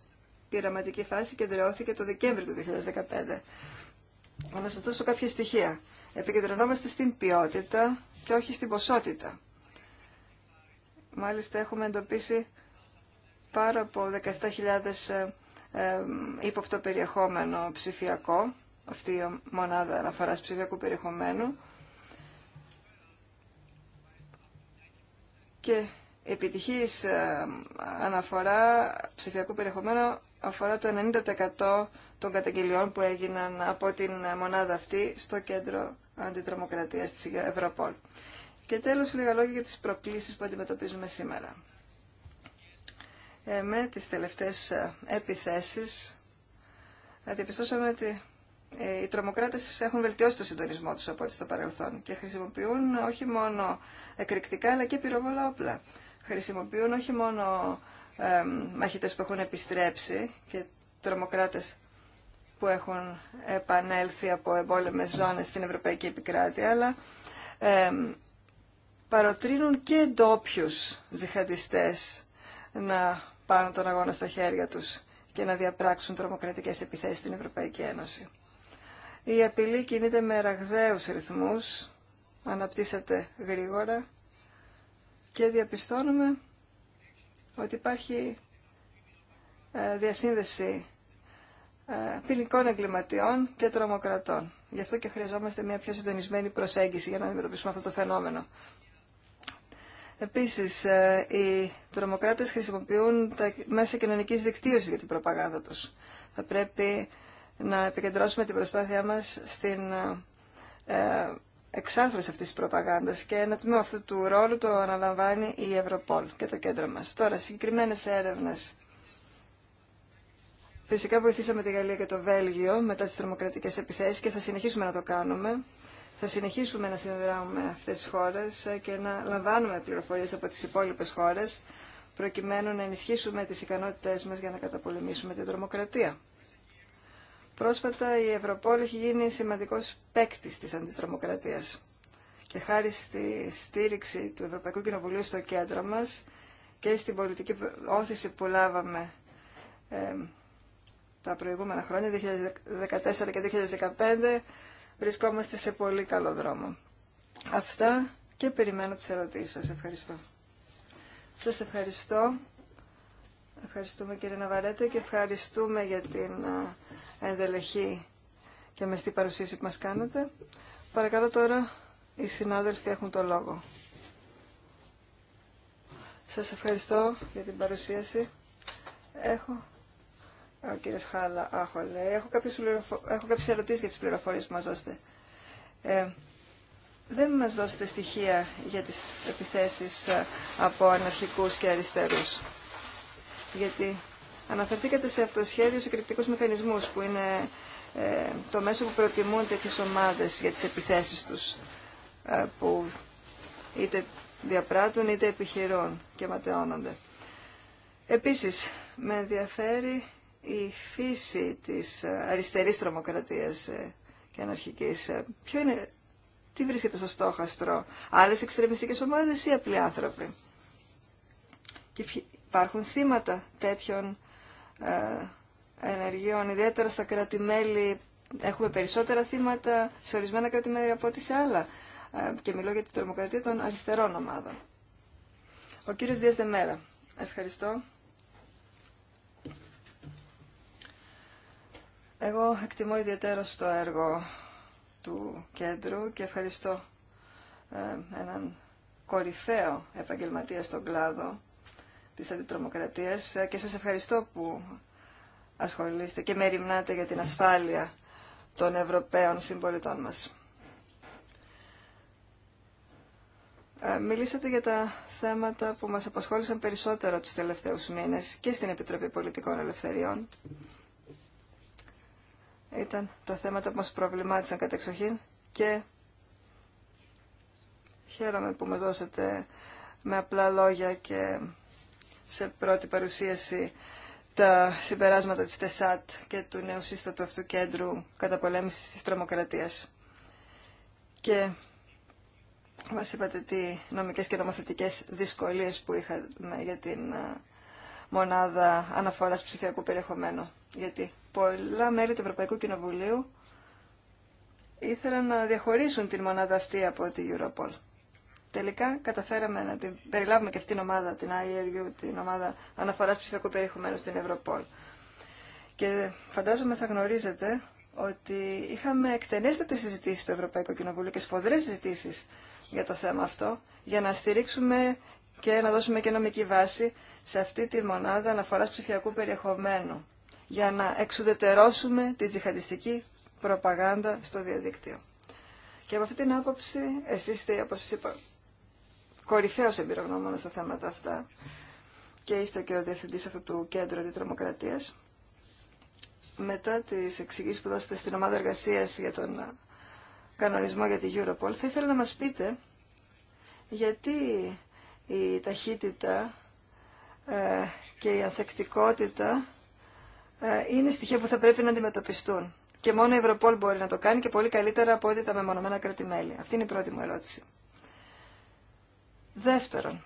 πειραματική φάση και εντρεώθηκε το Δεκέμβριο του 2015. Να σα δώσω κάποια στοιχεία. Επικεντρωνόμαστε στην ποιότητα και όχι στην ποσότητα. Μάλιστα έχουμε εντοπίσει πάρα από 17.000 ε, ε, ύποπτο περιεχόμενο ψηφιακό, αυτή η μονάδα αναφοράς ψηφιακού περιεχομένου. Και επιτυχής ε, αναφορά ψηφιακού περιεχομένου αφορά το 90% των καταγγελιών που έγιναν από την μονάδα αυτή στο κέντρο αντιτρομοκρατίας της Ευρωπόλ. Και τέλος, λίγα λόγια για τις προκλήσεις που αντιμετωπίζουμε σήμερα. Ε, με τις τελευταίες ε, επιθέσεις, ε, αντιπιστώσαμε ότι ε, οι τρομοκράτες έχουν βελτιώσει το συντονισμό τους από ό,τι στο παρελθόν και χρησιμοποιούν όχι μόνο εκρηκτικά αλλά και πυροβολά όπλα. Χρησιμοποιούν όχι μόνο ε, μαχητές που έχουν επιστρέψει και τρομοκράτες που έχουν επανέλθει από εμπόλεμες ζώνες στην Ευρωπαϊκή Επικράτεια, αλλά ε, παροτρύνουν και ντόπιου ζυχαντιστέ να πάρουν τον αγώνα στα χέρια τους και να διαπράξουν τρομοκρατικές επιθέσεις στην Ευρωπαϊκή Ένωση. Η απειλή κινείται με ραγδαίους ρυθμούς, αναπτύσσεται γρήγορα και διαπιστώνουμε ότι υπάρχει ε, διασύνδεση ε, ποινικών εγκληματιών και τρομοκρατών. Γι' αυτό και χρειαζόμαστε μια πιο συντονισμένη προσέγγιση για να αντιμετωπίσουμε αυτό το φαινόμενο. Επίσης, ε, οι τρομοκράτες χρησιμοποιούν τα μέσα κοινωνικής δικτύωσης για την προπαγάνδα τους. Θα πρέπει να επικεντρώσουμε την προσπάθειά μας στην ε, ε, εξάρθρωση αυτής της προπαγάνδας και ένα τμήμα αυτού του ρόλου το αναλαμβάνει η Ευρωπόλ και το κέντρο μας. Τώρα, συγκεκριμένες έρευνες. Φυσικά βοηθήσαμε τη Γαλλία και το Βέλγιο μετά τις τρομοκρατικές επιθέσεις και θα συνεχίσουμε να το κάνουμε θα συνεχίσουμε να συνδράμουμε αυτές τις χώρες και να λαμβάνουμε πληροφορίες από τις υπόλοιπες χώρες προκειμένου να ενισχύσουμε τις ικανότητές μας για να καταπολεμήσουμε την τρομοκρατία. Πρόσφατα η Ευρωπόλ έχει γίνει σημαντικός παίκτη της αντιτρομοκρατίας και χάρη στη στήριξη του Ευρωπαϊκού Κοινοβουλίου στο κέντρο μας και στην πολιτική όθηση που λάβαμε ε, τα προηγούμενα χρόνια, 2014 και 2015, βρισκόμαστε σε πολύ καλό δρόμο. Αυτά και περιμένω τις ερωτήσεις σας. Ευχαριστώ. Σας ευχαριστώ. Ευχαριστούμε κύριε Ναβαρέτε και ευχαριστούμε για την ενδελεχή και μεστή παρουσίαση που μας κάνατε. Παρακαλώ τώρα οι συνάδελφοι έχουν το λόγο. Σας ευχαριστώ για την παρουσίαση. Έχω ο κύριο Χάλα Άχολε. Έχω κάποιες, πληροφο... Έχω κάποιες ερωτήσεις για τις πληροφορίες που μας δώσετε. Ε, δεν μας δώσετε στοιχεία για τις επιθέσεις ε, από αναρχικούς και αριστερούς. Γιατί αναφερθήκατε σε σχέδιο και κρυπτικούς μηχανισμούς που είναι ε, το μέσο που προτιμούν τέτοιες ομάδες για τις επιθέσεις τους ε, που είτε διαπράττουν είτε επιχειρούν και ματαιώνονται. Επίσης, με ενδιαφέρει η φύση της αριστερής τρομοκρατίας ε, και αναρχικής, ε, ποιο είναι, τι βρίσκεται στο στόχαστρο, άλλες εξτρεμιστικές ομάδες ή απλοί άνθρωποι. Και υπάρχουν θύματα τέτοιων ε, ενεργειών, ιδιαίτερα στα κρατη έχουμε περισσότερα θύματα σε ορισμένα από ό,τι σε άλλα. Και μιλώ για την τρομοκρατία των αριστερών ομάδων. Ο κύριος Δίας Δεμέρα. Ευχαριστώ. Εγώ εκτιμώ ιδιαίτερα στο έργο του κέντρου και ευχαριστώ ε, έναν κορυφαίο επαγγελματία στον κλάδο της αντιτρομοκρατίας ε, και σας ευχαριστώ που ασχολείστε και μεριμνάτε για την ασφάλεια των Ευρωπαίων συμπολιτών μας. Ε, μιλήσατε για τα θέματα που μας απασχόλησαν περισσότερο τους τελευταίους μήνες και στην Επιτροπή Πολιτικών Ελευθεριών ήταν τα θέματα που μας προβλημάτισαν κατεξοχήν και χαίρομαι που μας δώσατε με απλά λόγια και σε πρώτη παρουσίαση τα συμπεράσματα της ΤΕΣΑΤ και του νέου σύστατου αυτού κέντρου καταπολέμησης της τρομοκρατίας. Και μας είπατε τι νομικές και νομοθετικές δυσκολίες που είχαμε για την ε, μονάδα αναφοράς ψηφιακού περιεχομένου. Γιατί πολλά μέλη του Ευρωπαϊκού Κοινοβουλίου ήθελαν να διαχωρίσουν την μονάδα αυτή από την Europol. Τελικά καταφέραμε να την περιλάβουμε και αυτήν την ομάδα, την IRU, την ομάδα αναφοράς ψηφιακού περιεχομένου στην Ευρωπόλ. Και φαντάζομαι θα γνωρίζετε ότι είχαμε εκτενέστατες συζητήσεις στο Ευρωπαϊκό Κοινοβούλιο και σφοδρές συζητήσεις για το θέμα αυτό, για να στηρίξουμε και να δώσουμε και νομική βάση σε αυτή τη μονάδα αναφοράς ψηφιακού περιεχομένου για να εξουδετερώσουμε την τζιχαντιστική προπαγάνδα στο διαδίκτυο. Και από αυτή την άποψη, εσείς είστε, όπως σας είπα, κορυφαίος εμπειρογνώμονας στα θέματα αυτά και είστε και ο διευθυντής αυτού του κέντρου αντιτρομοκρατίας. Μετά τις εξηγήσεις που δώσατε στην ομάδα εργασίας για τον κανονισμό για τη Europol, θα ήθελα να μας πείτε γιατί η ταχύτητα ε, και η ανθεκτικότητα ε, είναι στοιχεία που θα πρέπει να αντιμετωπιστούν. Και μόνο η Ευρωπόλ μπορεί να το κάνει και πολύ καλύτερα από ό,τι τα μεμονωμένα κρατημέλη. Αυτή είναι η πρώτη μου ερώτηση. Δεύτερον,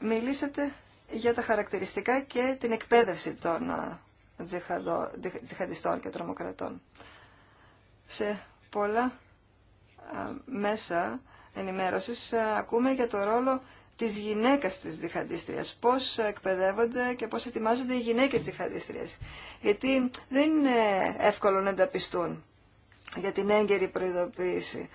μιλήσατε για τα χαρακτηριστικά και την εκπαίδευση των ε, τζιχαντιστών και τρομοκρατών. Σε πολλά ε, μέσα ενημέρωσης ακούμε για το ρόλο της γυναίκας της διχαντίστριας, πώς εκπαιδεύονται και πώς ετοιμάζονται οι γυναίκες της διχαντίστριας. Γιατί δεν είναι εύκολο να ενταπιστούν για την έγκαιρη προειδοποίηση.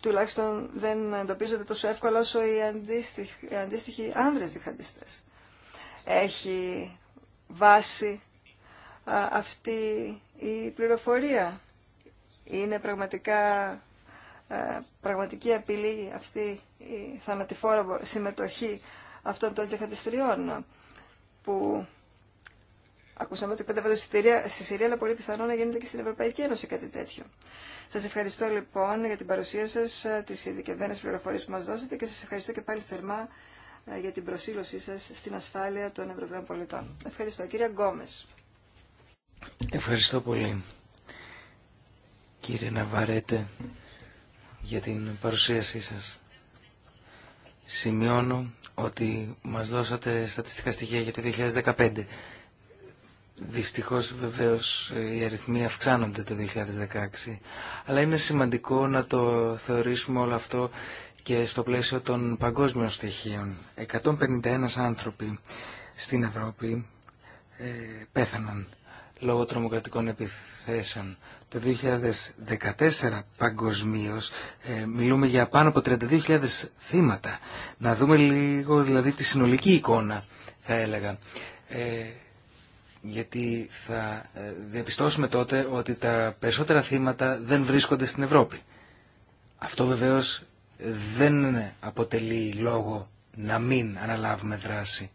Τουλάχιστον δεν εντοπίζονται τόσο εύκολα όσο οι αντίστοιχοι, οι αντίστοιχοι άνδρες διχαντιστές. Έχει βάση αυτή η πληροφορία. Είναι πραγματικά ε, πραγματική απειλή αυτή η θανατηφόρα συμμετοχή αυτών των τζεχατιστριών που ακούσαμε ότι πέντε στη Συρία, αλλά πολύ πιθανό να γίνεται και στην Ευρωπαϊκή Ένωση κάτι τέτοιο. Σα ευχαριστώ λοιπόν για την παρουσία σα, ε, τι ειδικευμένε πληροφορίε που μα δώσατε και σα ευχαριστώ και πάλι θερμά ε, για την προσήλωσή σα στην ασφάλεια των Ευρωπαίων πολιτών. Ευχαριστώ. Κύριε Γκόμε. Ευχαριστώ πολύ. Κύριε Ναβαρέτε, για την παρουσίασή σας. Σημειώνω ότι μας δώσατε στατιστικά στοιχεία για το 2015. Δυστυχώς βεβαίως οι αριθμοί αυξάνονται το 2016. Αλλά είναι σημαντικό να το θεωρήσουμε όλο αυτό και στο πλαίσιο των παγκόσμιων στοιχείων. 151 άνθρωποι στην Ευρώπη ε, πέθαναν λόγω τρομοκρατικών επιθέσεων το 2014 παγκοσμίω. Ε, μιλούμε για πάνω από 32.000 θύματα. Να δούμε λίγο δηλαδή τη συνολική εικόνα θα έλεγα. Ε, γιατί θα ε, διαπιστώσουμε τότε ότι τα περισσότερα θύματα δεν βρίσκονται στην Ευρώπη. Αυτό βεβαίως δεν αποτελεί λόγο να μην αναλάβουμε δράση.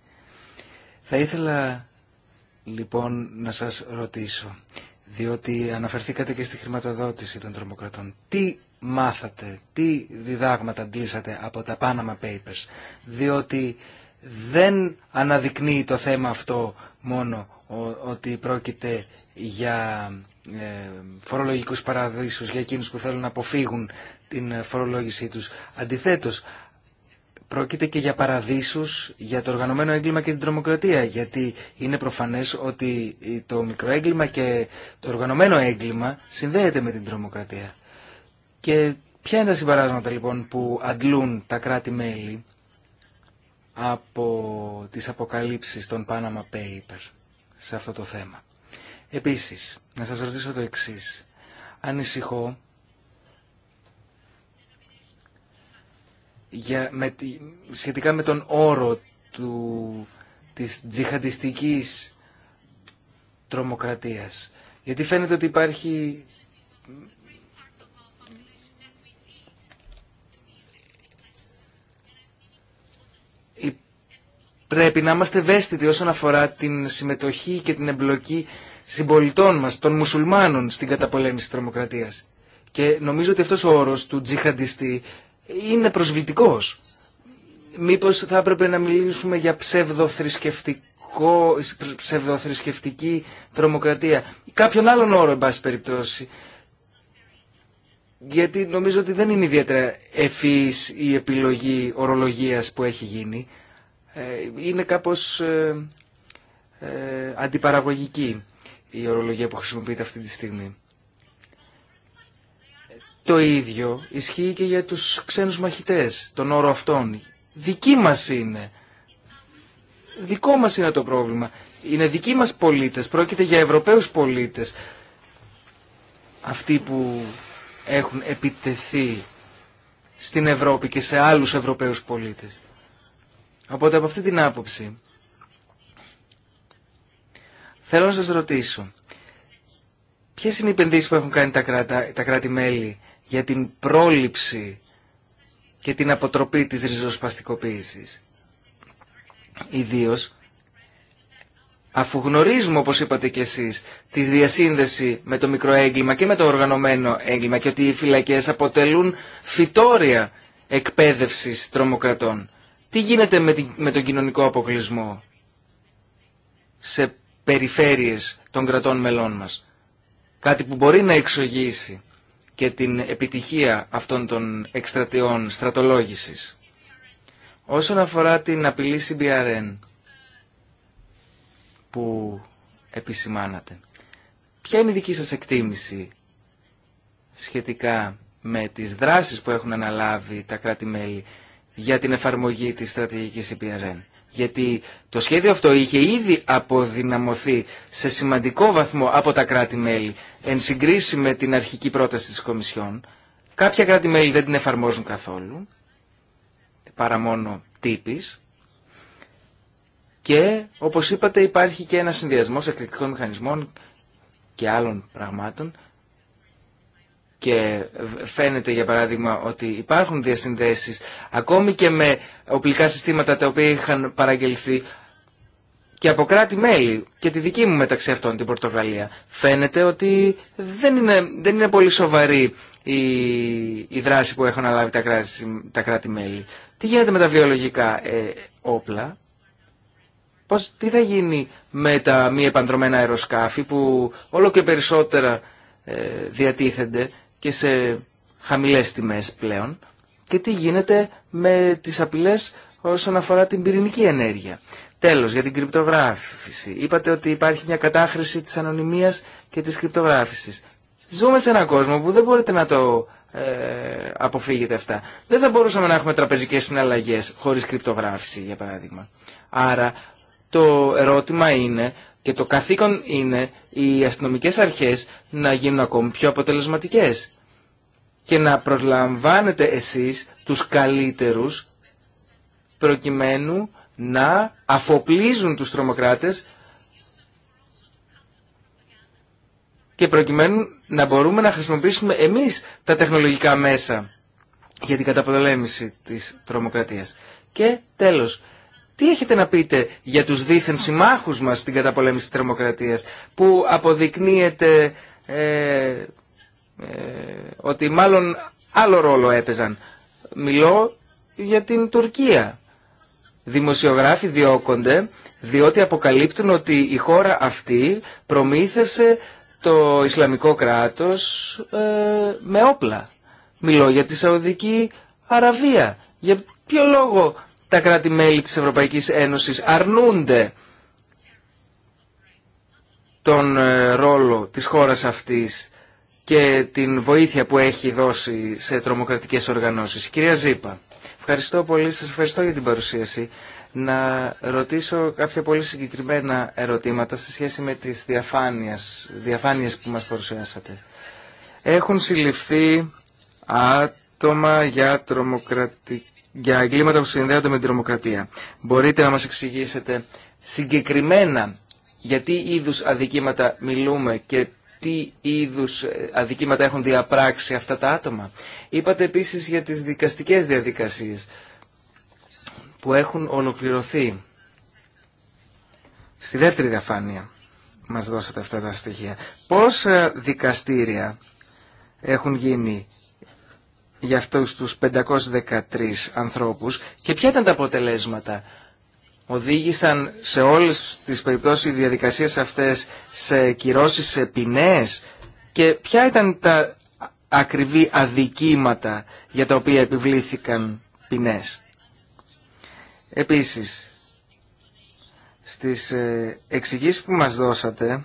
Θα ήθελα λοιπόν να σας ρωτήσω διότι αναφερθήκατε και στη χρηματοδότηση των τρομοκρατών. Τι μάθατε, τι διδάγματα αντλήσατε από τα Panama Papers, διότι δεν αναδεικνύει το θέμα αυτό μόνο ότι πρόκειται για ε, φορολογικούς παραδείσους, για εκείνους που θέλουν να αποφύγουν την ε, φορολόγησή τους. Αντιθέτως, πρόκειται και για παραδείσους για το οργανωμένο έγκλημα και την τρομοκρατία γιατί είναι προφανές ότι το μικροέγκλημα και το οργανωμένο έγκλημα συνδέεται με την τρομοκρατία. Και ποια είναι τα συμπαράσματα λοιπόν που αντλούν τα κράτη-μέλη από τις αποκαλύψεις των Panama Paper σε αυτό το θέμα. Επίσης, να σας ρωτήσω το εξής. Ανησυχώ με, σχετικά με τον όρο του, της τζιχαντιστικής τρομοκρατίας. Γιατί φαίνεται ότι υπάρχει πρέπει να είμαστε ευαίσθητοι όσον αφορά την συμμετοχή και την εμπλοκή συμπολιτών μας, των μουσουλμάνων στην καταπολέμηση τρομοκρατίας. Και νομίζω ότι αυτός ο όρος του τζιχαντιστή είναι προσβλητικός. Μήπως θα έπρεπε να μιλήσουμε για ψευδοθρησκευτικό, ψευδοθρησκευτική τρομοκρατία. Κάποιον άλλον όρο, εν πάση περιπτώσει. Γιατί νομίζω ότι δεν είναι ιδιαίτερα ευφύης η επιλογή ορολογίας που έχει γίνει. Ε, είναι κάπως ε, ε, αντιπαραγωγική η ορολογία που χρησιμοποιείται αυτή τη στιγμή. Το ίδιο ισχύει και για τους ξένους μαχητές, τον όρο αυτών. Δική μας είναι. Δικό μας είναι το πρόβλημα. Είναι δικοί μας πολίτες, πρόκειται για Ευρωπαίους πολίτες. Αυτοί που έχουν επιτεθεί στην Ευρώπη και σε άλλους Ευρωπαίους πολίτες. Οπότε από αυτή την άποψη θέλω να σας ρωτήσω ποιες είναι οι επενδύσεις που έχουν κάνει τα κράτη-μέλη για την πρόληψη και την αποτροπή της ριζοσπαστικοποίησης. Ιδίως αφού γνωρίζουμε, όπως είπατε κι εσείς, τη διασύνδεση με το μικρό και με το οργανωμένο έγκλημα και ότι οι φυλακές αποτελούν φυτόρια εκπαίδευσης τρομοκρατών. Τι γίνεται με, την, με τον κοινωνικό αποκλεισμό σε περιφέρειες των κρατών μελών μας. Κάτι που μπορεί να εξογήσει και την επιτυχία αυτών των εκστρατιών στρατολόγησης. Όσον αφορά την απειλή CBRN που επισημάνατε, ποια είναι η δική σας εκτίμηση σχετικά με τις δράσεις που έχουν αναλάβει τα κράτη-μέλη για την εφαρμογή της στρατηγικής CBRN γιατί το σχέδιο αυτό είχε ήδη αποδυναμωθεί σε σημαντικό βαθμό από τα κράτη-μέλη εν συγκρίση με την αρχική πρόταση της Κομισιόν. Κάποια κράτη-μέλη δεν την εφαρμόζουν καθόλου, παρά μόνο τύπης. Και, όπως είπατε, υπάρχει και ένα συνδυασμός εκρηκτικών μηχανισμών και άλλων πραγμάτων και φαίνεται για παράδειγμα ότι υπάρχουν διασυνδέσεις ακόμη και με οπλικά συστήματα τα οποία είχαν παραγγελθεί και από κράτη-μέλη και τη δική μου μεταξύ αυτών την Πορτογαλία. Φαίνεται ότι δεν είναι, δεν είναι πολύ σοβαρή η, η δράση που έχουν αναλάβει τα, κράτη, τα κράτη-μέλη. Τι γίνεται με τα βιολογικά ε, όπλα, πώς, τι θα γίνει με τα μη επανδρομένα αεροσκάφη που όλο και περισσότερα ε, διατίθενται και σε χαμηλές τιμές πλέον και τι γίνεται με τις απειλές όσον αφορά την πυρηνική ενέργεια. Τέλος, για την κρυπτογράφηση. Είπατε ότι υπάρχει μια κατάχρηση της ανωνυμίας και της κρυπτογράφησης. Ζούμε σε έναν κόσμο που δεν μπορείτε να το ε, αποφύγετε αυτά. Δεν θα μπορούσαμε να έχουμε τραπεζικές συναλλαγές χωρίς κρυπτογράφηση, για παράδειγμα. Άρα, το ερώτημα είναι και το καθήκον είναι οι αστυνομικές αρχές να γίνουν ακόμη πιο αποτελεσματικές και να προλαμβάνετε εσείς τους καλύτερους προκειμένου να αφοπλίζουν τους τρομοκράτες και προκειμένου να μπορούμε να χρησιμοποιήσουμε εμείς τα τεχνολογικά μέσα για την καταπολέμηση της τρομοκρατίας. Και τέλος, τι έχετε να πείτε για τους δίθεν συμμάχους μας στην καταπολέμηση της τρομοκρατίας που αποδεικνύεται ε, ε, ότι μάλλον άλλο ρόλο έπαιζαν. Μιλώ για την Τουρκία. Δημοσιογράφοι διώκονται διότι αποκαλύπτουν ότι η χώρα αυτή προμήθεσε το Ισλαμικό κράτος ε, με όπλα. Μιλώ για τη Σαουδική Αραβία. Για ποιο λόγο τα κράτη-μέλη της Ευρωπαϊκής Ένωσης αρνούνται τον ε, ρόλο της χώρας αυτής και την βοήθεια που έχει δώσει σε τρομοκρατικές οργανώσεις. Κυρία Ζήπα, ευχαριστώ πολύ, σας ευχαριστώ για την παρουσίαση. Να ρωτήσω κάποια πολύ συγκεκριμένα ερωτήματα σε σχέση με τις διαφάνειες, που μας παρουσιάσατε. Έχουν συλληφθεί άτομα για τρομοκρατικές για εγκλήματα που συνδέονται με την τρομοκρατία. Μπορείτε να μας εξηγήσετε συγκεκριμένα για τι είδους αδικήματα μιλούμε και τι είδους ε, αδικήματα έχουν διαπράξει αυτά τα άτομα. Είπατε επίσης για τις δικαστικές διαδικασίες που έχουν ολοκληρωθεί. Στη δεύτερη διαφάνεια μας δώσατε αυτά τα στοιχεία. Πόσα δικαστήρια έχουν γίνει για αυτούς τους 513 ανθρώπους και ποια ήταν τα αποτελέσματα. Οδήγησαν σε όλες τις περιπτώσεις οι διαδικασίες αυτές σε κυρώσεις, σε ποινές και ποια ήταν τα ακριβή αδικήματα για τα οποία επιβλήθηκαν ποινές. Επίσης, στις ε, εξηγήσεις που μας δώσατε,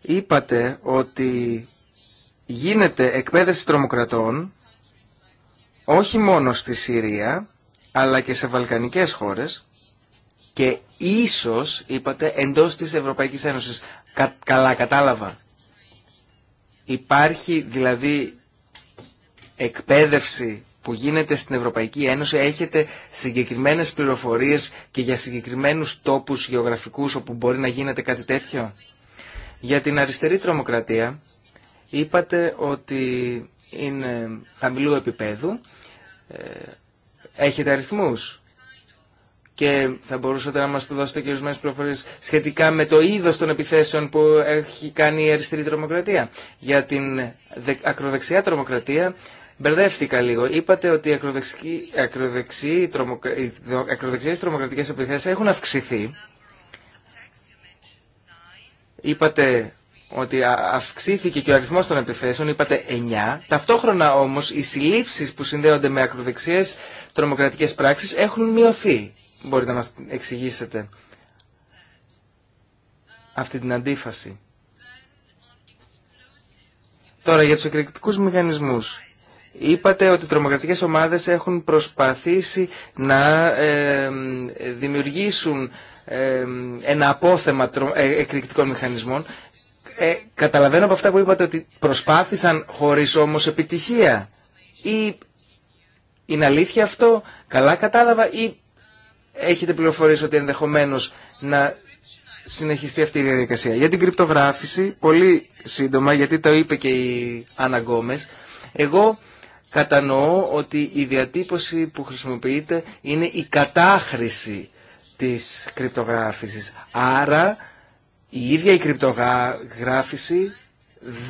είπατε ότι γίνεται εκπαίδευση τρομοκρατών όχι μόνο στη Συρία, αλλά και σε βαλκανικές χώρες και ίσως, είπατε, εντός της Ευρωπαϊκής Ένωσης. καλά, κατάλαβα. Υπάρχει δηλαδή εκπαίδευση που γίνεται στην Ευρωπαϊκή Ένωση, έχετε συγκεκριμένες πληροφορίες και για συγκεκριμένους τόπους γεωγραφικούς όπου μπορεί να γίνεται κάτι τέτοιο. Για την αριστερή τρομοκρατία είπατε ότι είναι χαμηλού επίπεδου ε, έχετε αριθμούς και θα μπορούσατε να μας δώσετε και ορισμένε πληροφορίες σχετικά με το είδος των επιθέσεων που έχει κάνει η αριστερή τρομοκρατία. Για την ακροδεξιά τρομοκρατία μπερδεύτηκα λίγο. Είπατε ότι οι ακροδεξιές τρομοκρατικέ τρομοκρατικές επιθέσεις έχουν αυξηθεί. Είπατε ότι αυξήθηκε και ο αριθμός των επιθέσεων, είπατε 9. Ταυτόχρονα όμως οι συλλήψεις που συνδέονται με ακροδεξιές τρομοκρατικές πράξεις έχουν μειωθεί. Μπορείτε να μας εξηγήσετε αυτή την αντίφαση. Τώρα για τους εκρηκτικούς μηχανισμούς. Είπατε ότι οι τρομοκρατικές ομάδες έχουν προσπαθήσει να δημιουργήσουν ένα απόθεμα ε, εκρηκτικών μηχανισμών. Ε, καταλαβαίνω από αυτά που είπατε ότι προσπάθησαν χωρίς όμως επιτυχία. Ή είναι αλήθεια αυτό, καλά κατάλαβα ή έχετε πληροφορίες ότι ενδεχομένως να συνεχιστεί αυτή η διαδικασία. Για την κρυπτογράφηση, πολύ σύντομα, γιατί το είπε και η Άννα εγώ κατανοώ ότι η διατύπωση που χρησιμοποιείται είναι η κατάχρηση της κρυπτογράφησης. Άρα η ίδια η κρυπτογράφηση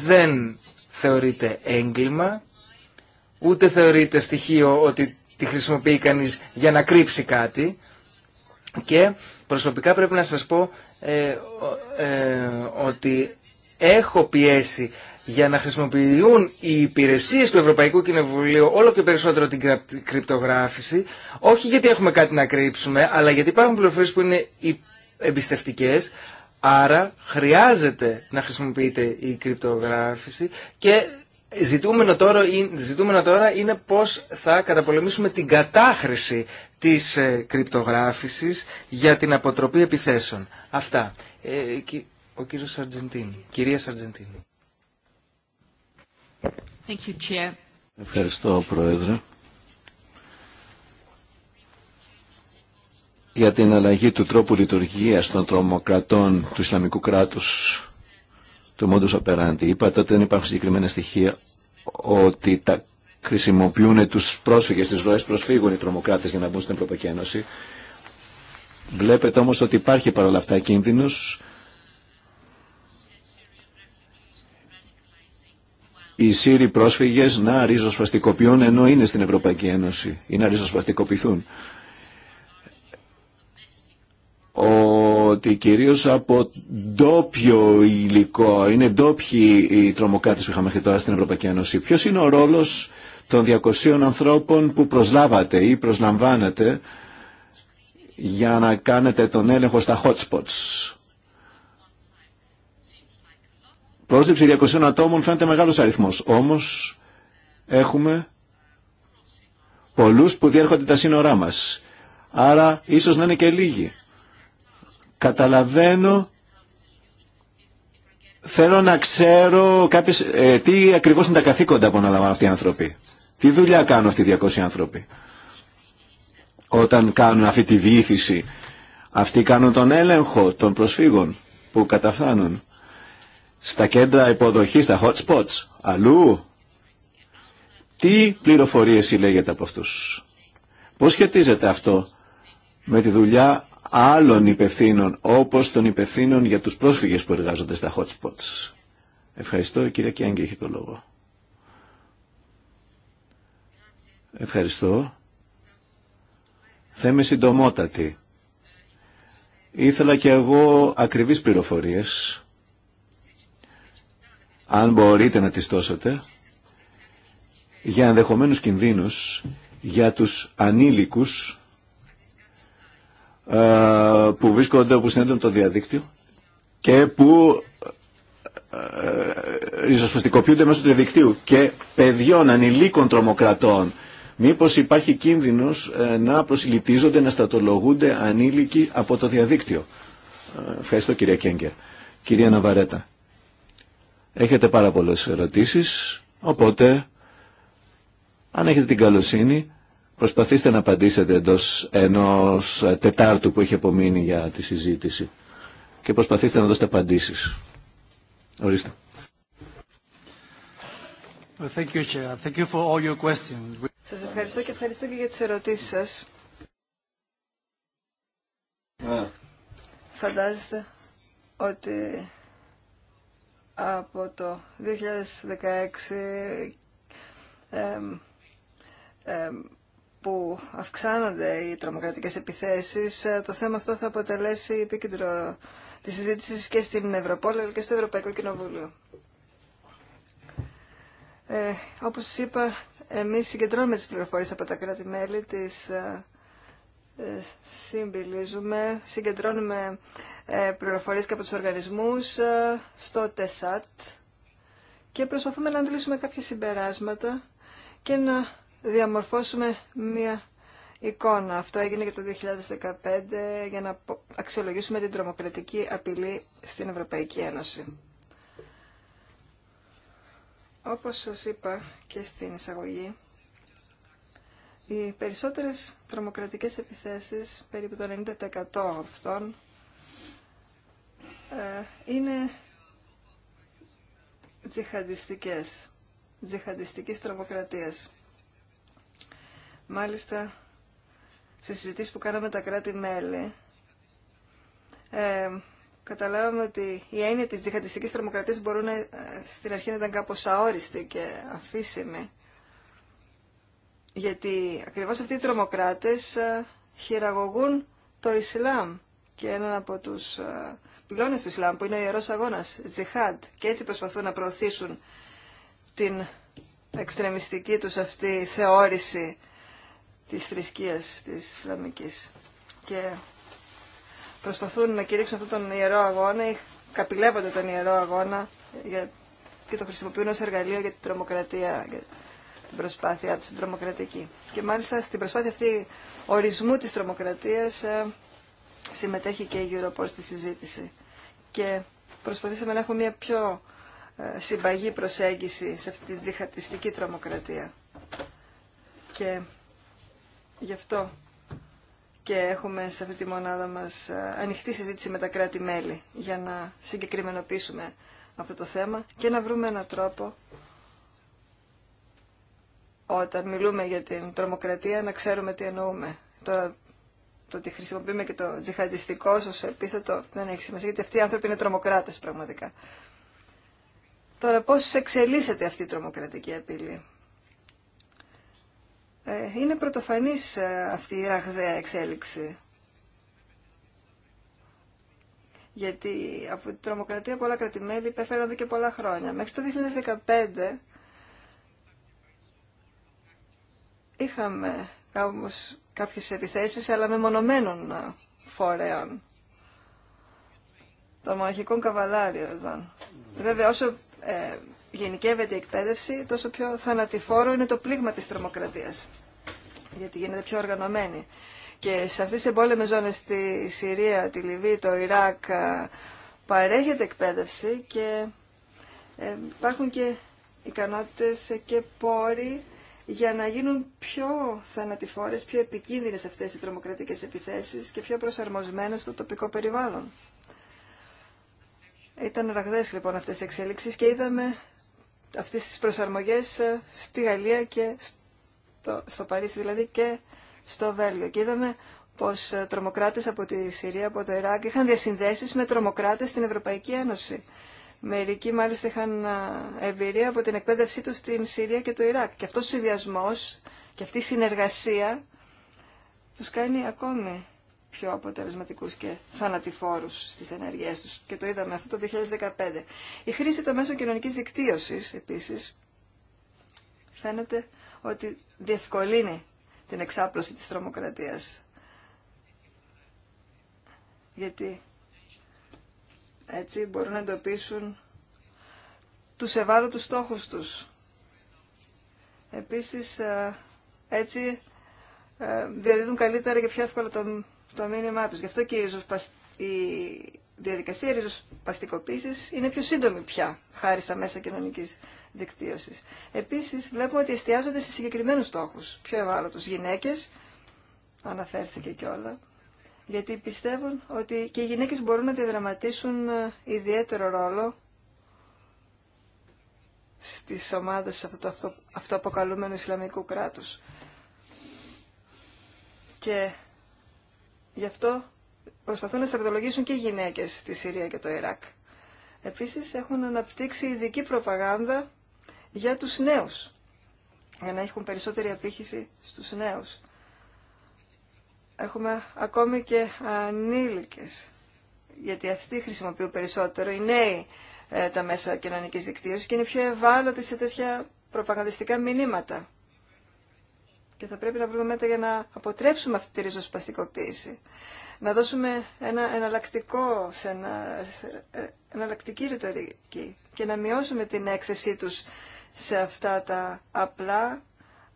δεν θεωρείται έγκλημα, ούτε θεωρείται στοιχείο ότι τη χρησιμοποιεί κανείς για να κρύψει κάτι και προσωπικά πρέπει να σας πω ε, ε, ότι έχω πιέσει για να χρησιμοποιούν οι υπηρεσίες του Ευρωπαϊκού Κοινοβουλίου όλο και περισσότερο την κρυπτογράφηση, όχι γιατί έχουμε κάτι να κρύψουμε, αλλά γιατί υπάρχουν πληροφορίες που είναι εμπιστευτικέ, Άρα χρειάζεται να χρησιμοποιείται η κρυπτογράφηση και ζητούμενο τώρα, τώρα είναι πώς θα καταπολεμήσουμε την κατάχρηση της ε, κρυπτογράφησης για την αποτροπή επιθέσεων. Αυτά. Ε, ο κύριος Σαρτζεντίνη. Κυρία Σαρτζεντίνη. Ευχαριστώ, Πρόεδρε. για την αλλαγή του τρόπου λειτουργίας των τρομοκρατών του Ισλαμικού κράτους του Μόντους Operandi. Είπατε ότι δεν υπάρχουν συγκεκριμένα στοιχεία ότι τα χρησιμοποιούν τους πρόσφυγες, τις ροές προσφύγων οι τρομοκράτες για να μπουν στην Ευρωπαϊκή Ένωση. Βλέπετε όμως ότι υπάρχει παρόλα αυτά κίνδυνος οι Σύριοι πρόσφυγες να ριζοσπαστικοποιούν ενώ είναι στην Ευρωπαϊκή Ένωση ή να ριζοσπαστικοποιηθούν ότι κυρίως από ντόπιο υλικό, είναι ντόπιοι οι τρομοκράτες που είχαμε μέχρι τώρα στην Ευρωπαϊκή Ένωση. Ποιος είναι ο ρόλος των 200 ανθρώπων που προσλάβατε ή προσλαμβάνετε για να κάνετε τον έλεγχο στα hot spots. Πρόσληψη 200 ατόμων φαίνεται μεγάλος αριθμός, όμως έχουμε πολλούς που διέρχονται τα σύνορά μας. Άρα ίσως να είναι και λίγοι. Καταλαβαίνω θέλω να ξέρω κάποιες, ε, τι ακριβώς είναι τα καθήκοντα που αναλαμβάνουν αυτοί οι άνθρωποι. Τι δουλειά κάνουν αυτοί οι 200 άνθρωποι. Όταν κάνουν αυτή τη διήθηση, αυτοί κάνουν τον έλεγχο των προσφύγων που καταφθάνουν. Στα κέντρα υποδοχής, στα hot spots, αλλού. Τι πληροφορίες συλλέγεται από αυτούς. Πώς σχετίζεται αυτό με τη δουλειά άλλων υπευθύνων, όπως των υπευθύνων για τους πρόσφυγες που εργάζονται στα hot spots. Ευχαριστώ, η κυρία Κιάνγκη έχει το λόγο. Ευχαριστώ. Θα είμαι συντομότατη. Ήθελα και εγώ ακριβείς πληροφορίες. Αν μπορείτε να τις δώσετε για ενδεχομένους κινδύνους για τους ανήλικους ε, που βρίσκονται όπου είναι το διαδίκτυο και που ε, ε, ριζοσπαστικοποιούνται μέσω του διαδικτύου και παιδιών, ανηλίκων τρομοκρατών. Μήπως υπάρχει κίνδυνος να προσιλητίζονται, να στατολογούνται ανήλικοι από το διαδίκτυο. Ευχαριστώ κυρία Κέγκερ. Κυρία Ναβαρέτα, έχετε πάρα πολλές ερωτήσεις, οπότε αν έχετε την καλοσύνη Προσπαθήστε να απαντήσετε εντός ενός τετάρτου που έχει απομείνει για τη συζήτηση και προσπαθήστε να δώσετε απαντήσεις. Ορίστε. Σας ευχαριστώ και ευχαριστώ και για τις ερωτήσεις σας. Yeah. Φαντάζεστε ότι από το 2016 που αυξάνονται οι τρομοκρατικές επιθέσεις, ε, το θέμα αυτό θα αποτελέσει επίκεντρο της συζήτηση και στην Ευρωπόλη και στο Ευρωπαϊκό Κοινοβούλιο. Ε, όπως σας είπα, εμείς συγκεντρώνουμε τις πληροφορίες από τα κράτη-μέλη, τις ε, ε, συμπιλίζουμε, συγκεντρώνουμε πληροφορίες και από τους οργανισμούς στο ΤΕΣΑΤ και προσπαθούμε να αντλήσουμε κάποια συμπεράσματα και να διαμορφώσουμε μία εικόνα. Αυτό έγινε για το 2015 για να αξιολογήσουμε την τρομοκρατική απειλή στην Ευρωπαϊκή Ένωση. Όπως σας είπα και στην εισαγωγή, οι περισσότερες τρομοκρατικές επιθέσεις, περίπου το 90% αυτών, ε, είναι τζιχαντιστικές, τζιχαντιστικής τρομοκρατίας. Μάλιστα, σε συζητήσεις που κάναμε τα κράτη-μέλη, ε, καταλάβαμε ότι η έννοια της διχατιστικής τρομοκρατίας μπορούν να, στην αρχή να ήταν κάπως αόριστη και αφήσιμη. Γιατί ακριβώς αυτοί οι τρομοκράτες ε, χειραγωγούν το Ισλάμ και έναν από τους ε, πυλώνες του Ισλάμ που είναι ο Ιερός Αγώνας, Τζιχάντ. Και έτσι προσπαθούν να προωθήσουν την εξτρεμιστική τους αυτή θεώρηση της θρησκείας της Ισλαμικής. Και προσπαθούν να κηρύξουν αυτόν τον ιερό αγώνα ή καπηλεύονται τον ιερό αγώνα για... και το χρησιμοποιούν ως εργαλείο για την τρομοκρατία, για την προσπάθειά τους, την τρομοκρατική. Και μάλιστα στην προσπάθεια αυτή ορισμού της τρομοκρατίας ε, συμμετέχει και η Europol στη συζήτηση. Και προσπαθήσαμε να έχουμε μια πιο ε, συμπαγή προσέγγιση σε αυτή τη διχατιστική τρομοκρατία. Και Γι' αυτό και έχουμε σε αυτή τη μονάδα μας ε, ανοιχτή συζήτηση με τα κράτη-μέλη για να συγκεκριμενοποιήσουμε αυτό το θέμα και να βρούμε έναν τρόπο όταν μιλούμε για την τρομοκρατία να ξέρουμε τι εννοούμε. Τώρα το ότι χρησιμοποιούμε και το τζιχαντιστικό ω επίθετο δεν έχει σημασία γιατί αυτοί οι άνθρωποι είναι τρομοκράτες πραγματικά. Τώρα πώς εξελίσσεται αυτή η τρομοκρατική απειλή. Ε, είναι πρωτοφανής ε, αυτή η ραγδαία εξέλιξη. Γιατί από την τρομοκρατία πολλά κρατημέλη υπέφεραν εδώ και πολλά χρόνια. Μέχρι το 2015 είχαμε όμως κάποιες επιθέσεις, αλλά με μονομένων ε, φορέων των μοναχικών καβαλάριων. Βέβαια, όσο γενικεύεται η εκπαίδευση, τόσο πιο θανατηφόρο είναι το πλήγμα της τρομοκρατίας. Γιατί γίνεται πιο οργανωμένη. Και σε αυτές τις εμπόλεμες ζώνες στη Συρία, τη Λιβύη, το Ιράκ παρέχεται εκπαίδευση και ε, υπάρχουν και ικανότητες και πόροι για να γίνουν πιο θανατηφόρες, πιο επικίνδυνες αυτές οι τρομοκρατικές επιθέσεις και πιο προσαρμοσμένες στο τοπικό περιβάλλον. Ήταν ραγδαίες λοιπόν αυτές οι εξέλιξεις και είδαμε αυτές τις προσαρμογές ε, στη Γαλλία και στο, στο Παρίσι δηλαδή και στο Βέλγιο. Και είδαμε πως ε, τρομοκράτες από τη Συρία, από το Ιράκ είχαν διασυνδέσεις με τρομοκράτες στην Ευρωπαϊκή Ένωση. Μερικοί μάλιστα είχαν ε, εμπειρία από την εκπαίδευσή τους στην Συρία και το Ιράκ. Και αυτός ο συνδυασμός και αυτή η συνεργασία τους κάνει ακόμη πιο αποτελεσματικούς και θανατηφόρους στις ενέργειές τους. Και το είδαμε αυτό το 2015. Η χρήση των μέσων κοινωνικής δικτύωσης, επίσης, φαίνεται ότι διευκολύνει την εξάπλωση της τρομοκρατίας. Γιατί έτσι μπορούν να εντοπίσουν τους ευάλωτους στόχους τους. Επίσης, ε, έτσι ε, διαδίδουν καλύτερα και πιο εύκολα το το μήνυμά τους. Γι' αυτό και η, ριζοσπασ... η διαδικασία ριζοσπαστικοποίησης είναι πιο σύντομη πια, χάρη στα μέσα κοινωνικής δικτύωσης. Επίσης, βλέπουμε ότι εστιάζονται σε συγκεκριμένους στόχους, πιο ευάλωτους γυναίκες, αναφέρθηκε κιόλα, γιατί πιστεύουν ότι και οι γυναίκες μπορούν να διαδραματίσουν ε, ιδιαίτερο ρόλο στις ομάδες αυτού του αυτοαποκαλούμενου Ισλαμικού κράτους. Και Γι' αυτό προσπαθούν να στρατολογήσουν και οι γυναίκες στη Συρία και το Ιράκ. Επίσης έχουν αναπτύξει ειδική προπαγάνδα για τους νέου. για να έχουν περισσότερη απήχηση στους νέου. Έχουμε ακόμη και ανήλικες, γιατί αυτοί χρησιμοποιούν περισσότερο, οι νέοι, ε, τα μέσα κοινωνική δικτύωσης και είναι πιο ευάλωτοι σε τέτοια προπαγανδιστικά μηνύματα και θα πρέπει να βρούμε μέτρα για να αποτρέψουμε αυτή τη ριζοσπαστικοποίηση. Να δώσουμε ένα εναλλακτικό, σε ένα, ε, εναλλακτική ρητορική και να μειώσουμε την έκθεσή τους σε αυτά τα απλά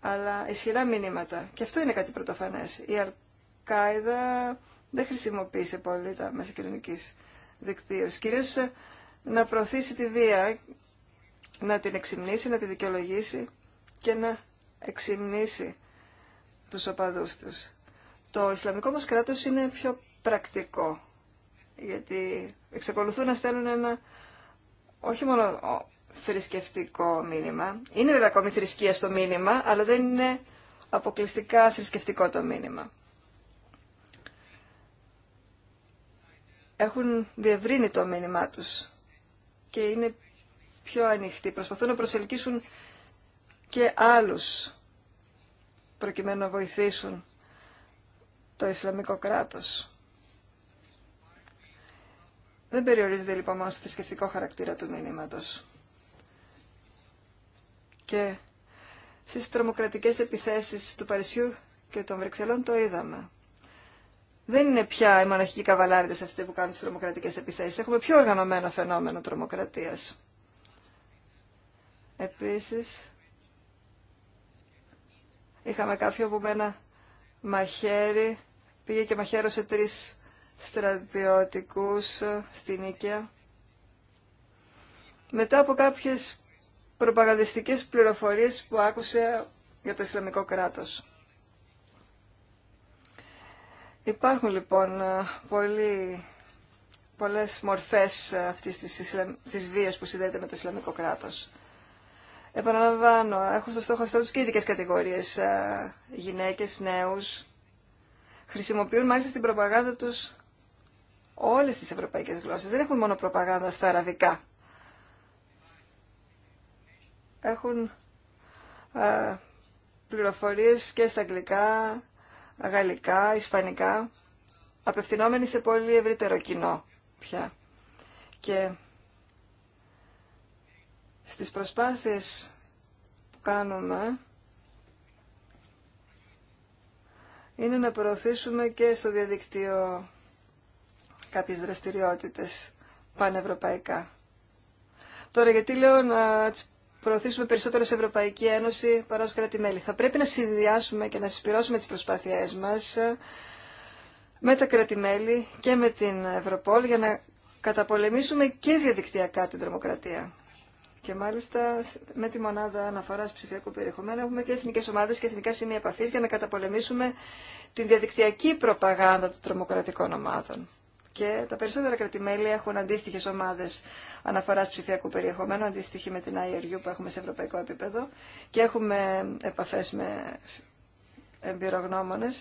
αλλά ισχυρά μηνύματα. Και αυτό είναι κάτι πρωτοφανές. Η Αλκάιδα δεν χρησιμοποίησε πολύ τα μέσα κοινωνική δικτύωση. Κυρίω ε, να προωθήσει τη βία, να την εξυμνήσει, να τη δικαιολογήσει και να εξυμνήσει τους οπαδούς τους. Το Ισλαμικό μα κράτο είναι πιο πρακτικό, γιατί εξακολουθούν να στέλνουν ένα όχι μόνο θρησκευτικό μήνυμα, είναι βέβαια ακόμη θρησκεία στο μήνυμα, αλλά δεν είναι αποκλειστικά θρησκευτικό το μήνυμα. Έχουν διευρύνει το μήνυμά τους και είναι πιο ανοιχτοί. Προσπαθούν να προσελκύσουν και άλλους προκειμένου να βοηθήσουν το Ισλαμικό κράτος. Δεν περιορίζεται λοιπόν μόνο στο θρησκευτικό χαρακτήρα του μήνυματος. Και στις τρομοκρατικές επιθέσεις του Παρισιού και των Βρυξελών το είδαμε. Δεν είναι πια οι μοναχικοί καβαλάριδες αυτοί που κάνουν τις τρομοκρατικές επιθέσεις. Έχουμε πιο οργανωμένο φαινόμενο τρομοκρατίας. Επίσης, Είχαμε κάποιον που με ένα μαχαίρι πήγε και μαχαίρωσε τρεις στρατιωτικούς ε, στην Ίκαια. Μετά από κάποιες προπαγανδιστικές πληροφορίες που άκουσε για το Ισλαμικό κράτος. Υπάρχουν λοιπόν ε, πολύ, πολλές μορφές ε, αυτής της, της βίας που συνδέεται με το Ισλαμικό κράτος. Επαναλαμβάνω, έχουν στο στόχο αυτό τους και ειδικές κατηγορίες γυναίκες, νέους. Χρησιμοποιούν μάλιστα στην προπαγάνδα τους όλες τις ευρωπαϊκές γλώσσες. Δεν έχουν μόνο προπαγάνδα στα αραβικά. Έχουν α, πληροφορίες και στα αγγλικά, γαλλικά, ισπανικά, απευθυνόμενοι σε πολύ ευρύτερο κοινό πια. Και στις προσπάθειες που κάνουμε είναι να προωθήσουμε και στο διαδικτύο κάποιες δραστηριότητες πανευρωπαϊκά. Τώρα γιατί λέω να προωθήσουμε περισσότερο σε Ευρωπαϊκή Ένωση παρά ως κρατη Θα πρέπει να συνδυάσουμε και να συσπηρώσουμε τις προσπάθειές μας με τα κρατη και με την Ευρωπόλ για να καταπολεμήσουμε και διαδικτυακά την τρομοκρατία. Και μάλιστα με τη μονάδα αναφορά ψηφιακού περιεχομένου έχουμε και εθνικέ ομάδε και εθνικά σημεία επαφή για να καταπολεμήσουμε την διαδικτυακή προπαγάνδα των τρομοκρατικών ομάδων. Και τα περισσότερα κρατημέλη έχουν αντίστοιχε ομάδε αναφορά ψηφιακού περιεχομένου, αντίστοιχη με την IRU που έχουμε σε ευρωπαϊκό επίπεδο. Και έχουμε επαφέ με εμπειρογνώμονε.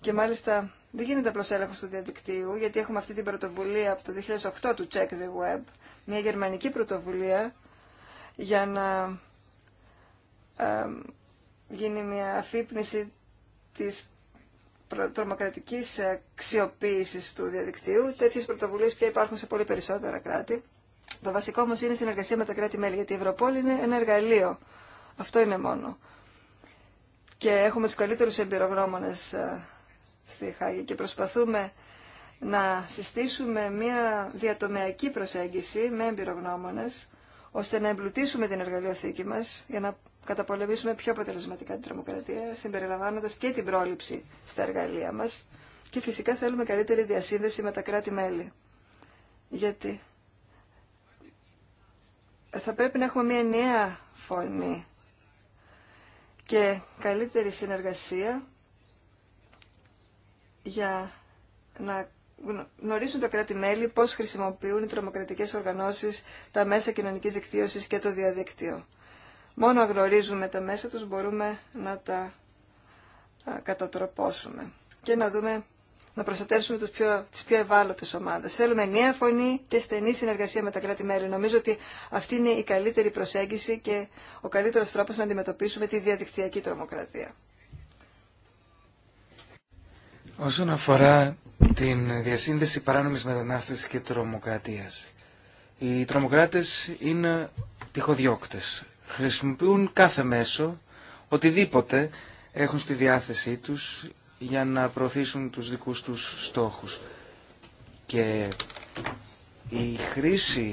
Και μάλιστα δεν γίνεται απλώ έλεγχο του διαδικτύου, γιατί έχουμε αυτή την πρωτοβουλία από το 2008 του Check the Web, μια γερμανική πρωτοβουλία για να γίνει μια αφύπνιση της τρομοκρατικής ε, αξιοποίηση του διαδικτύου. Τέτοιες πρωτοβουλίες πια υπάρχουν σε πολύ περισσότερα κράτη. Το βασικό όμως είναι η συνεργασία με τα κράτη-μέλη, γιατί η Ευρωπόλη είναι ένα εργαλείο. Αυτό είναι μόνο. Και έχουμε τους καλύτερους εμπειρογνώμονες ε, στη Χάγη και προσπαθούμε να συστήσουμε μια διατομεακή προσέγγιση με εμπειρογνώμονες ώστε να εμπλουτίσουμε την εργαλειοθήκη μας για να καταπολεμήσουμε πιο αποτελεσματικά την τρομοκρατία, συμπεριλαμβάνοντας και την πρόληψη στα εργαλεία μας και φυσικά θέλουμε καλύτερη διασύνδεση με τα κράτη-μέλη. Γιατί θα πρέπει να έχουμε μια νέα φωνή και καλύτερη συνεργασία για να γνωρίζουν τα κράτη-μέλη πώς χρησιμοποιούν οι τρομοκρατικές οργανώσεις τα μέσα κοινωνικής δικτύωσης και το διαδίκτυο. Μόνο γνωρίζουμε τα μέσα τους μπορούμε να τα κατατροπώσουμε και να δούμε να προστατεύσουμε τους πιο, τις πιο ευάλωτες ομάδες. Θέλουμε νέα φωνή και στενή συνεργασία με τα κράτη-μέλη. Νομίζω ότι αυτή είναι η καλύτερη προσέγγιση και ο καλύτερος τρόπος να αντιμετωπίσουμε τη διαδικτυακή τρομοκρατία. Όσον αφορά την διασύνδεση παράνομης μετανάστευσης και τρομοκρατίας. Οι τρομοκράτες είναι τυχοδιώκτες. Χρησιμοποιούν κάθε μέσο, οτιδήποτε έχουν στη διάθεσή τους για να προωθήσουν τους δικούς τους στόχους. Και η χρήση,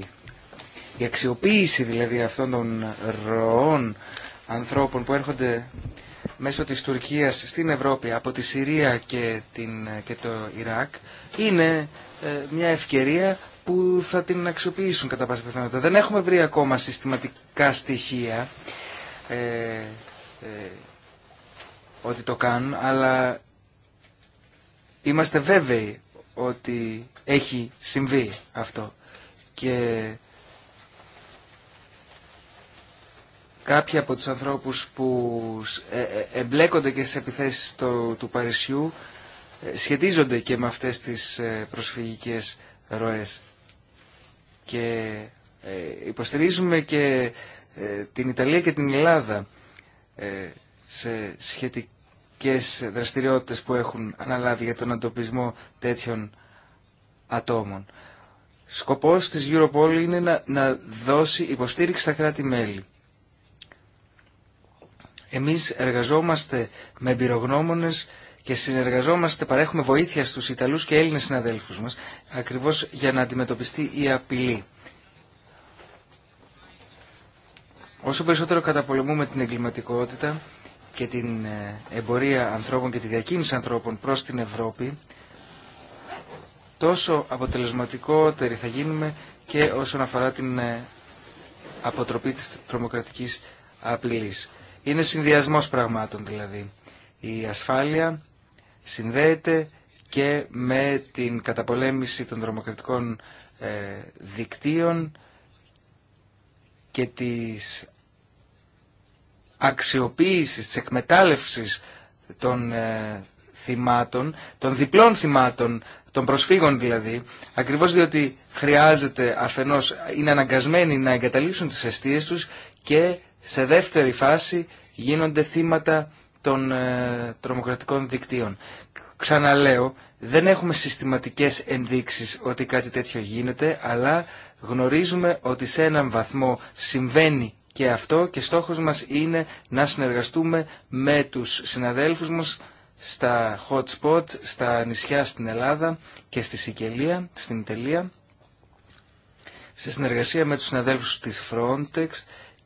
η αξιοποίηση δηλαδή αυτών των ροών ανθρώπων που έρχονται μέσω της Τουρκίας στην Ευρώπη από τη Συρία και, και το Ιράκ είναι ε, μια ευκαιρία που θα την αξιοποιήσουν κατά πάσα πιθανότητα. Δεν έχουμε βρει ακόμα συστηματικά στοιχεία ε, ε, ότι το κάνουν, αλλά είμαστε βέβαιοι ότι έχει συμβεί αυτό. Και Κάποιοι από τους ανθρώπους που ε, ε, εμπλέκονται και στις επιθέσεις του Παρισιού ε, σχετίζονται και με αυτές τις προσφυγικές ροές. Και υποστηρίζουμε και την Ιταλία και την Ελλάδα σε σχετικές δραστηριότητες που έχουν αναλάβει για τον αντοπισμό τέτοιων ατόμων. Σκοπός της Europol είναι να, να δώσει υποστήριξη στα κράτη-μέλη. Εμείς εργαζόμαστε με εμπειρογνώμονες και συνεργαζόμαστε, παρέχουμε βοήθεια στους Ιταλούς και Έλληνες συναδέλφους μας, ακριβώς για να αντιμετωπιστεί η απειλή. Όσο περισσότερο καταπολεμούμε την εγκληματικότητα και την ε, εμπορία ανθρώπων και τη διακίνηση ανθρώπων προς την Ευρώπη, τόσο αποτελεσματικότεροι θα γίνουμε και όσον αφορά την ε, αποτροπή της τρομοκρατικής απειλής. Είναι συνδυασμός πραγμάτων δηλαδή. Η ασφάλεια συνδέεται και με την καταπολέμηση των δρομοκρατικών ε, δικτύων και της αξιοποίησης, της εκμετάλλευσης των ε, θυμάτων, των διπλών θυμάτων, των προσφύγων δηλαδή, ακριβώς διότι χρειάζεται αφενός, είναι αναγκασμένοι να εγκαταλείψουν τις αιστείες τους και σε δεύτερη φάση γίνονται θύματα των ε, τρομοκρατικών δικτύων. Ξαναλέω, δεν έχουμε συστηματικές ενδείξεις ότι κάτι τέτοιο γίνεται, αλλά γνωρίζουμε ότι σε έναν βαθμό συμβαίνει και αυτό και στόχος μας είναι να συνεργαστούμε με τους συναδέλφους μας στα hot spot, στα νησιά στην Ελλάδα και στη Σικελία, στην Ιταλία, σε συνεργασία με τους συναδέλφους της Frontex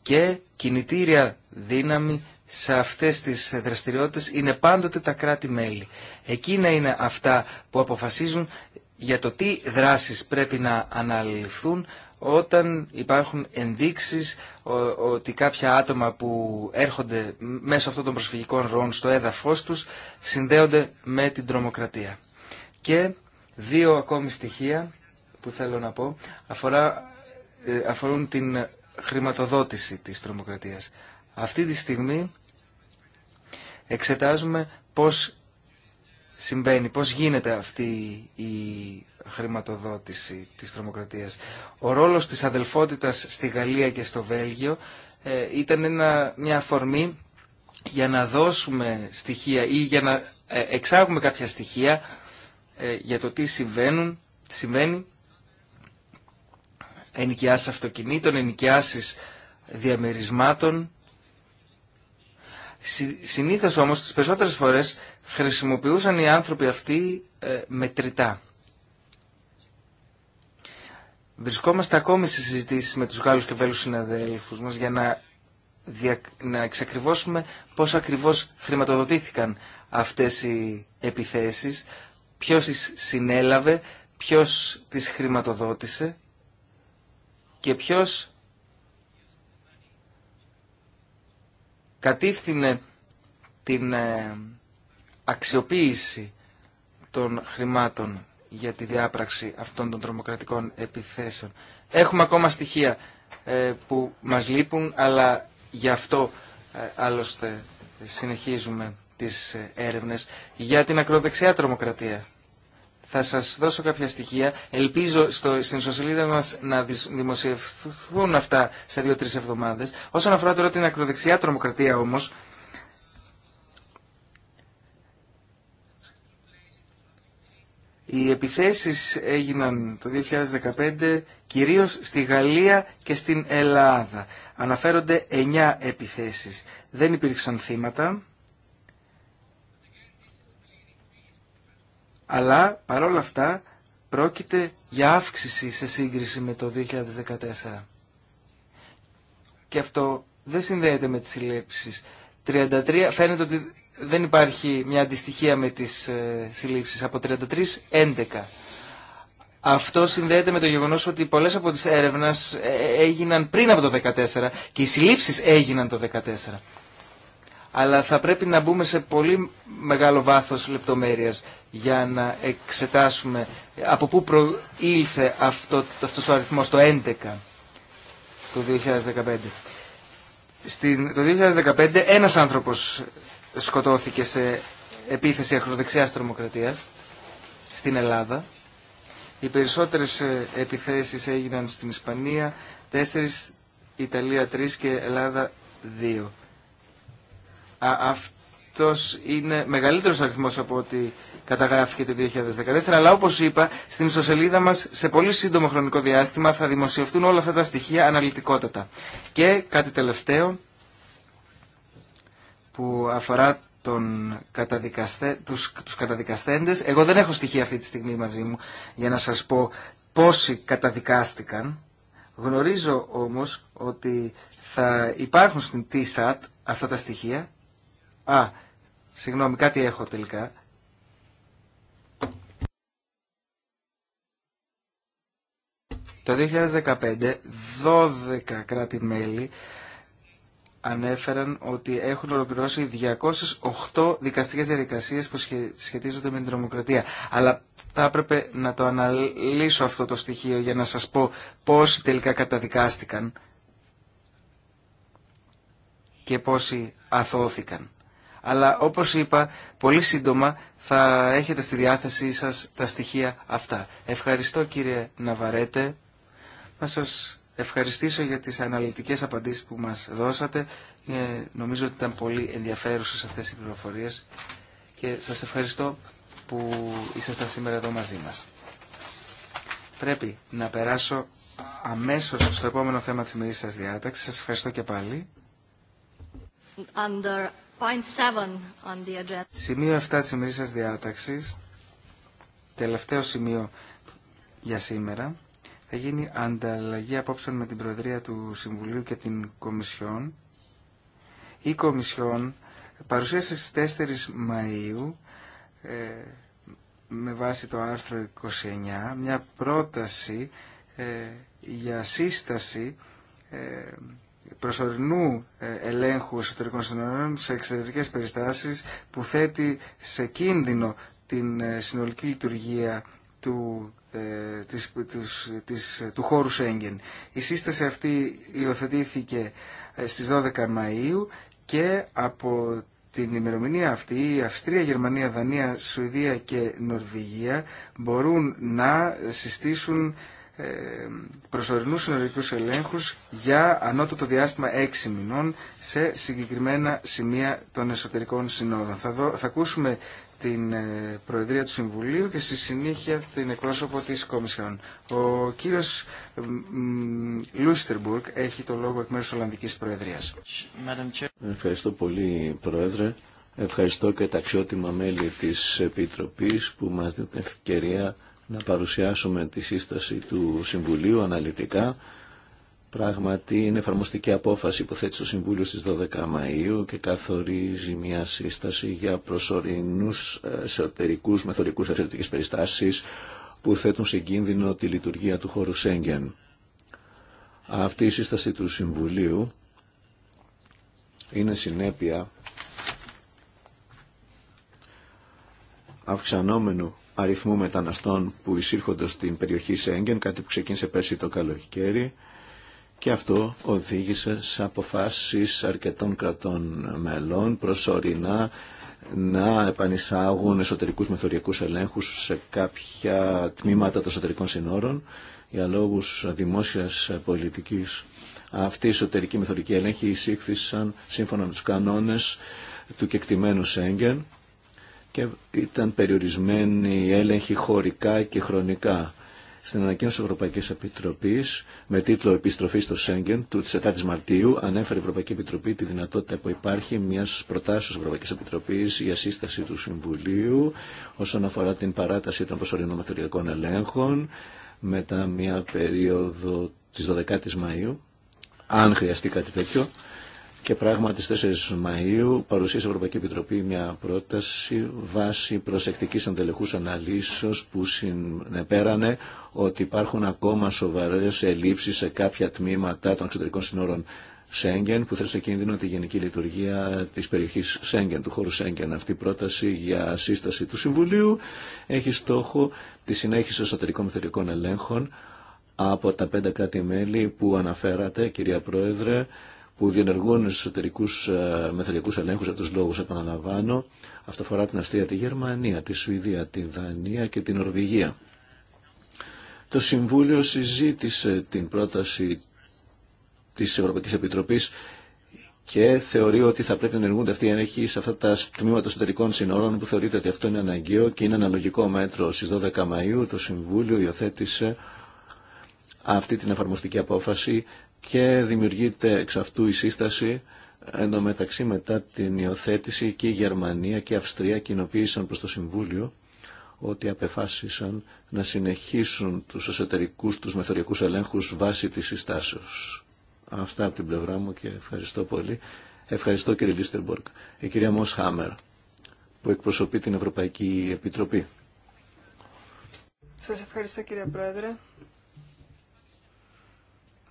και κινητήρια δύναμη σε αυτές τις δραστηριότητες είναι πάντοτε τα κράτη-μέλη. Εκείνα είναι αυτά που αποφασίζουν για το τι δράσεις πρέπει να αναλυφθούν όταν υπάρχουν ενδείξεις ότι κάποια άτομα που έρχονται μέσω αυτών των προσφυγικών ροών στο έδαφος τους συνδέονται με την τρομοκρατία. Και δύο ακόμη στοιχεία που θέλω να πω αφορά, ε, αφορούν την χρηματοδότηση της τρομοκρατίας. Αυτή τη στιγμή εξετάζουμε πώς συμβαίνει, πώς γίνεται αυτή η χρηματοδότηση της τρομοκρατίας. Ο ρόλος της αδελφότητας στη Γαλλία και στο Βέλγιο ε, ήταν ένα, μια αφορμή για να δώσουμε στοιχεία ή για να ε, εξάγουμε κάποια στοιχεία ε, για το τι συμβαίνουν, συμβαίνει ενοικιάσεις αυτοκινήτων, ενοικιάσεις διαμερισμάτων. Συνήθως όμως τις περισσότερες φορές χρησιμοποιούσαν οι άνθρωποι αυτοί ε, μετρητά. Βρισκόμαστε ακόμη σε συζητήσεις με τους Γάλλους και βέλου συναδέλφους μας για να, δια... να εξακριβώσουμε πώς ακριβώς χρηματοδοτήθηκαν αυτές οι επιθέσεις, ποιος τις συνέλαβε, ποιο τις χρηματοδότησε και ποιος κατήφθηνε την ε, αξιοποίηση των χρημάτων για τη διάπραξη αυτών των τρομοκρατικών επιθέσεων. Έχουμε ακόμα στοιχεία ε, που μας λείπουν, αλλά γι' αυτό ε, άλλωστε συνεχίζουμε τις έρευνες για την ακροδεξιά τρομοκρατία. Θα σας δώσω κάποια στοιχεία. Ελπίζω στο, στην ιστοσελίδα μας να δημοσιευθούν αυτά σε δύο-τρεις εβδομάδες. Όσον αφορά τώρα την ακροδεξιά τρομοκρατία όμως, Οι επιθέσεις έγιναν το 2015 κυρίως στη Γαλλία και στην Ελλάδα. Αναφέρονται 9 επιθέσεις. Δεν υπήρξαν θύματα. αλλά παρόλα αυτά πρόκειται για αύξηση σε σύγκριση με το 2014. Και αυτό δεν συνδέεται με τις συλλήψεις. 33, φαίνεται ότι δεν υπάρχει μια αντιστοιχία με τις ε, συλλήψεις. Από 33, 11. Αυτό συνδέεται με το γεγονός ότι πολλές από τις έρευνες ε, ε, έγιναν πριν από το 2014 και οι συλλήψεις έγιναν το 2014 αλλά θα πρέπει να μπούμε σε πολύ μεγάλο βάθος λεπτομέρειας για να εξετάσουμε από πού προήλθε αυτό, αυτός ο αριθμός το 11 το 2015. Στην, το 2015 ένας άνθρωπος σκοτώθηκε σε επίθεση ακροδεξιάς τρομοκρατίας στην Ελλάδα. Οι περισσότερες ε, επιθέσεις έγιναν στην Ισπανία, 4, Ιταλία 3 και Ελλάδα 2 αυτός είναι μεγαλύτερος αριθμός από ό,τι καταγράφηκε το 2014, αλλά όπως είπα, στην ιστοσελίδα μας σε πολύ σύντομο χρονικό διάστημα θα δημοσιευτούν όλα αυτά τα στοιχεία αναλυτικότατα. Και κάτι τελευταίο που αφορά τον καταδικαστε, τους, τους καταδικαστέντες. Εγώ δεν έχω στοιχεία αυτή τη στιγμή μαζί μου για να σας πω πόσοι καταδικάστηκαν. Γνωρίζω όμως ότι θα υπάρχουν στην TSAT αυτά τα στοιχεία Α, συγγνώμη, κάτι έχω τελικά. Το 2015, 12 κράτη-μέλη ανέφεραν ότι έχουν ολοκληρώσει 208 δικαστικές διαδικασίες που σχετίζονται με την τρομοκρατία. Αλλά θα έπρεπε να το αναλύσω αυτό το στοιχείο για να σας πω πόσοι τελικά καταδικάστηκαν και πόσοι αθώθηκαν αλλά όπως είπα, πολύ σύντομα θα έχετε στη διάθεσή σας τα στοιχεία αυτά. Ευχαριστώ κύριε Ναβαρέτε. Να σας ευχαριστήσω για τις αναλυτικές απαντήσεις που μας δώσατε. Ε, νομίζω ότι ήταν πολύ ενδιαφέρουσες αυτές οι πληροφορίες και σας ευχαριστώ που ήσασταν σήμερα εδώ μαζί μας. Πρέπει να περάσω αμέσως στο επόμενο θέμα της ημερής σας διάταξης. Σας ευχαριστώ και πάλι. Σημείο 7 της ημερήσιας διάταξης, τελευταίο σημείο για σήμερα, θα γίνει ανταλλαγή απόψεων με την Προεδρία του Συμβουλίου και την Κομισιόν. Η Κομισιόν παρουσίασε στις 4 Μαΐου ε, με βάση το άρθρο 29 μια πρόταση ε, για σύσταση ε, προσωρινού ε, ελέγχου εσωτερικών συνόρων σε εξαιρετικές περιστάσεις που θέτει σε κίνδυνο την ε, συνολική λειτουργία του, ε, της, του χώρου Σέγγεν. Η σύσταση αυτή υιοθετήθηκε στις 12 Μαΐου και από την ημερομηνία αυτή η Αυστρία, Γερμανία, Δανία, Σουηδία και Νορβηγία μπορούν να συστήσουν ε, προσωρινούς συνορικούς ελέγχους για ανώτατο διάστημα έξι μηνών σε συγκεκριμένα σημεία των εσωτερικών συνόρων. Θα, ακούσουμε την ε, Προεδρία του Συμβουλίου και στη συνέχεια την εκπρόσωπο της Κομισιόν. Ο κύριος Λούστερμπουργκ έχει το λόγο εκ μέρους της Ολλανδικής Προεδρίας. Ευχαριστώ πολύ Πρόεδρε. Ευχαριστώ και τα αξιότιμα μέλη της Επιτροπής που μας δίνουν ευκαιρία να παρουσιάσουμε τη σύσταση του Συμβουλίου αναλυτικά. Πράγματι είναι εφαρμοστική απόφαση που θέτει το Συμβούλιο στις 12 Μαΐου και καθορίζει μια σύσταση για προσωρινούς εσωτερικούς μεθορικούς εξαιρετικές περιστάσεις που θέτουν σε κίνδυνο τη λειτουργία του χώρου Σέγγεν. Αυτή η σύσταση του Συμβουλίου είναι συνέπεια αυξανόμενου αριθμού μεταναστών που εισήρχονται στην περιοχή Σέγγεν, κάτι που ξεκίνησε πέρσι το καλοκαίρι και αυτό οδήγησε σε αποφάσεις αρκετών κρατών μελών προσωρινά να επανισάγουν εσωτερικούς μεθοριακούς ελέγχους σε κάποια τμήματα των εσωτερικών συνόρων για λόγους δημόσιας πολιτικής. Αυτοί οι εσωτερικοί μεθορικοί ελέγχοι εισήχθησαν σύμφωνα με τους κανόνες του κεκτημένου Σέγγεν και ήταν περιορισμένοι οι έλεγχοι χωρικά και χρονικά. Στην ανακοίνωση της Ευρωπαϊκής Επιτροπής με τίτλο «Επιστροφή στο Σέγγεν» του η Μαρτίου ανέφερε η Ευρωπαϊκή Επιτροπή τη δυνατότητα που υπάρχει μιας προτάσεως Ευρωπαϊκής Επιτροπής για σύσταση του Συμβουλίου όσον αφορά την παράταση των προσωρινών μαθηριακών ελέγχων μετά μια περίοδο της 12 η Μαΐου, αν χρειαστεί κάτι τέτοιο και πράγματι στις 4 Μαΐου παρουσίασε η Ευρωπαϊκή Επιτροπή μια πρόταση βάσει προσεκτικής αντελεχούς αναλύσεως που συνεπέρανε ότι υπάρχουν ακόμα σοβαρές ελλείψεις σε κάποια τμήματα των εξωτερικών συνόρων Σέγγεν που θέλουν σε κίνδυνο τη γενική λειτουργία της περιοχής Σέγγεν, του χώρου Σέγγεν. Αυτή η πρόταση για σύσταση του Συμβουλίου έχει στόχο τη συνέχιση εσωτερικών μεθοδικών ελέγχων από τα πέντε κράτη-μέλη που αναφέρατε, κυρία Πρόεδρε, που διενεργούν εσωτερικού ε, μεθοριακού ελέγχου για του λόγου, επαναλαμβάνω. Αυτό αφορά την Αυστρία, τη Γερμανία, τη Σουηδία, τη Δανία και την Νορβηγία. Το Συμβούλιο συζήτησε την πρόταση τη Ευρωπαϊκή Επιτροπή και θεωρεί ότι θα πρέπει να ενεργούνται αυτοί οι έλεγχοι σε αυτά τα τμήματα εσωτερικών συνόρων που θεωρείται ότι αυτό είναι αναγκαίο και είναι αναλογικό μέτρο. στι 12 Μαου. το Συμβούλιο υιοθέτησε αυτή την εφαρμοστική απόφαση και δημιουργείται εξ αυτού η σύσταση ενώ μεταξύ μετά την υιοθέτηση και η Γερμανία και η Αυστρία κοινοποίησαν προς το Συμβούλιο ότι απεφάσισαν να συνεχίσουν τους εσωτερικούς τους μεθοριακούς ελέγχους βάσει της συστάσεως. Αυτά από την πλευρά μου και ευχαριστώ πολύ. Ευχαριστώ κύριε Λίστερμπορκ. Η κυρία Μος που εκπροσωπεί την Ευρωπαϊκή Επιτροπή. Σας ευχαριστώ κύριε Πρόεδρε.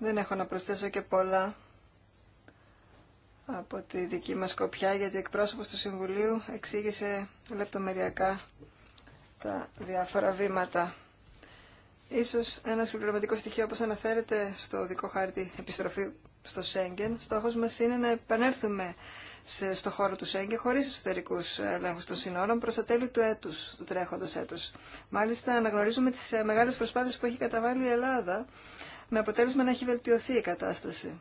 Δεν έχω να προσθέσω και πολλά από τη δική μας κοπιά, γιατί εκπρόσωπος του Συμβουλίου εξήγησε λεπτομεριακά τα διάφορα βήματα. Ίσως ένα συμπληρωματικό στοιχείο, όπως αναφέρεται στο δικό χάρτη επιστροφή στο Σέγγεν, στόχος μας είναι να επανέλθουμε στο χώρο του Σέγγεν χωρίς εσωτερικούς ελέγχους των συνόρων προς τα τέλη του έτους, του τρέχοντος έτους. Μάλιστα αναγνωρίζουμε τις μεγάλες προσπάθειες που έχει καταβάλει η Ελλάδα με αποτέλεσμα να έχει βελτιωθεί η κατάσταση.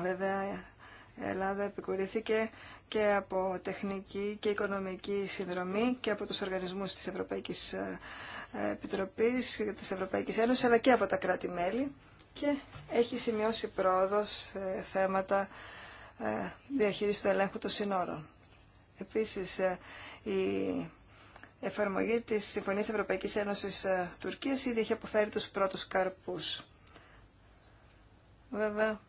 Βέβαια, η Ελλάδα επικουρήθηκε και από τεχνική και οικονομική συνδρομή και από τους οργανισμούς της Ευρωπαϊκής ε, Επιτροπής, της Ευρωπαϊκής Ένωσης, αλλά και από τα κράτη-μέλη και έχει σημειώσει πρόοδο σε θέματα ε, διαχείριση του ελέγχου των συνόρων. Επίσης, ε, η εφαρμογή της Συμφωνίας Ευρωπαϊκής Ένωσης Τουρκίας ήδη έχει αποφέρει τους πρώτους καρπούς. Βέβαια,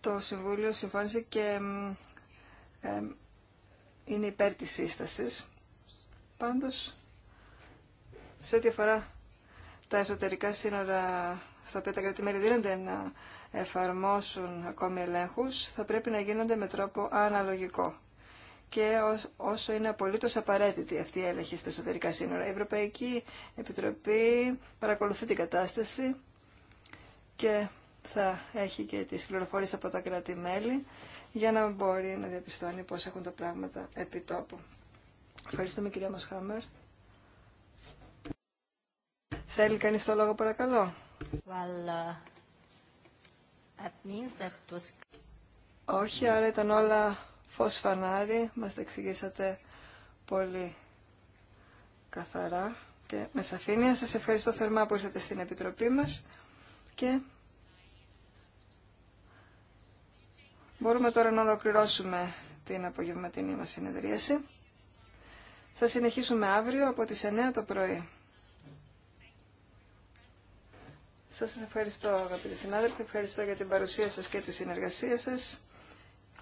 το Συμβούλιο συμφώνησε και είναι υπέρ της σύστασης. Πάντως, σε ό,τι αφορά τα εσωτερικά σύνορα στα οποία τα δίνονται να εφαρμόσουν ακόμη ελέγχους, θα πρέπει να γίνονται με τρόπο αναλογικό και όσο είναι απολύτω απαραίτητη αυτή η έλεγχη στα εσωτερικά σύνορα. Η Ευρωπαϊκή Επιτροπή παρακολουθεί την κατάσταση και θα έχει και τις πληροφορίες από τα κράτη-μέλη για να μπορεί να διαπιστώνει πώς έχουν τα πράγματα επί τόπου. Ευχαριστούμε κυρία Μασχάμερ. Θέλει κανείς το λόγο παρακαλώ. Uh, Όχι, άρα ήταν όλα φως φανάρι, μας τα εξηγήσατε πολύ καθαρά και με σαφήνεια. Σας ευχαριστώ θερμά που ήρθατε στην Επιτροπή μας και μπορούμε τώρα να ολοκληρώσουμε την απογευματινή μας συνεδρίαση. Θα συνεχίσουμε αύριο από τις 9 το πρωί. Σας ευχαριστώ αγαπητοί συνάδελφοι, ευχαριστώ για την παρουσία σας και τη συνεργασία σας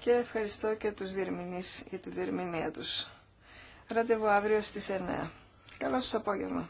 και ευχαριστώ και τους διερμηνείς για τη διερμηνία τους. Ραντεβού αύριο στις 9. Καλό σας απόγευμα.